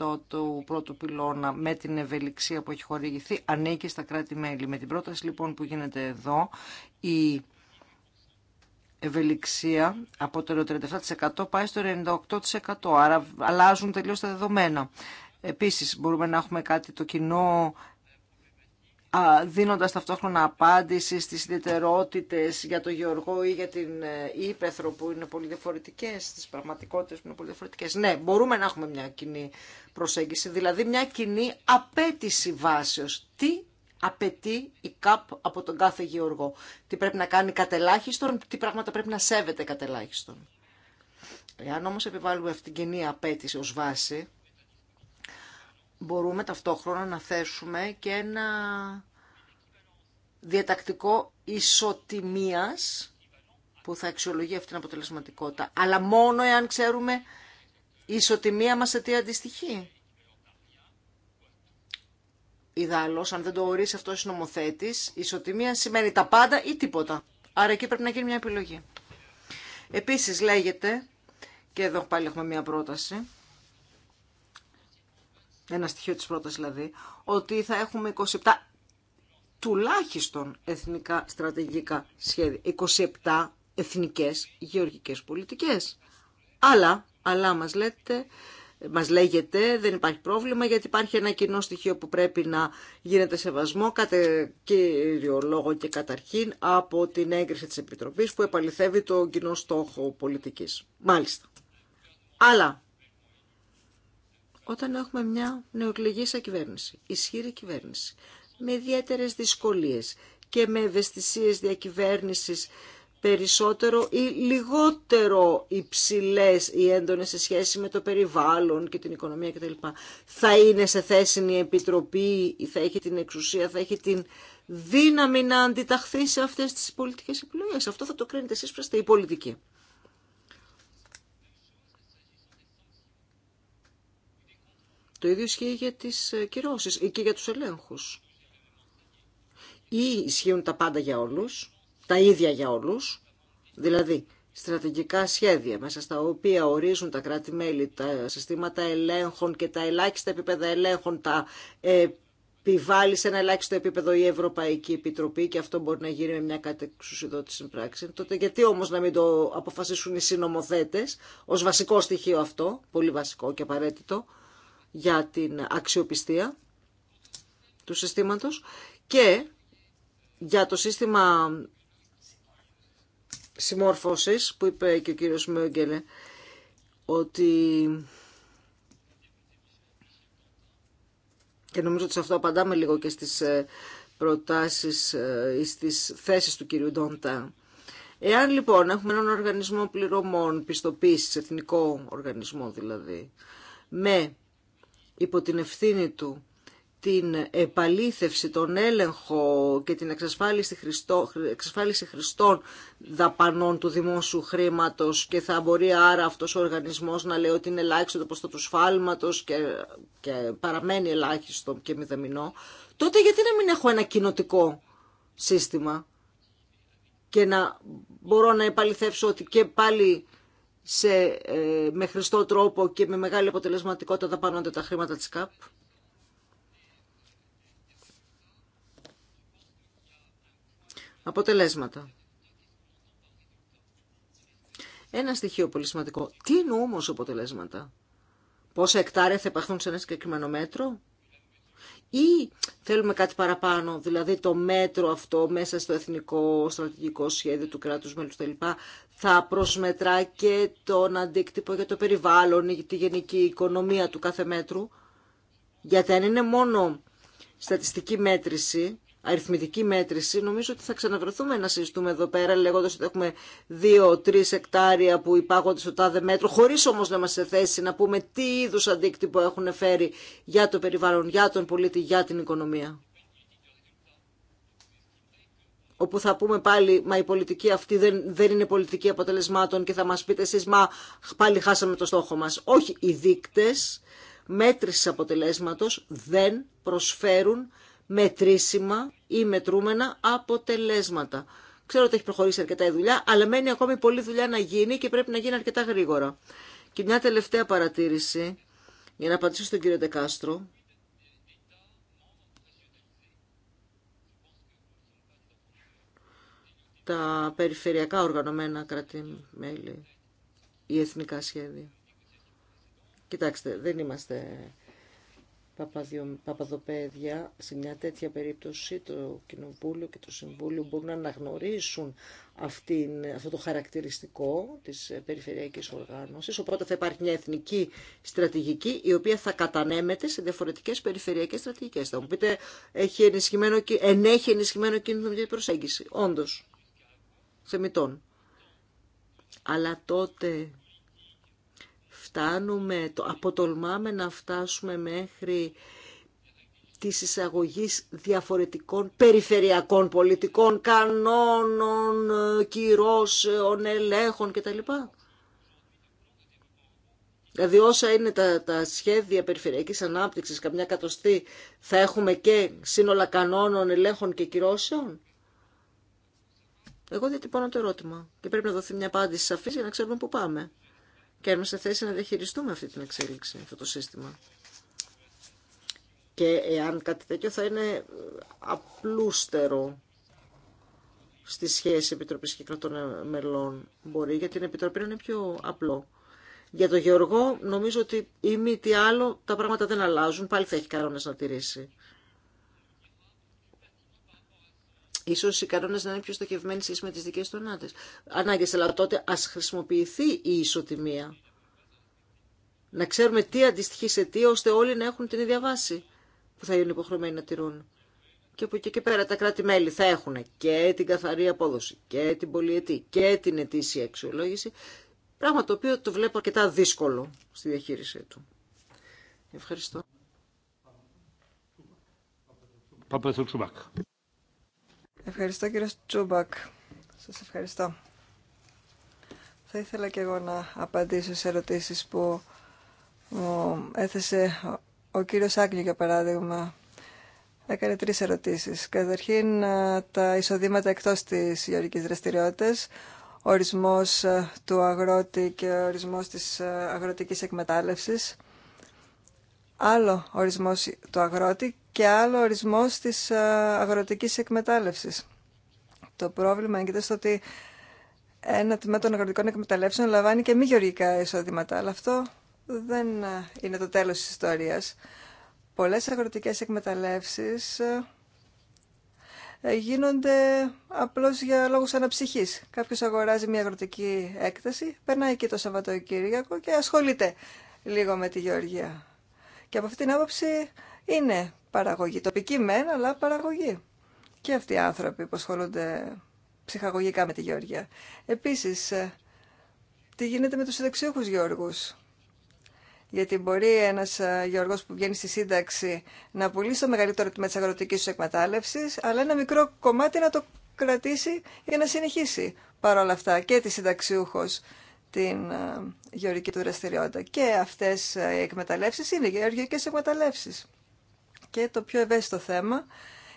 B: 5% του πρώτου πυλώνα με την ευελιξία που έχει χορηγηθεί ανήκει στα κράτη-μέλη. Με την πρόταση λοιπόν που γίνεται εδώ, η ευελιξία από το 37% πάει στο 98%. Άρα αλλάζουν τελείως τα δεδομένα. Επίσης μπορούμε να έχουμε κάτι το κοινό δίνοντας ταυτόχρονα απάντηση στις ιδιαιτερότητες για το Γεωργό ή για την ε, Ήπεθρο που είναι πολύ διαφορετικές, στις πραγματικότητες που είναι πολύ διαφορετικές. Ναι, μπορούμε να έχουμε μια κοινή προσέγγιση, δηλαδή μια κοινή απέτηση βάσεως. Τι απαιτεί η ΚΑΠ από τον κάθε Γεωργό, τι πρέπει να κάνει κατελάχιστον, τι πράγματα πρέπει να σέβεται κατελάχιστον. Εάν όμως επιβάλλουμε αυτήν την κοινή απέτηση ως βάση, μπορούμε ταυτόχρονα να θέσουμε και ένα διατακτικό ισοτιμίας που θα αξιολογεί αυτή την αποτελεσματικότητα. Αλλά μόνο εάν ξέρουμε η ισοτιμία μας σε τι αντιστοιχεί. Ιδάλλως, αν δεν το ορίσει αυτός ο νομοθέτης, ισοτιμία σημαίνει τα πάντα ή τίποτα. Άρα εκεί πρέπει να γίνει μια επιλογή. Επίσης λέγεται, και εδώ πάλι έχουμε μια πρόταση, ένα στοιχείο της πρότασης δηλαδή, ότι θα έχουμε 27 τουλάχιστον εθνικά στρατηγικά σχέδια, 27 εθνικές γεωργικές πολιτικές. Αλλά, αλλά μας λέτε, μας λέγεται, δεν υπάρχει πρόβλημα γιατί υπάρχει ένα κοινό στοιχείο που πρέπει να γίνεται σεβασμό κατά κύριο λόγο και καταρχήν από την έγκριση της Επιτροπής που επαληθεύει τον κοινό στόχο πολιτικής. Μάλιστα. Αλλά όταν έχουμε μια σαν κυβέρνηση, ισχύρη κυβέρνηση, με ιδιαίτερες δυσκολίες και με ευαισθησίες διακυβέρνησης περισσότερο ή λιγότερο υψηλέ ή έντονε σε σχέση με το περιβάλλον και την οικονομία κτλ. Θα είναι σε θέση η Επιτροπή, θα έχει την εξουσία, θα έχει την δύναμη να αντιταχθεί σε αυτέ τι πολιτικέ επιλογέ. Αυτό θα το κρίνετε εσείς που είστε οι Το ίδιο ισχύει για τις ε, κυρώσεις ή και για τους ελέγχους. Ή ισχύουν τα πάντα για όλους, τα ίδια για όλους, δηλαδή στρατηγικά σχέδια μέσα στα οποία ορίζουν τα κράτη-μέλη, τα συστήματα ελέγχων και τα ελάχιστα επίπεδα ελέγχων, τα επιβάλλει σε ένα ελάχιστο επίπεδο η Ευρωπαϊκή Επιτροπή και αυτό μπορεί να γίνει με μια κατεξουσιδότηση πράξη. Τότε γιατί όμω να μην το αποφασίσουν οι συνομοθέτε ω βασικό στοιχείο αυτό, πολύ βασικό και απαραίτητο, για την αξιοπιστία του συστήματος και για το σύστημα συμμόρφωσης που είπε και ο κύριος Μέγκελε ότι και νομίζω ότι σε αυτό απαντάμε λίγο και στις ε, προτάσεις ε, ή στις θέσεις του κύριου Ντόντα. Εάν λοιπόν έχουμε έναν οργανισμό πληρωμών, πιστοποίησης, εθνικό οργανισμό δηλαδή, με υπό την ευθύνη του την επαλήθευση, τον έλεγχο και την εξασφάλιση, χριστό, εξασφάλιση χρηστών δαπανών του δημόσιου χρήματος και θα μπορεί άρα αυτός ο οργανισμός να λέει ότι είναι ελάχιστο το ποστό του σφάλματος και, και παραμένει ελάχιστο και μηδαμινό, τότε γιατί να μην έχω ένα κοινοτικό σύστημα και να μπορώ να επαληθεύσω ότι και πάλι σε, ε, με χρηστό τρόπο και με μεγάλη αποτελεσματικότητα δαπανώνται τα χρήματα της ΚΑΠ. Αποτελέσματα. Ένα στοιχείο πολύ σημαντικό. Τι είναι ως αποτελέσματα. Πόσα εκτάρια θα επαχθούν σε ένα συγκεκριμένο μέτρο ή θέλουμε κάτι παραπάνω, δηλαδή το μέτρο αυτό μέσα στο εθνικό στρατηγικό σχέδιο του κράτους μέλους κλπ. θα προσμετρά και τον αντίκτυπο για το περιβάλλον ή τη γενική οικονομία του κάθε μέτρου. Γιατί αν είναι μόνο στατιστική μέτρηση, αριθμητική μέτρηση, νομίζω ότι θα ξαναβρεθούμε να συζητούμε εδώ πέρα λέγοντας ότι έχουμε δύο-τρει εκτάρια που υπάγονται στο τάδε μέτρο, Χωρί όμω να είμαστε σε θέση να πούμε τι είδου αντίκτυπο έχουν φέρει για το περιβάλλον, για τον πολίτη, για την οικονομία. Όπου θα πούμε πάλι, μα η πολιτική αυτή δεν, δεν είναι πολιτική αποτελεσμάτων και θα μας πείτε εσείς, μα πάλι χάσαμε το στόχο μας. Όχι, οι δείκτες μέτρησης αποτελέσματος δεν προσφέρουν μετρήσιμα ή μετρούμενα αποτελέσματα. Ξέρω ότι έχει προχωρήσει αρκετά η δουλειά, αλλά μένει ακόμη πολλή δουλειά να γίνει και πρέπει να γίνει αρκετά γρήγορα. Και μια τελευταία παρατήρηση, για να απαντήσω στον κύριο Ντεκάστρο. Τα περιφερειακά οργανωμένα κρατή-μέλη, εθνικά σχέδια. Κοιτάξτε, δεν είμαστε Παπαδοπέδια, σε μια τέτοια περίπτωση το Κοινοβούλιο και το Συμβούλιο μπορούν να αναγνωρίσουν αυτήν, αυτό το χαρακτηριστικό της περιφερειακής οργάνωσης. Οπότε θα υπάρχει μια εθνική στρατηγική η οποία θα κατανέμεται σε διαφορετικές περιφερειακές στρατηγικές. Θα μου πείτε, έχει ενισχυμένο, ενέχει ενισχυμένο κίνδυνο για την προσέγγιση. Όντως, σε μητών. Αλλά τότε φτάνουμε, το αποτολμάμε να φτάσουμε μέχρι της εισαγωγή διαφορετικών περιφερειακών πολιτικών, κανόνων, κυρώσεων, ελέγχων κτλ. Δηλαδή όσα είναι τα, τα σχέδια περιφερειακής ανάπτυξης, καμιά κατοστή, θα έχουμε και σύνολα κανόνων, ελέγχων και κυρώσεων. Εγώ διατυπώνω το ερώτημα και πρέπει να δοθεί μια απάντηση σαφής για να ξέρουμε πού πάμε και σε θέση να διαχειριστούμε αυτή την εξέλιξη, αυτό το σύστημα. Και εάν κάτι τέτοιο θα είναι απλούστερο στη σχέση Επιτροπής και Κρατών Μελών μπορεί, γιατί την Επιτροπή να είναι πιο απλό. Για τον Γεωργό νομίζω ότι ή μη τι άλλο τα πράγματα δεν αλλάζουν, πάλι θα έχει κανόνες να τηρήσει. Ίσως οι κανόνε να είναι πιο στοχευμένοι σχέση με τις δικέ του ανάγκε. ανάγκες. Αλλά τότε α χρησιμοποιηθεί η ισοτιμία. Να ξέρουμε τι αντιστοιχεί σε τι, ώστε όλοι να έχουν την ίδια βάση που θα είναι υποχρεωμένοι να τηρούν. Και από εκεί και πέρα τα κράτη-μέλη θα έχουν και την καθαρή απόδοση και την πολυετή και την ετήσια αξιολόγηση. Πράγμα το οποίο το βλέπω αρκετά δύσκολο στη διαχείρισή του. Ευχαριστώ. Ευχαριστώ κύριο Τσούμπακ. Σας
A: ευχαριστώ. Θα ήθελα και εγώ να απαντήσω σε ερωτήσεις που έθεσε ο κύριος Άγγλιο για παράδειγμα. Έκανε τρεις ερωτήσεις. Καταρχήν τα εισοδήματα εκτός της γεωργικής δραστηριότητα, ορισμός του αγρότη και ορισμός της αγροτικής εκμετάλλευσης. Άλλο ορισμός του αγρότη και άλλο ορισμός της ε, αγροτικής εκμετάλλευσης. Το πρόβλημα είναι ότι ένα τμήμα των αγροτικών εκμεταλλεύσεων λαμβάνει και μη γεωργικά εισόδηματα, αλλά αυτό δεν ε, είναι το τέλος της ιστορίας. Πολλές αγροτικές εκμεταλλεύσεις ε, γίνονται απλώς για λόγους αναψυχής. Κάποιος αγοράζει μια αγροτική έκταση, περνάει εκεί το Σαββατοκύριακο και ασχολείται λίγο με τη γεωργία. Και από αυτή την άποψη είναι παραγωγή. Τοπική μεν, αλλά παραγωγή. Και αυτοί οι άνθρωποι που ασχολούνται ψυχαγωγικά με τη Γεωργία. Επίσης, ε, τι γίνεται με τους συνταξιούχους Γεωργούς. Γιατί μπορεί ένα ε, γεωργό που βγαίνει στη σύνταξη να πουλήσει το μεγαλύτερο τμήμα τη αγροτική του εκμετάλλευση, αλλά ένα μικρό κομμάτι να το κρατήσει για να συνεχίσει παρόλα αυτά και τη συνταξιούχο την ε, γεωργική του δραστηριότητα. Και αυτέ οι εκμεταλλευσει είναι γεωργικέ εκμεταλλεύσει και το πιο ευαίσθητο θέμα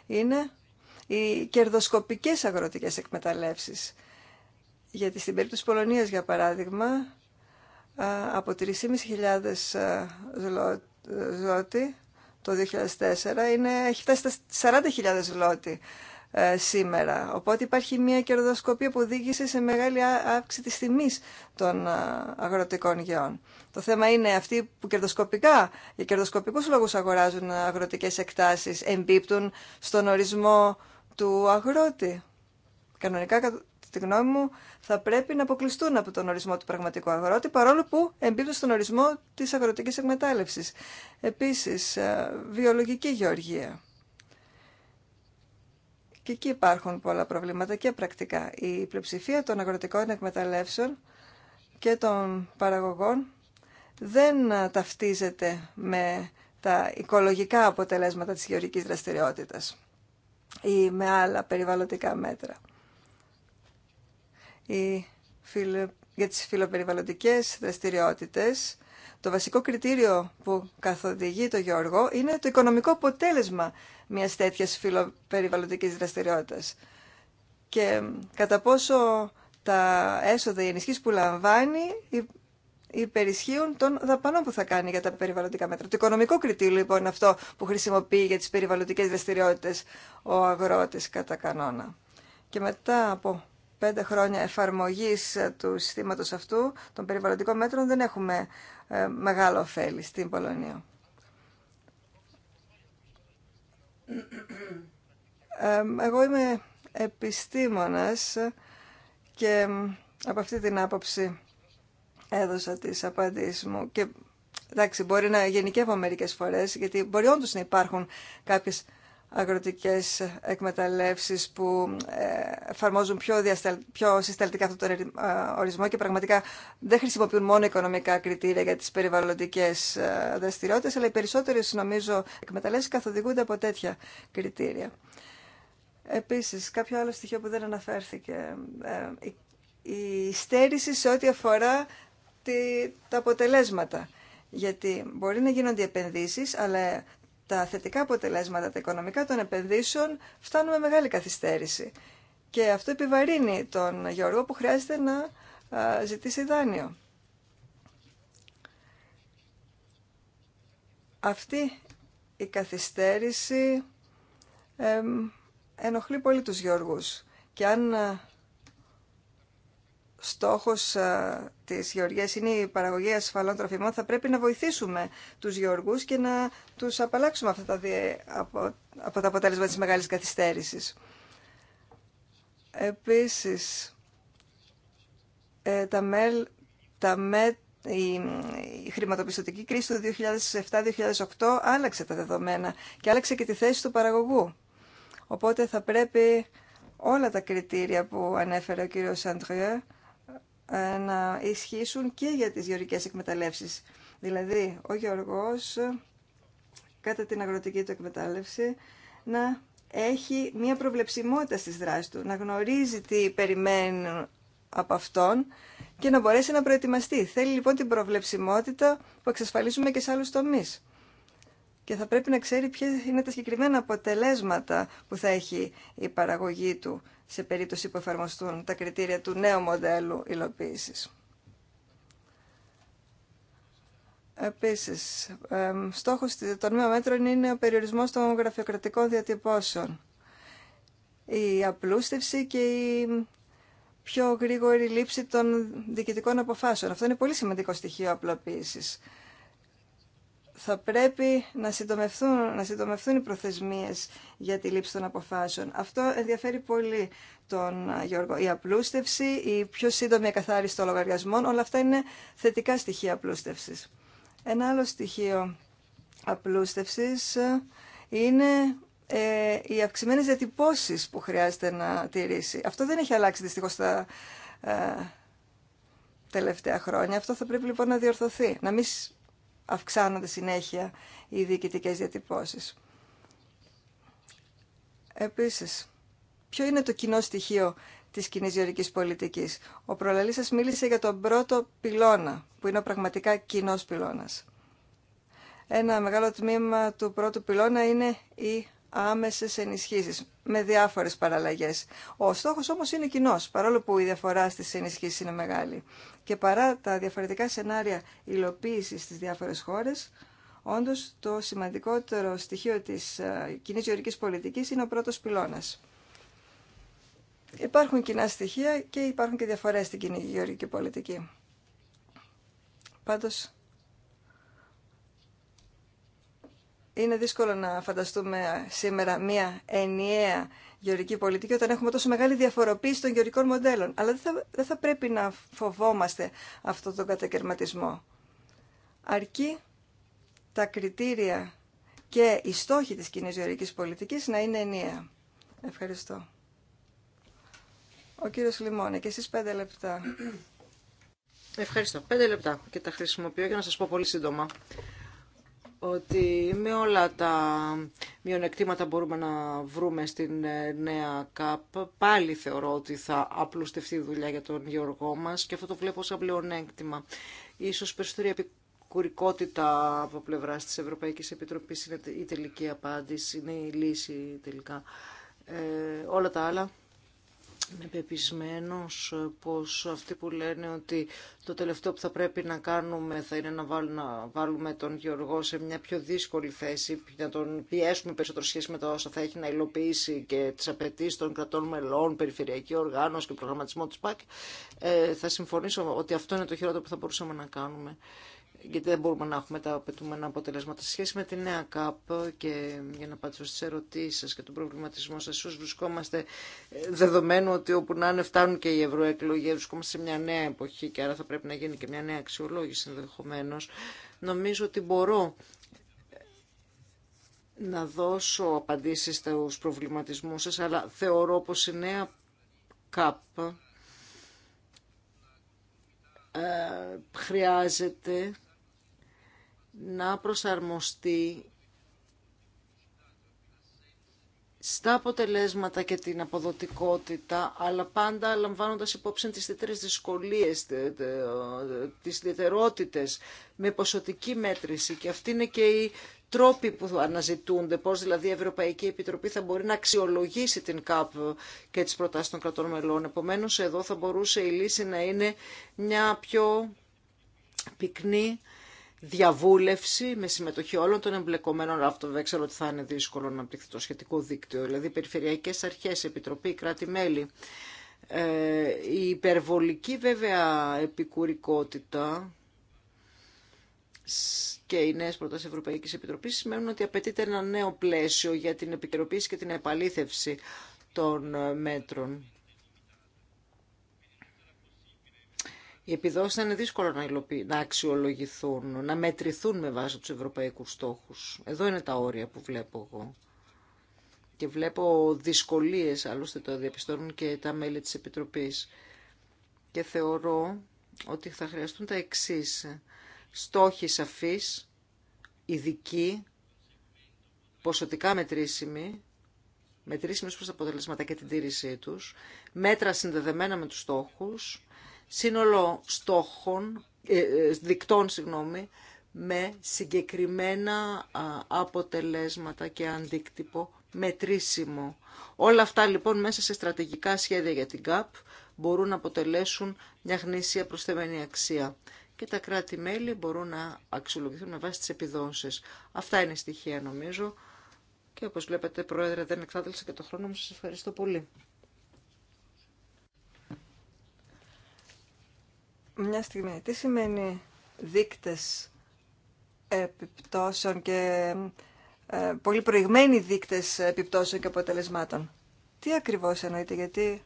A: είναι οι κερδοσκοπικές αγροτικές εκμεταλλεύσεις. Γιατί στην περίπτωση Πολωνίας, για παράδειγμα, από 3.500 ζλότη ε, το 2004 είναι, έχει φτάσει στα 40.000 ζλότη ε, σήμερα. Οπότε υπάρχει μια κερδοσκοπία που οδήγησε σε μεγάλη αύξηση της τιμής των ε, αγροτικών γεών. Το θέμα είναι αυτοί που κερδοσκοπικά, για κερδοσκοπικούς λόγους αγοράζουν αγροτικές εκτάσεις, εμπίπτουν στον ορισμό του αγρότη. Κανονικά, κατά τη γνώμη μου, θα πρέπει να αποκλειστούν από τον ορισμό του πραγματικού αγρότη, παρόλο που εμπίπτουν στον ορισμό της αγροτικής εκμετάλλευσης. Επίσης, ε, βιολογική γεωργία. Και εκεί υπάρχουν πολλά προβλήματα και πρακτικά. Η πλειοψηφία των αγροτικών εκμεταλλεύσεων και των παραγωγών δεν ε, ταυτίζεται με τα οικολογικά αποτελέσματα της γεωργικής δραστηριότητας ή με άλλα περιβαλλοντικά μέτρα. Για τις φιλοπεριβαλλοντικές δραστηριότητες, το βασικό κριτήριο που καθοδηγεί το Γεωργό είναι το οικονομικό αποτέλεσμα μιας τέτοιας φιλοπεριβαλλοντική δραστηριότητα. Και κατά πόσο τα έσοδα, οι που λαμβάνει υπερισχύουν των δαπανών που θα κάνει για τα περιβαλλοντικά μέτρα. Το οικονομικό κριτήριο λοιπόν είναι αυτό που χρησιμοποιεί για τις περιβαλλοντικές δραστηριότητες ο αγρότης κατά κανόνα. Και μετά από πέντε χρόνια εφαρμογή ε, του συστήματο αυτού των περιβαλλοντικών μέτρων δεν έχουμε ε, μεγάλο ωφέλη στην Πολωνία. Εγώ είμαι επιστήμονας και από αυτή την άποψη έδωσα τις απαντήσεις μου και εντάξει μπορεί να γενικεύω μερικές φορές γιατί μπορεί όντως να υπάρχουν κάποιες αγροτικές εκμεταλλεύσεις που ε, εφαρμόζουν πιο, διασταλ, πιο συσταλτικά αυτό τον ε, ορισμό και πραγματικά δεν χρησιμοποιούν μόνο οικονομικά κριτήρια για τις περιβαλλοντικές ε, δραστηριότητες, αλλά οι περισσότερες νομίζω εκμεταλλεύσεις καθοδηγούνται από τέτοια κριτήρια. Επίσης, κάποιο άλλο στοιχείο που δεν αναφέρθηκε, η στέρηση σε ό,τι αφορά τα αποτελέσματα. Γιατί μπορεί να γίνονται επενδύσεις, αλλά τα θετικά αποτελέσματα, τα οικονομικά των επενδύσεων φτάνουν με μεγάλη καθυστέρηση. Και αυτό επιβαρύνει τον Γιώργο που χρειάζεται να ζητήσει δάνειο. Αυτή η καθυστέρηση εμ, ενοχλεί πολύ τους Γιώργους. Και αν στόχος ε, της γεωργία είναι η παραγωγή ασφαλών τροφιμών, θα πρέπει να βοηθήσουμε τους γεωργού και να τους απαλλάξουμε αυτά τα από, από τα αποτέλεσμα της μεγάλης καθυστέρησης. Επίσης, ε, τα, μελ, τα με, η, η χρηματοπιστωτική κρίση του 2007-2008 άλλαξε τα δεδομένα και άλλαξε και τη θέση του παραγωγού. Οπότε θα πρέπει όλα τα κριτήρια που ανέφερε ο κύριος Αντριέ ε, να ισχύσουν και για τις γεωργικές εκμεταλλεύσεις. Δηλαδή, ο γεωργός κατά την αγροτική του εκμετάλλευση να έχει μία προβλεψιμότητα στις δράσεις του, να γνωρίζει τι περιμένουν από αυτόν και να μπορέσει να προετοιμαστεί. Θέλει λοιπόν την προβλεψιμότητα που εξασφαλίζουμε και σε άλλους τομείς και θα πρέπει να ξέρει ποια είναι τα συγκεκριμένα αποτελέσματα που θα έχει η παραγωγή του σε περίπτωση που εφαρμοστούν τα κριτήρια του νέου μοντέλου υλοποίησης. Επίσης, στόχος των νέων μέτρων είναι ο περιορισμός των γραφειοκρατικών διατυπώσεων. Η απλούστευση και η πιο γρήγορη λήψη των διοικητικών αποφάσεων. Αυτό είναι πολύ σημαντικό στοιχείο απλοποίησης θα πρέπει να συντομευθούν, να συντομευθούν οι προθεσμίες για τη λήψη των αποφάσεων. Αυτό ενδιαφέρει πολύ τον ε, Γιώργο. Η απλούστευση, η πιο σύντομη εκαθάριση των λογαριασμών, όλα αυτά είναι θετικά στοιχεία απλούστευσης. Ένα άλλο στοιχείο απλούστευσης ε, είναι ε, οι αυξημένες διατυπώσεις που χρειάζεται να τηρήσει. Αυτό δεν έχει αλλάξει δυστυχώς τα τελευταία χρόνια. Αυτό θα πρέπει λοιπόν να διορθωθεί, να μην αυξάνονται συνέχεια οι διοικητικές διατυπώσεις. Επίσης, ποιο είναι το κοινό στοιχείο της κοινή γεωρικής πολιτικής. Ο προλαλής σας μίλησε για τον πρώτο πυλώνα, που είναι ο πραγματικά κοινό πυλώνας. Ένα μεγάλο τμήμα του πρώτου πυλώνα είναι η άμεσες ενισχύσεις με διάφορες παραλλαγές. Ο στόχος όμως είναι κοινό, παρόλο που η διαφορά στις ενισχύσεις είναι μεγάλη. Και παρά τα διαφορετικά σενάρια υλοποίηση στις διάφορες χώρες, όντως το σημαντικότερο στοιχείο της ε, κοινή γεωρικής πολιτικής είναι ο πρώτος πυλώνας. Υπάρχουν κοινά στοιχεία και υπάρχουν και διαφορές στην κοινή γεωρική πολιτική. Πάντως, είναι δύσκολο να φανταστούμε σήμερα μία ενιαία γεωρική πολιτική όταν έχουμε τόσο μεγάλη διαφοροποίηση των γεωρικών μοντέλων. Αλλά δεν θα, δεν θα πρέπει να φοβόμαστε αυτόν τον κατακαιρματισμό. Αρκεί τα κριτήρια και οι στόχοι της κοινή γεωρικής πολιτικής να είναι ενιαία. Ευχαριστώ. Ο κύριος Λιμόνε, και εσείς
B: πέντε λεπτά. Ευχαριστώ. Πέντε λεπτά και τα χρησιμοποιώ για να σας πω πολύ σύντομα ότι με όλα τα μειονεκτήματα μπορούμε να βρούμε στην ε, νέα ΚΑΠ, πάλι θεωρώ ότι θα απλουστευτεί η δουλειά για τον Γιώργο μας και αυτό το βλέπω σαν πλεονέκτημα. Ίσως περισσότερη επικουρικότητα από πλευρά της Ευρωπαϊκής Επιτροπής είναι η τελική απάντηση, είναι η λύση τελικά. Ε, όλα τα άλλα Είμαι πεπισμένο πως αυτοί που λένε ότι το τελευταίο που θα πρέπει να κάνουμε θα είναι να βάλουμε, τον Γεωργό σε μια πιο δύσκολη θέση, να τον πιέσουμε περισσότερο σχέση με τα όσα θα έχει να υλοποιήσει και τις απαιτήσει των κρατών μελών, περιφερειακή οργάνωση και προγραμματισμό τη ΠΑΚ, ε, θα συμφωνήσω ότι αυτό είναι το χειρότερο που θα μπορούσαμε να κάνουμε γιατί δεν μπορούμε να έχουμε τα απαιτούμενα αποτελέσματα. σχέση με τη νέα ΚΑΠ και για να απαντήσω στις ερωτήσεις και τον προβληματισμό σας, ίσως βρισκόμαστε δεδομένου ότι όπου να είναι φτάνουν και οι ευρωεκλογές, βρισκόμαστε σε μια νέα εποχή και άρα θα πρέπει να γίνει και μια νέα αξιολόγηση ενδεχομένω. Νομίζω ότι μπορώ να δώσω απαντήσεις στους προβληματισμούς σας, αλλά θεωρώ πως η νέα ΚΑΠ ε, χρειάζεται να προσαρμοστεί στα αποτελέσματα και την αποδοτικότητα, αλλά πάντα λαμβάνοντας υπόψη τις ιδιαίτερες δυσκολίες, τις ιδιαιτερότητες, με ποσοτική μέτρηση. Και αυτή είναι και η τρόποι που αναζητούνται, πώς δηλαδή η Ευρωπαϊκή Επιτροπή θα μπορεί να αξιολογήσει την ΚΑΠ και τις προτάσεις των κρατών μελών. Επομένως, εδώ θα μπορούσε η λύση να είναι μια πιο πυκνή διαβούλευση με συμμετοχή όλων των εμπλεκομένων. Αυτό δεν ξέρω ότι θα είναι δύσκολο να πληθεί το σχετικό δίκτυο. Δηλαδή, περιφερειακές αρχές, επιτροπή, κράτη-μέλη. Ε, η υπερβολική βέβαια επικουρικότητα και οι νέε προτάσει Ευρωπαϊκή Επιτροπή σημαίνουν ότι απαιτείται ένα νέο πλαίσιο για την επικαιροποίηση και την επαλήθευση των ε, μέτρων. οι επιδόσεις θα είναι δύσκολο να, να αξιολογηθούν, να μετρηθούν με βάση τους ευρωπαϊκούς στόχους. Εδώ είναι τα όρια που βλέπω εγώ. Και βλέπω δυσκολίες, άλλωστε το διαπιστώνουν και τα μέλη της Επιτροπής. Και θεωρώ ότι θα χρειαστούν τα εξή Στόχοι σαφεί, ειδικοί, ποσοτικά μετρήσιμοι, μετρήσιμοι τα αποτελέσματα και την τήρησή τους, μέτρα συνδεδεμένα με τους στόχους, σύνολο στόχων, ε, ε, δικτών συγγνώμη, με συγκεκριμένα αποτελέσματα και αντίκτυπο μετρήσιμο. Όλα αυτά λοιπόν μέσα σε στρατηγικά σχέδια για την ΚΑΠ μπορούν να αποτελέσουν μια γνήσια προσθεμένη αξία και τα κράτη-μέλη μπορούν να αξιολογηθούν με βάση τις επιδόσεις. Αυτά είναι στοιχεία νομίζω και όπως βλέπετε Πρόεδρε δεν εξάδελσα και το χρόνο μου. Σας ευχαριστώ πολύ.
A: Μια στιγμή. Τι σημαίνει δίκτες επιπτώσεων και ε, πολύ προηγμένοι δείκτες επιπτώσεων και αποτελεσμάτων. Τι ακριβώς εννοείται, γιατί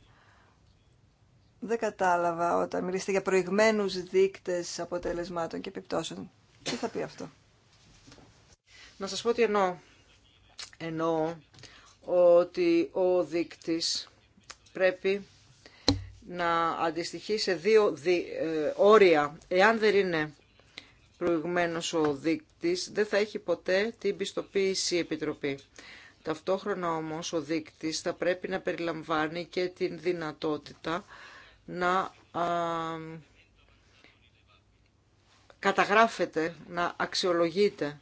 A: δεν κατάλαβα όταν μιλήσετε για προηγμένους δίκτες αποτελεσμάτων και επιπτώσεων. Τι θα πει αυτό.
B: Να σας πω ότι εννοώ. Εννοώ ότι ο δίκτης πρέπει να αντιστοιχεί σε δύο ε, όρια. Εάν δεν είναι προηγμένος ο δείκτης, δεν θα έχει ποτέ την πιστοποίηση Επιτροπή. Ταυτόχρονα όμως ο δείκτης θα πρέπει να περιλαμβάνει και την δυνατότητα να καταγράφεται, να αξιολογείται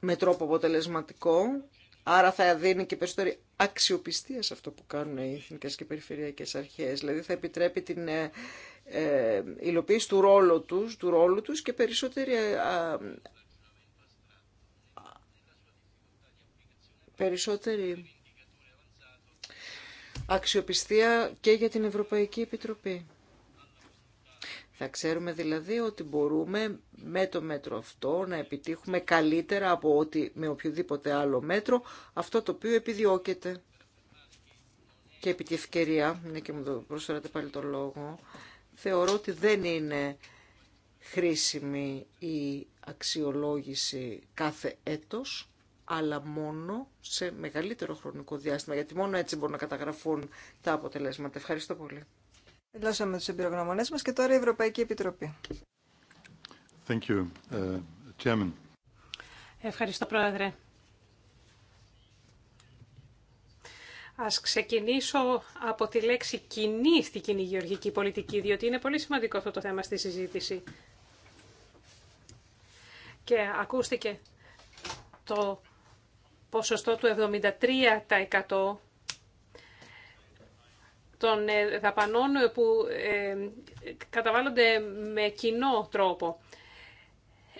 B: με τρόπο αποτελεσματικό, άρα θα δίνει και περισσότερη αξιοπιστία σε αυτό που κάνουν οι εθνικές και περιφερειακές αρχές. Δηλαδή θα επιτρέπει την ε, ε υλοποίηση του ρόλου τους, του ρόλου τους και περισσότερη, ε, α, περισσότερη αξιοπιστία και για την Ευρωπαϊκή Επιτροπή. Θα ξέρουμε δηλαδή ότι μπορούμε με το μέτρο αυτό να επιτύχουμε καλύτερα από ότι με οποιοδήποτε άλλο μέτρο αυτό το οποίο επιδιώκεται. Και επί τη ευκαιρία, μια και μου το προσφέρατε πάλι το λόγο, θεωρώ ότι δεν είναι χρήσιμη η αξιολόγηση κάθε έτος, αλλά μόνο σε μεγαλύτερο χρονικό διάστημα, γιατί μόνο έτσι μπορούν να καταγραφούν τα αποτελέσματα. Ευχαριστώ πολύ.
A: Τελειώσαμε τους εμπειρογνωμονές μας και τώρα η Ευρωπαϊκή Επιτροπή.
C: Thank you, uh, Ευχαριστώ, Πρόεδρε. Ας ξεκινήσω από τη λέξη κοινή στην κοινή γεωργική πολιτική, διότι είναι πολύ σημαντικό αυτό το θέμα στη συζήτηση. Και ακούστηκε το ποσοστό του 73% των ε, δαπανών ε, που ε, καταβάλλονται με κοινό τρόπο.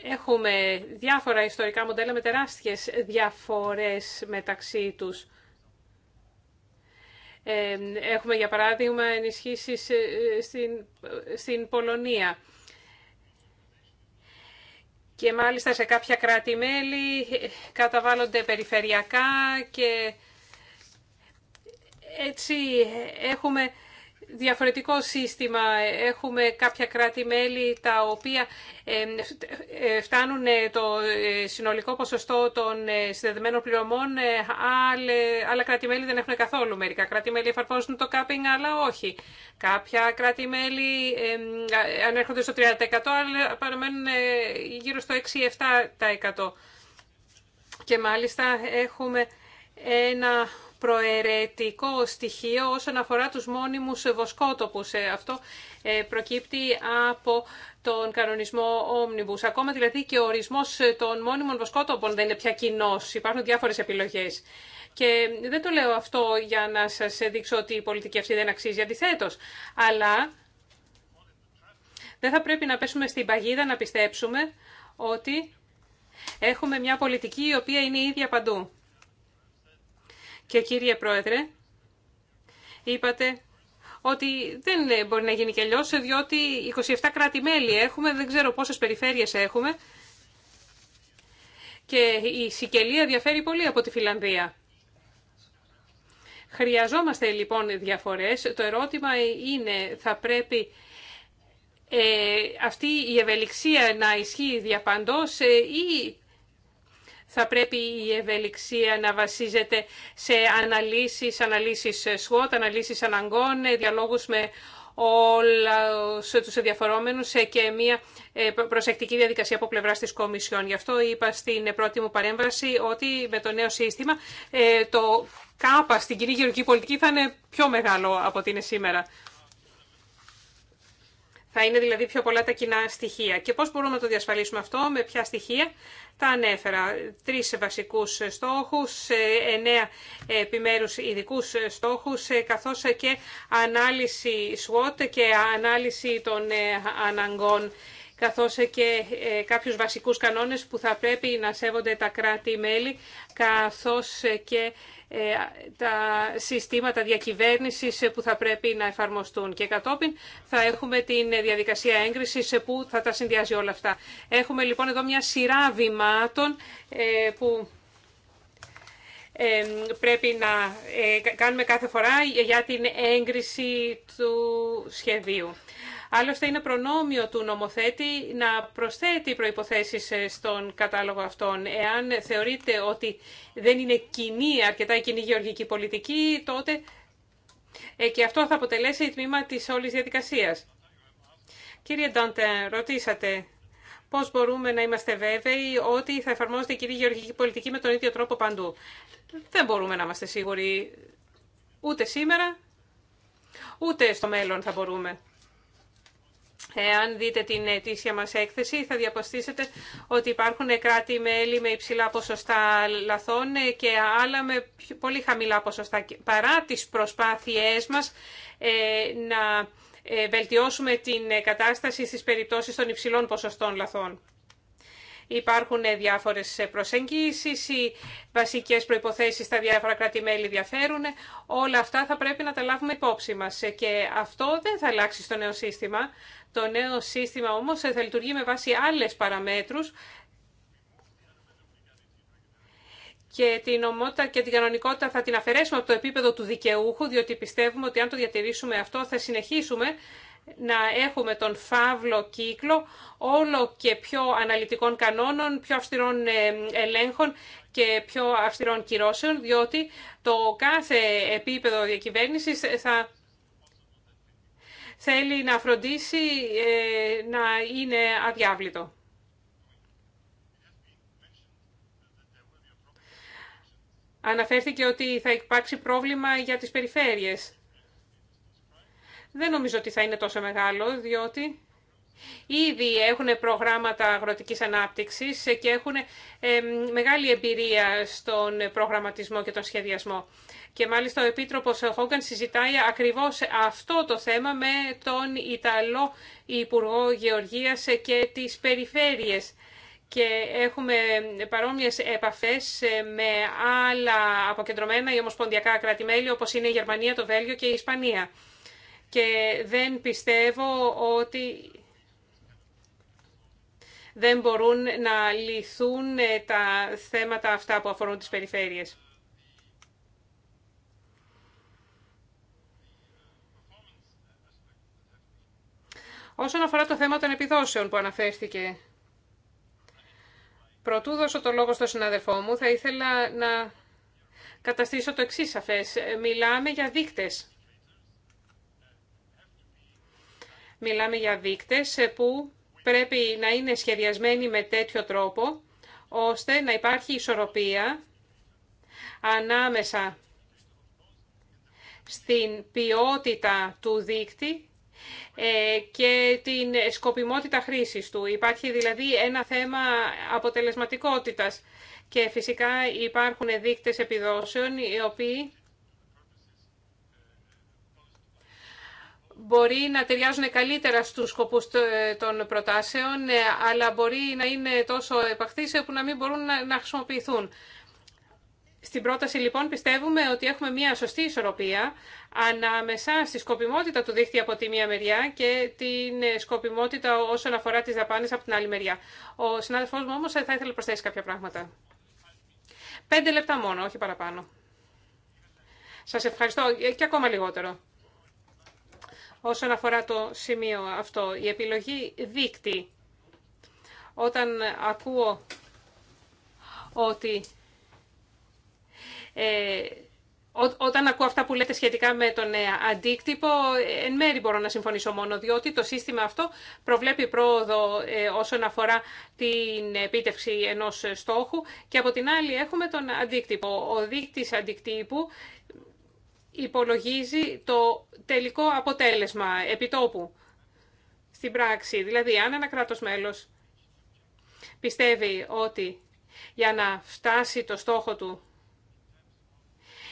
C: Έχουμε διάφορα ιστορικά μοντέλα με τεράστιες διαφορές μεταξύ τους. Έχουμε, για παράδειγμα, ενισχύσεις στην, στην Πολωνία. Και μάλιστα σε κάποια κράτη-μέλη καταβάλλονται περιφερειακά και έτσι έχουμε διαφορετικό σύστημα. Έχουμε κάποια κράτη-μέλη τα οποία ε, φτάνουν ε, το ε, συνολικό ποσοστό των συνδεδεμένων πληρωμών, άλλα κράτη-μέλη δεν έχουν καθόλου. Μερικά κράτη-μέλη εφαρμόζουν το κάπινγκ, αλλά όχι. Κάποια κράτη-μέλη ανέρχονται στο 30%, αλλά παραμένουν γύρω στο 6-7%. Και μάλιστα έχουμε ένα προαιρετικό στοιχείο όσον αφορά τους μόνιμους βοσκότοπους. Ε, αυτό ε, προκύπτει από τον κανονισμό Omnibus. Ακόμα δηλαδή και ο ορισμός των μόνιμων βοσκότοπων δεν είναι πια κοινό. Υπάρχουν διάφορες επιλογές. Και δεν το λέω αυτό για να σας δείξω ότι η πολιτική αυτή δεν αξίζει αντιθέτως. Αλλά δεν θα πρέπει να πέσουμε στην παγίδα να πιστέψουμε ότι έχουμε μια πολιτική η οποία είναι ίδια παντού. Και κύριε Πρόεδρε, είπατε ότι δεν μπορεί να γίνει και αλλιώ, διότι 27 κράτη-μέλη έχουμε, δεν ξέρω πόσες περιφέρειες έχουμε. Και η Σικελία διαφέρει πολύ από τη Φιλανδία. Χρειαζόμαστε λοιπόν διαφορές. Το ερώτημα είναι θα πρέπει ε, αυτή η ευελιξία να ισχύει διαπαντός ε, ή θα πρέπει η ευελιξία να βασίζεται σε αναλύσεις, αναλύσεις SWOT, αναλύσεις αναγκών, ε, διαλόγους με όλους τους ενδιαφερόμενους ε, και μια ε, προσεκτική διαδικασία από πλευρά της Κομισιόν. Γι' αυτό είπα στην πρώτη μου παρέμβαση ότι με το νέο σύστημα το κάπα στην κοινή γεωργική πολιτική θα είναι πιο μεγάλο από ότι είναι σήμερα. Θα είναι δηλαδή πιο πολλά τα κοινά στοιχεία. Και πώς μπορούμε να το διασφαλίσουμε αυτό, με ποια στοιχεία τα ανέφερα. Τρεις βασικούς στόχους, ε, εννέα επιμέρους ειδικού στόχους, ε, καθώς και ανάλυση SWOT και ανάλυση των ε, αναγκών καθώς και κάποιους βασικούς κανόνες που θα πρέπει να σέβονται τα κράτη-μέλη, καθώς και ε, τα συστήματα διακυβέρνησης που θα πρέπει να εφαρμοστούν. Και κατόπιν θα έχουμε την διαδικασία έγκρισης που θα τα συνδυάζει όλα αυτά. Έχουμε λοιπόν εδώ μια σειρά βημάτων ε, που ε, πρέπει να κάνουμε κάθε φορά για την έγκριση του σχεδίου. Άλλωστε είναι προνόμιο του νομοθέτη να προσθέτει προϋποθέσεις ε, στον κατάλογο αυτών. Εάν θεωρείτε ότι δεν είναι κοινή, αρκετά κοινή γεωργική πολιτική, τότε ε, και αυτό θα αποτελέσει η τμήμα της όλης διαδικασίας. Κύριε Ντάντε, ρωτήσατε πώς μπορούμε να είμαστε βέβαιοι ότι θα εφαρμόζεται η κοινή γεωργική πολιτική με τον ίδιο τρόπο παντού. Δεν μπορούμε να είμαστε σίγουροι ούτε σήμερα, ούτε στο μέλλον θα μπορούμε. Αν δείτε την ετήσια μας έκθεση θα διαποστήσετε ότι υπάρχουν κράτη-μέλη με υψηλά ποσοστά λαθών και άλλα με πολύ χαμηλά ποσοστά. Παρά τις προσπάθειές μας ε, να ε, βελτιώσουμε την κατάσταση στις περιπτώσεις των υψηλών ποσοστών λαθών. Υπάρχουν διάφορες προσεγγίσεις, οι βασικές προϋποθέσεις στα διάφορα κράτη-μέλη διαφέρουν. Όλα αυτά θα πρέπει να τα λάβουμε υπόψη μας και αυτό δεν θα αλλάξει στο νέο σύστημα. Το νέο σύστημα όμως θα λειτουργεί με βάση άλλες παραμέτρους και την ομότητα και την κανονικότητα θα την αφαιρέσουμε από το επίπεδο του δικαιούχου, διότι πιστεύουμε ότι αν το διατηρήσουμε αυτό θα συνεχίσουμε να έχουμε τον φαύλο κύκλο όλο και πιο αναλυτικών κανόνων, πιο αυστηρών ε, ελέγχων και πιο αυστηρών κυρώσεων, διότι το κάθε επίπεδο διακυβέρνησης θα θέλει να φροντίσει ε, να είναι αδιάβλητο. Αναφέρθηκε ότι θα υπάρξει πρόβλημα για τις περιφέρειες δεν νομίζω ότι θα είναι τόσο μεγάλο, διότι ήδη έχουν προγράμματα αγροτικής ανάπτυξης και έχουν μεγάλη εμπειρία στον προγραμματισμό και τον σχεδιασμό. Και μάλιστα ο Επίτροπος Χόγκαν συζητάει ακριβώς αυτό το θέμα με τον Ιταλό Υπουργό Γεωργίας και τις περιφέρειες και έχουμε παρόμοιες επαφές με άλλα αποκεντρωμένα ή ομοσπονδιακά κράτη-μέλη όπως είναι η Γερμανία, το Βέλγιο και η Ισπανία και δεν πιστεύω ότι δεν μπορούν να λυθούν ε, τα θέματα αυτά που αφορούν τις περιφέρειες. Όσον αφορά το θέμα των επιδόσεων που αναφέρθηκε, προτού δώσω το λόγο στον συναδελφό μου, θα ήθελα να καταστήσω το εξής σαφές. Μιλάμε για δείκτες. Μιλάμε για δείκτες ε, που πρέπει να είναι σχεδιασμένοι με τέτοιο τρόπο, ώστε να υπάρχει ισορροπία ανάμεσα στην ποιότητα του δείκτη ε, και την σκοπιμότητα χρήσης του. Υπάρχει δηλαδή ένα θέμα αποτελεσματικότητας και φυσικά υπάρχουν δείκτες επιδόσεων οι οποίοι μπορεί να ταιριάζουν καλύτερα στους σκοπούς των προτάσεων, ε, αλλά μπορεί να είναι τόσο επαχθείς που να μην μπορούν να χρησιμοποιηθούν. Στην πρόταση λοιπόν πιστεύουμε ότι έχουμε μια σωστή ισορροπία ανάμεσα στη σκοπιμότητα του δίχτυα από τη μία μεριά και την ε, σκοπιμότητα όσον αφορά τις δαπάνες από την άλλη μεριά. Ο συνάδελφός μου όμως θα ήθελε να προσθέσει κάποια πράγματα. Πέντε λεπτά μόνο, όχι παραπάνω. Σας ευχαριστώ και ακόμα λιγότερο όσον αφορά το σημείο αυτό. Η επιλογή δίκτυ. Όταν ακούω ότι... Ε, όταν ακούω αυτά που λέτε σχετικά με τον ε, αντίκτυπο, εν μέρη μπορώ να συμφωνήσω μόνο, διότι το σύστημα αυτό προβλέπει πρόοδο ε, όσον αφορά την επίτευξη ενός στόχου και από την άλλη έχουμε τον αντίκτυπο. Ο δείκτης αντικτύπου υπολογίζει το τελικό αποτέλεσμα επιτόπου στην πράξη. Δηλαδή, αν ένα κράτος μέλος πιστεύει ότι για να φτάσει το στόχο του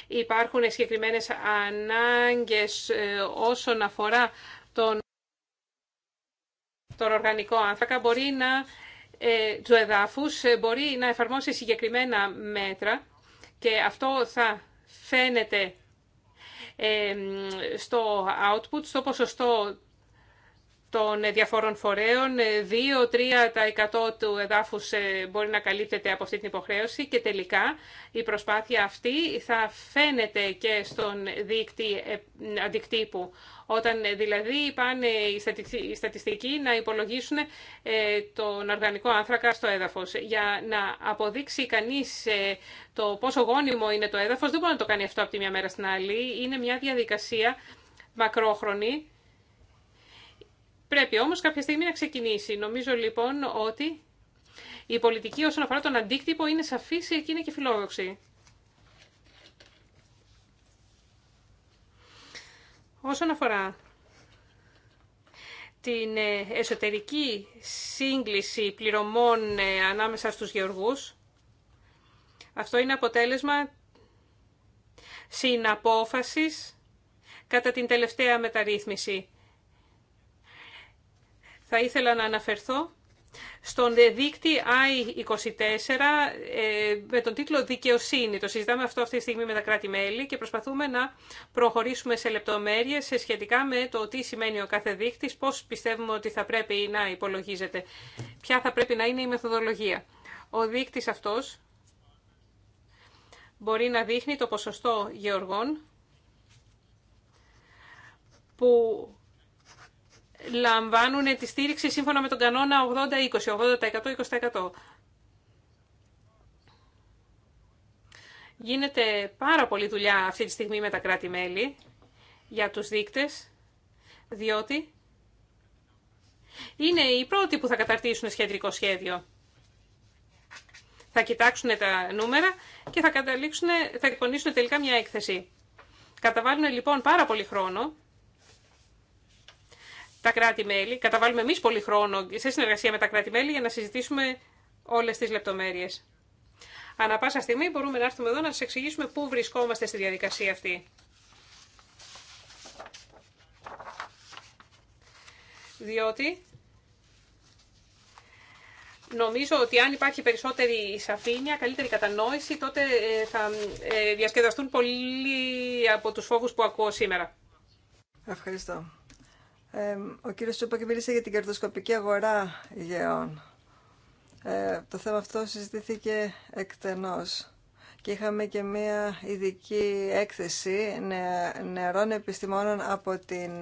C: υπάρχουν συγκεκριμένες ανάγκες ε, όσον αφορά τον, τον οργανικό άνθρακα, μπορεί να, ε, του εδάφους, ε, μπορεί να εφαρμόσει συγκεκριμένα μέτρα και αυτό θα φαίνεται ε, στο output, στο ποσοστό των ε, διαφόρων φορέων. 2-3% ε, του εδάφους ε, μπορεί να καλύπτεται από αυτή την υποχρέωση και τελικά η προσπάθεια αυτή θα φαίνεται και στον δίκτυ αντικτύπου. Όταν δηλαδή πάνε οι στατιστικοί να υπολογίσουν τον οργανικό άνθρακα στο έδαφος. Για να αποδείξει κανείς το πόσο γόνιμο είναι το έδαφος, δεν μπορεί να το κάνει αυτό από τη μια μέρα στην άλλη. Είναι μια διαδικασία μακρόχρονη Πρέπει όμως κάποια στιγμή να ξεκινήσει. Νομίζω λοιπόν ότι η πολιτική όσον αφορά τον αντίκτυπο είναι σαφής και είναι και φιλόδοξη. Όσον αφορά την ε, εσωτερική σύγκληση πληρωμών ε, ανάμεσα στους γεωργούς, αυτό είναι αποτέλεσμα συναπόφασης κατά την τελευταία μεταρρύθμιση θα ήθελα να αναφερθώ στον δικτυ i I24 με τον τίτλο Δικαιοσύνη. Το συζητάμε αυτό αυτή τη στιγμή με τα κράτη-μέλη και προσπαθούμε να προχωρήσουμε σε λεπτομέρειες σε σχετικά με το τι σημαίνει ο κάθε δείκτης, πώς πιστεύουμε ότι θα πρέπει να υπολογίζεται, ποια θα πρέπει να είναι η μεθοδολογία. Ο δείκτης αυτός μπορεί να δείχνει το ποσοστό γεωργών που λαμβάνουν τη στήριξη σύμφωνα με τον κανόνα 80-20, 80%-20%. Γίνεται πάρα πολλή δουλειά αυτή τη στιγμή με τα κράτη-μέλη για τους δείκτες, διότι είναι οι πρώτοι που θα καταρτήσουν σχεδρικό σχέδιο. Θα κοιτάξουν τα νούμερα και θα, θα εκπονήσουν τελικά μια έκθεση. Καταβάλουν λοιπόν πάρα πολύ χρόνο τα κράτη-μέλη, καταβάλουμε εμεί πολύ χρόνο σε συνεργασία με τα κράτη-μέλη για να συζητήσουμε όλε τι λεπτομέρειε. Ανά πάσα στιγμή μπορούμε να έρθουμε εδώ να σα εξηγήσουμε πού βρισκόμαστε στη διαδικασία αυτή. Διότι νομίζω ότι αν υπάρχει περισσότερη σαφήνεια, καλύτερη κατανόηση, τότε ε, θα ε, διασκεδαστούν πολλοί από τους φόβους που ακούω σήμερα.
A: Ευχαριστώ ο κύριος και μίλησε για την κερδοσκοπική αγορά γεών. Ε, το θέμα αυτό συζητήθηκε εκτενώς και είχαμε και μία ειδική έκθεση νεαρών επιστημόνων από την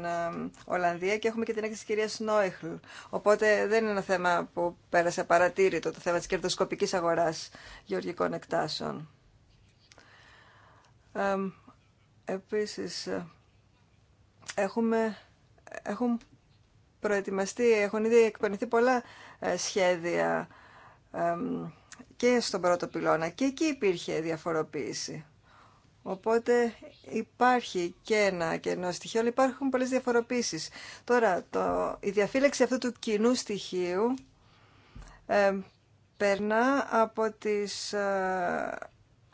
A: Ολλανδία και έχουμε και την έκθεση της κυρίας Νόιχλ. Οπότε δεν είναι ένα θέμα που πέρασε παρατήρητο το θέμα της κερδοσκοπικής αγοράς γεωργικών εκτάσεων. Ε, επίσης, έχουμε έχουν προετοιμαστεί, έχουν ήδη εκπαιδευτεί πολλά ε, σχέδια και στον πρώτο πυλώνα και εκεί υπήρχε διαφοροποίηση. Οπότε υπάρχει και ένα κενό στοιχείο, αλλά υπάρχουν πολλές διαφοροποίησεις. Τώρα, το, η διαφύλαξη αυτού του κοινού στοιχείου περνά από τις ε,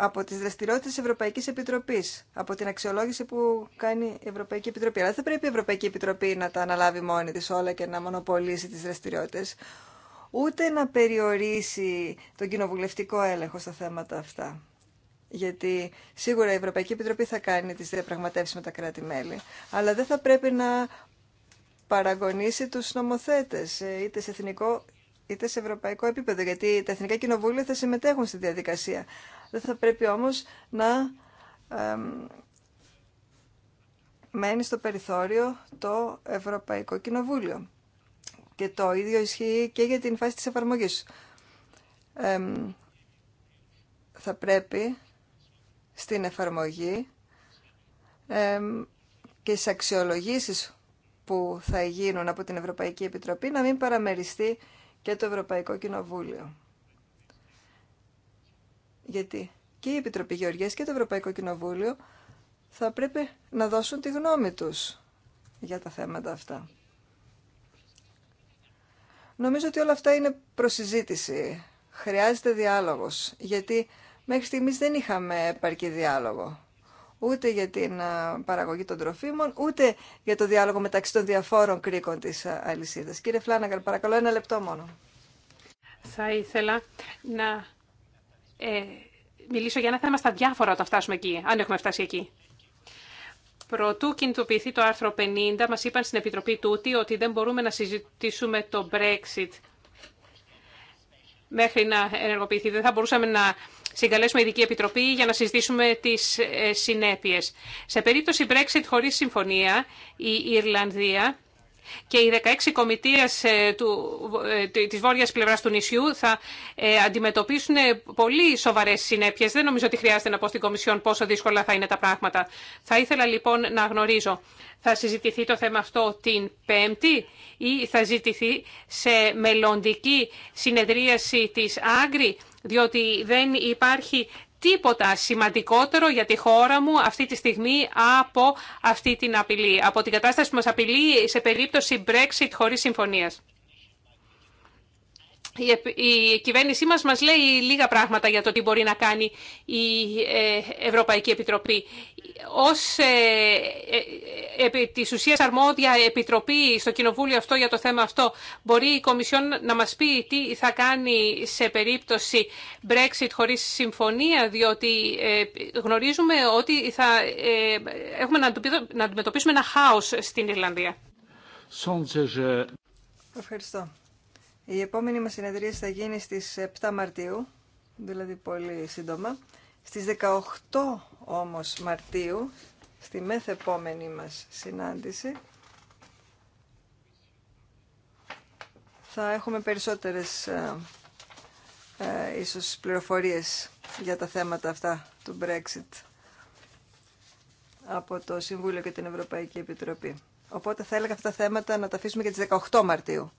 A: από τις δραστηριότητες της Ευρωπαϊκής Επιτροπής, από την αξιολόγηση που κάνει η Ευρωπαϊκή Επιτροπή. Αλλά δεν πρέπει η Ευρωπαϊκή Επιτροπή να τα αναλάβει μόνη της όλα και να μονοπολίσει τις δραστηριότητες, ούτε να περιορίσει τον κοινοβουλευτικό έλεγχο στα θέματα αυτά. Γιατί σίγουρα η Ευρωπαϊκή Επιτροπή θα κάνει τις διαπραγματεύσεις με τα κράτη-μέλη, αλλά δεν θα πρέπει να παραγωνίσει τους νομοθέτες, ε, είτε σε εθνικό είτε σε ευρωπαϊκό επίπεδο, γιατί τα εθνικά κοινοβούλια θα συμμετέχουν στη διαδικασία. Δεν θα πρέπει όμως να μένει στο περιθώριο το Ευρωπαϊκό Κοινοβούλιο. Και το ίδιο ισχύει και για την φάση της εφαρμογής. θα πρέπει στην εφαρμογή και στις αξιολογήσεις που θα γίνουν από την Ευρωπαϊκή Επιτροπή να μην παραμεριστεί και το Ευρωπαϊκό Κοινοβούλιο. Γιατί και η Επιτροπή Γεωργίας και το Ευρωπαϊκό Κοινοβούλιο θα πρέπει να δώσουν τη γνώμη τους για τα θέματα αυτά. Νομίζω ότι όλα αυτά είναι προσυζήτηση. Χρειάζεται διάλογος, γιατί μέχρι στιγμής δεν είχαμε επαρκή διάλογο. Ούτε για την παραγωγή των τροφίμων, ούτε για το διάλογο μεταξύ των διαφόρων κρίκων της αλυσίδας. Κύριε Φλάναγκαρ, παρακαλώ ένα λεπτό μόνο.
C: Θα ήθελα να ε, μιλήσω για ένα θέμα στα διάφορα όταν φτάσουμε εκεί, αν έχουμε φτάσει εκεί. Προτού κινητοποιηθεί το άρθρο 50, μας είπαν στην Επιτροπή τούτη ότι δεν μπορούμε να συζητήσουμε το Brexit μέχρι να ενεργοποιηθεί. Δεν θα μπορούσαμε να συγκαλέσουμε ειδική επιτροπή για να συζητήσουμε τις ε, συνέπειες. Σε περίπτωση Brexit χωρίς συμφωνία, η Ιρλανδία και οι 16 κομιτείες ε, ε, της βόρειας πλευράς του νησιού θα ε, αντιμετωπίσουν πολύ σοβαρές συνέπειες. Δεν νομίζω ότι χρειάζεται να πω στην Κομισιόν πόσο δύσκολα θα είναι τα πράγματα. Θα ήθελα λοιπόν να γνωρίζω. Θα συζητηθεί το θέμα αυτό την Πέμπτη ή θα ζητηθεί σε μελλοντική συνεδρίαση της Άγκρη διότι δεν υπάρχει τίποτα σημαντικότερο για τη χώρα μου αυτή τη στιγμή από αυτή την απειλή, από την κατάσταση που μας απειλεί σε περίπτωση Brexit χωρίς συμφωνίας η κυβέρνησή μας μας λέει λίγα πράγματα για το τι μπορεί να κάνει η ε, Ευρωπαϊκή Επιτροπή. Ως ε, ε αρμόδια επιτροπή στο Κοινοβούλιο αυτό για το θέμα αυτό, μπορεί η Κομισιόν να μας πει τι θα κάνει σε περίπτωση Brexit χωρίς συμφωνία, διότι ε, γνωρίζουμε ότι θα έχουμε να αντιμετωπίσουμε ένα χάος στην Ιρλανδία.
A: Ευχαριστώ. Η επόμενη μας συνεδρία θα γίνει στις 7 Μαρτίου, δηλαδή πολύ σύντομα. Στις 18 όμως Μαρτίου, στη μεθεπόμενη μας συνάντηση, θα έχουμε περισσότερες ε, ε, ίσως πληροφορίες για τα θέματα αυτά του Brexit από το Συμβούλιο και την Ευρωπαϊκή Επιτροπή. Οπότε θα έλεγα αυτά τα θέματα να τα αφήσουμε και τις 18 Μαρτίου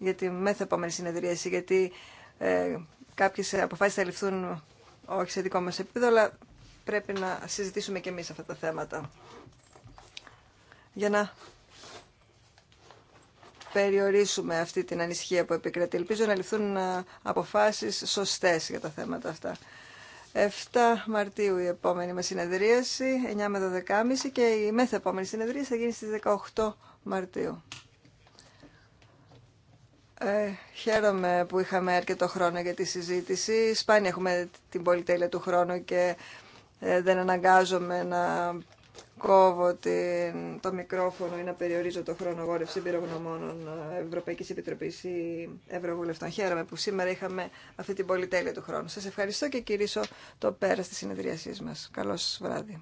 A: για τη μεθεπόμενη συνεδρίαση, γιατί ε, κάποιες αποφάσεις θα ληφθούν όχι σε δικό μας επίπεδο, αλλά πρέπει να συζητήσουμε και εμείς αυτά τα θέματα. Για να περιορίσουμε αυτή την ανησυχία που επικρατεί. Ελπίζω να ληφθούν ε, αποφάσεις σωστές για τα θέματα αυτά. 7 Μαρτίου η επόμενη μας συνεδρίαση, 9 με 12.30 και η μεθεπόμενη συνεδρίαση θα γίνει στις 18 Μαρτίου. Ε, χαίρομαι που είχαμε αρκετό χρόνο για τη συζήτηση. Σπάνια έχουμε την πολυτέλεια του χρόνου και ε, δεν αναγκάζομαι να κόβω το μικρόφωνο ή να περιορίζω το χρόνο γόρευση πυρογνωμόνων ε, Ευρωπαϊκής Επιτροπής ή Ευρωβουλευτών. Χαίρομαι που σήμερα είχαμε αυτή την πολυτέλεια του χρόνου. Σας ευχαριστώ και κηρύσω το πέρα τη συνεδρίασή μας.
B: Καλώς βράδυ.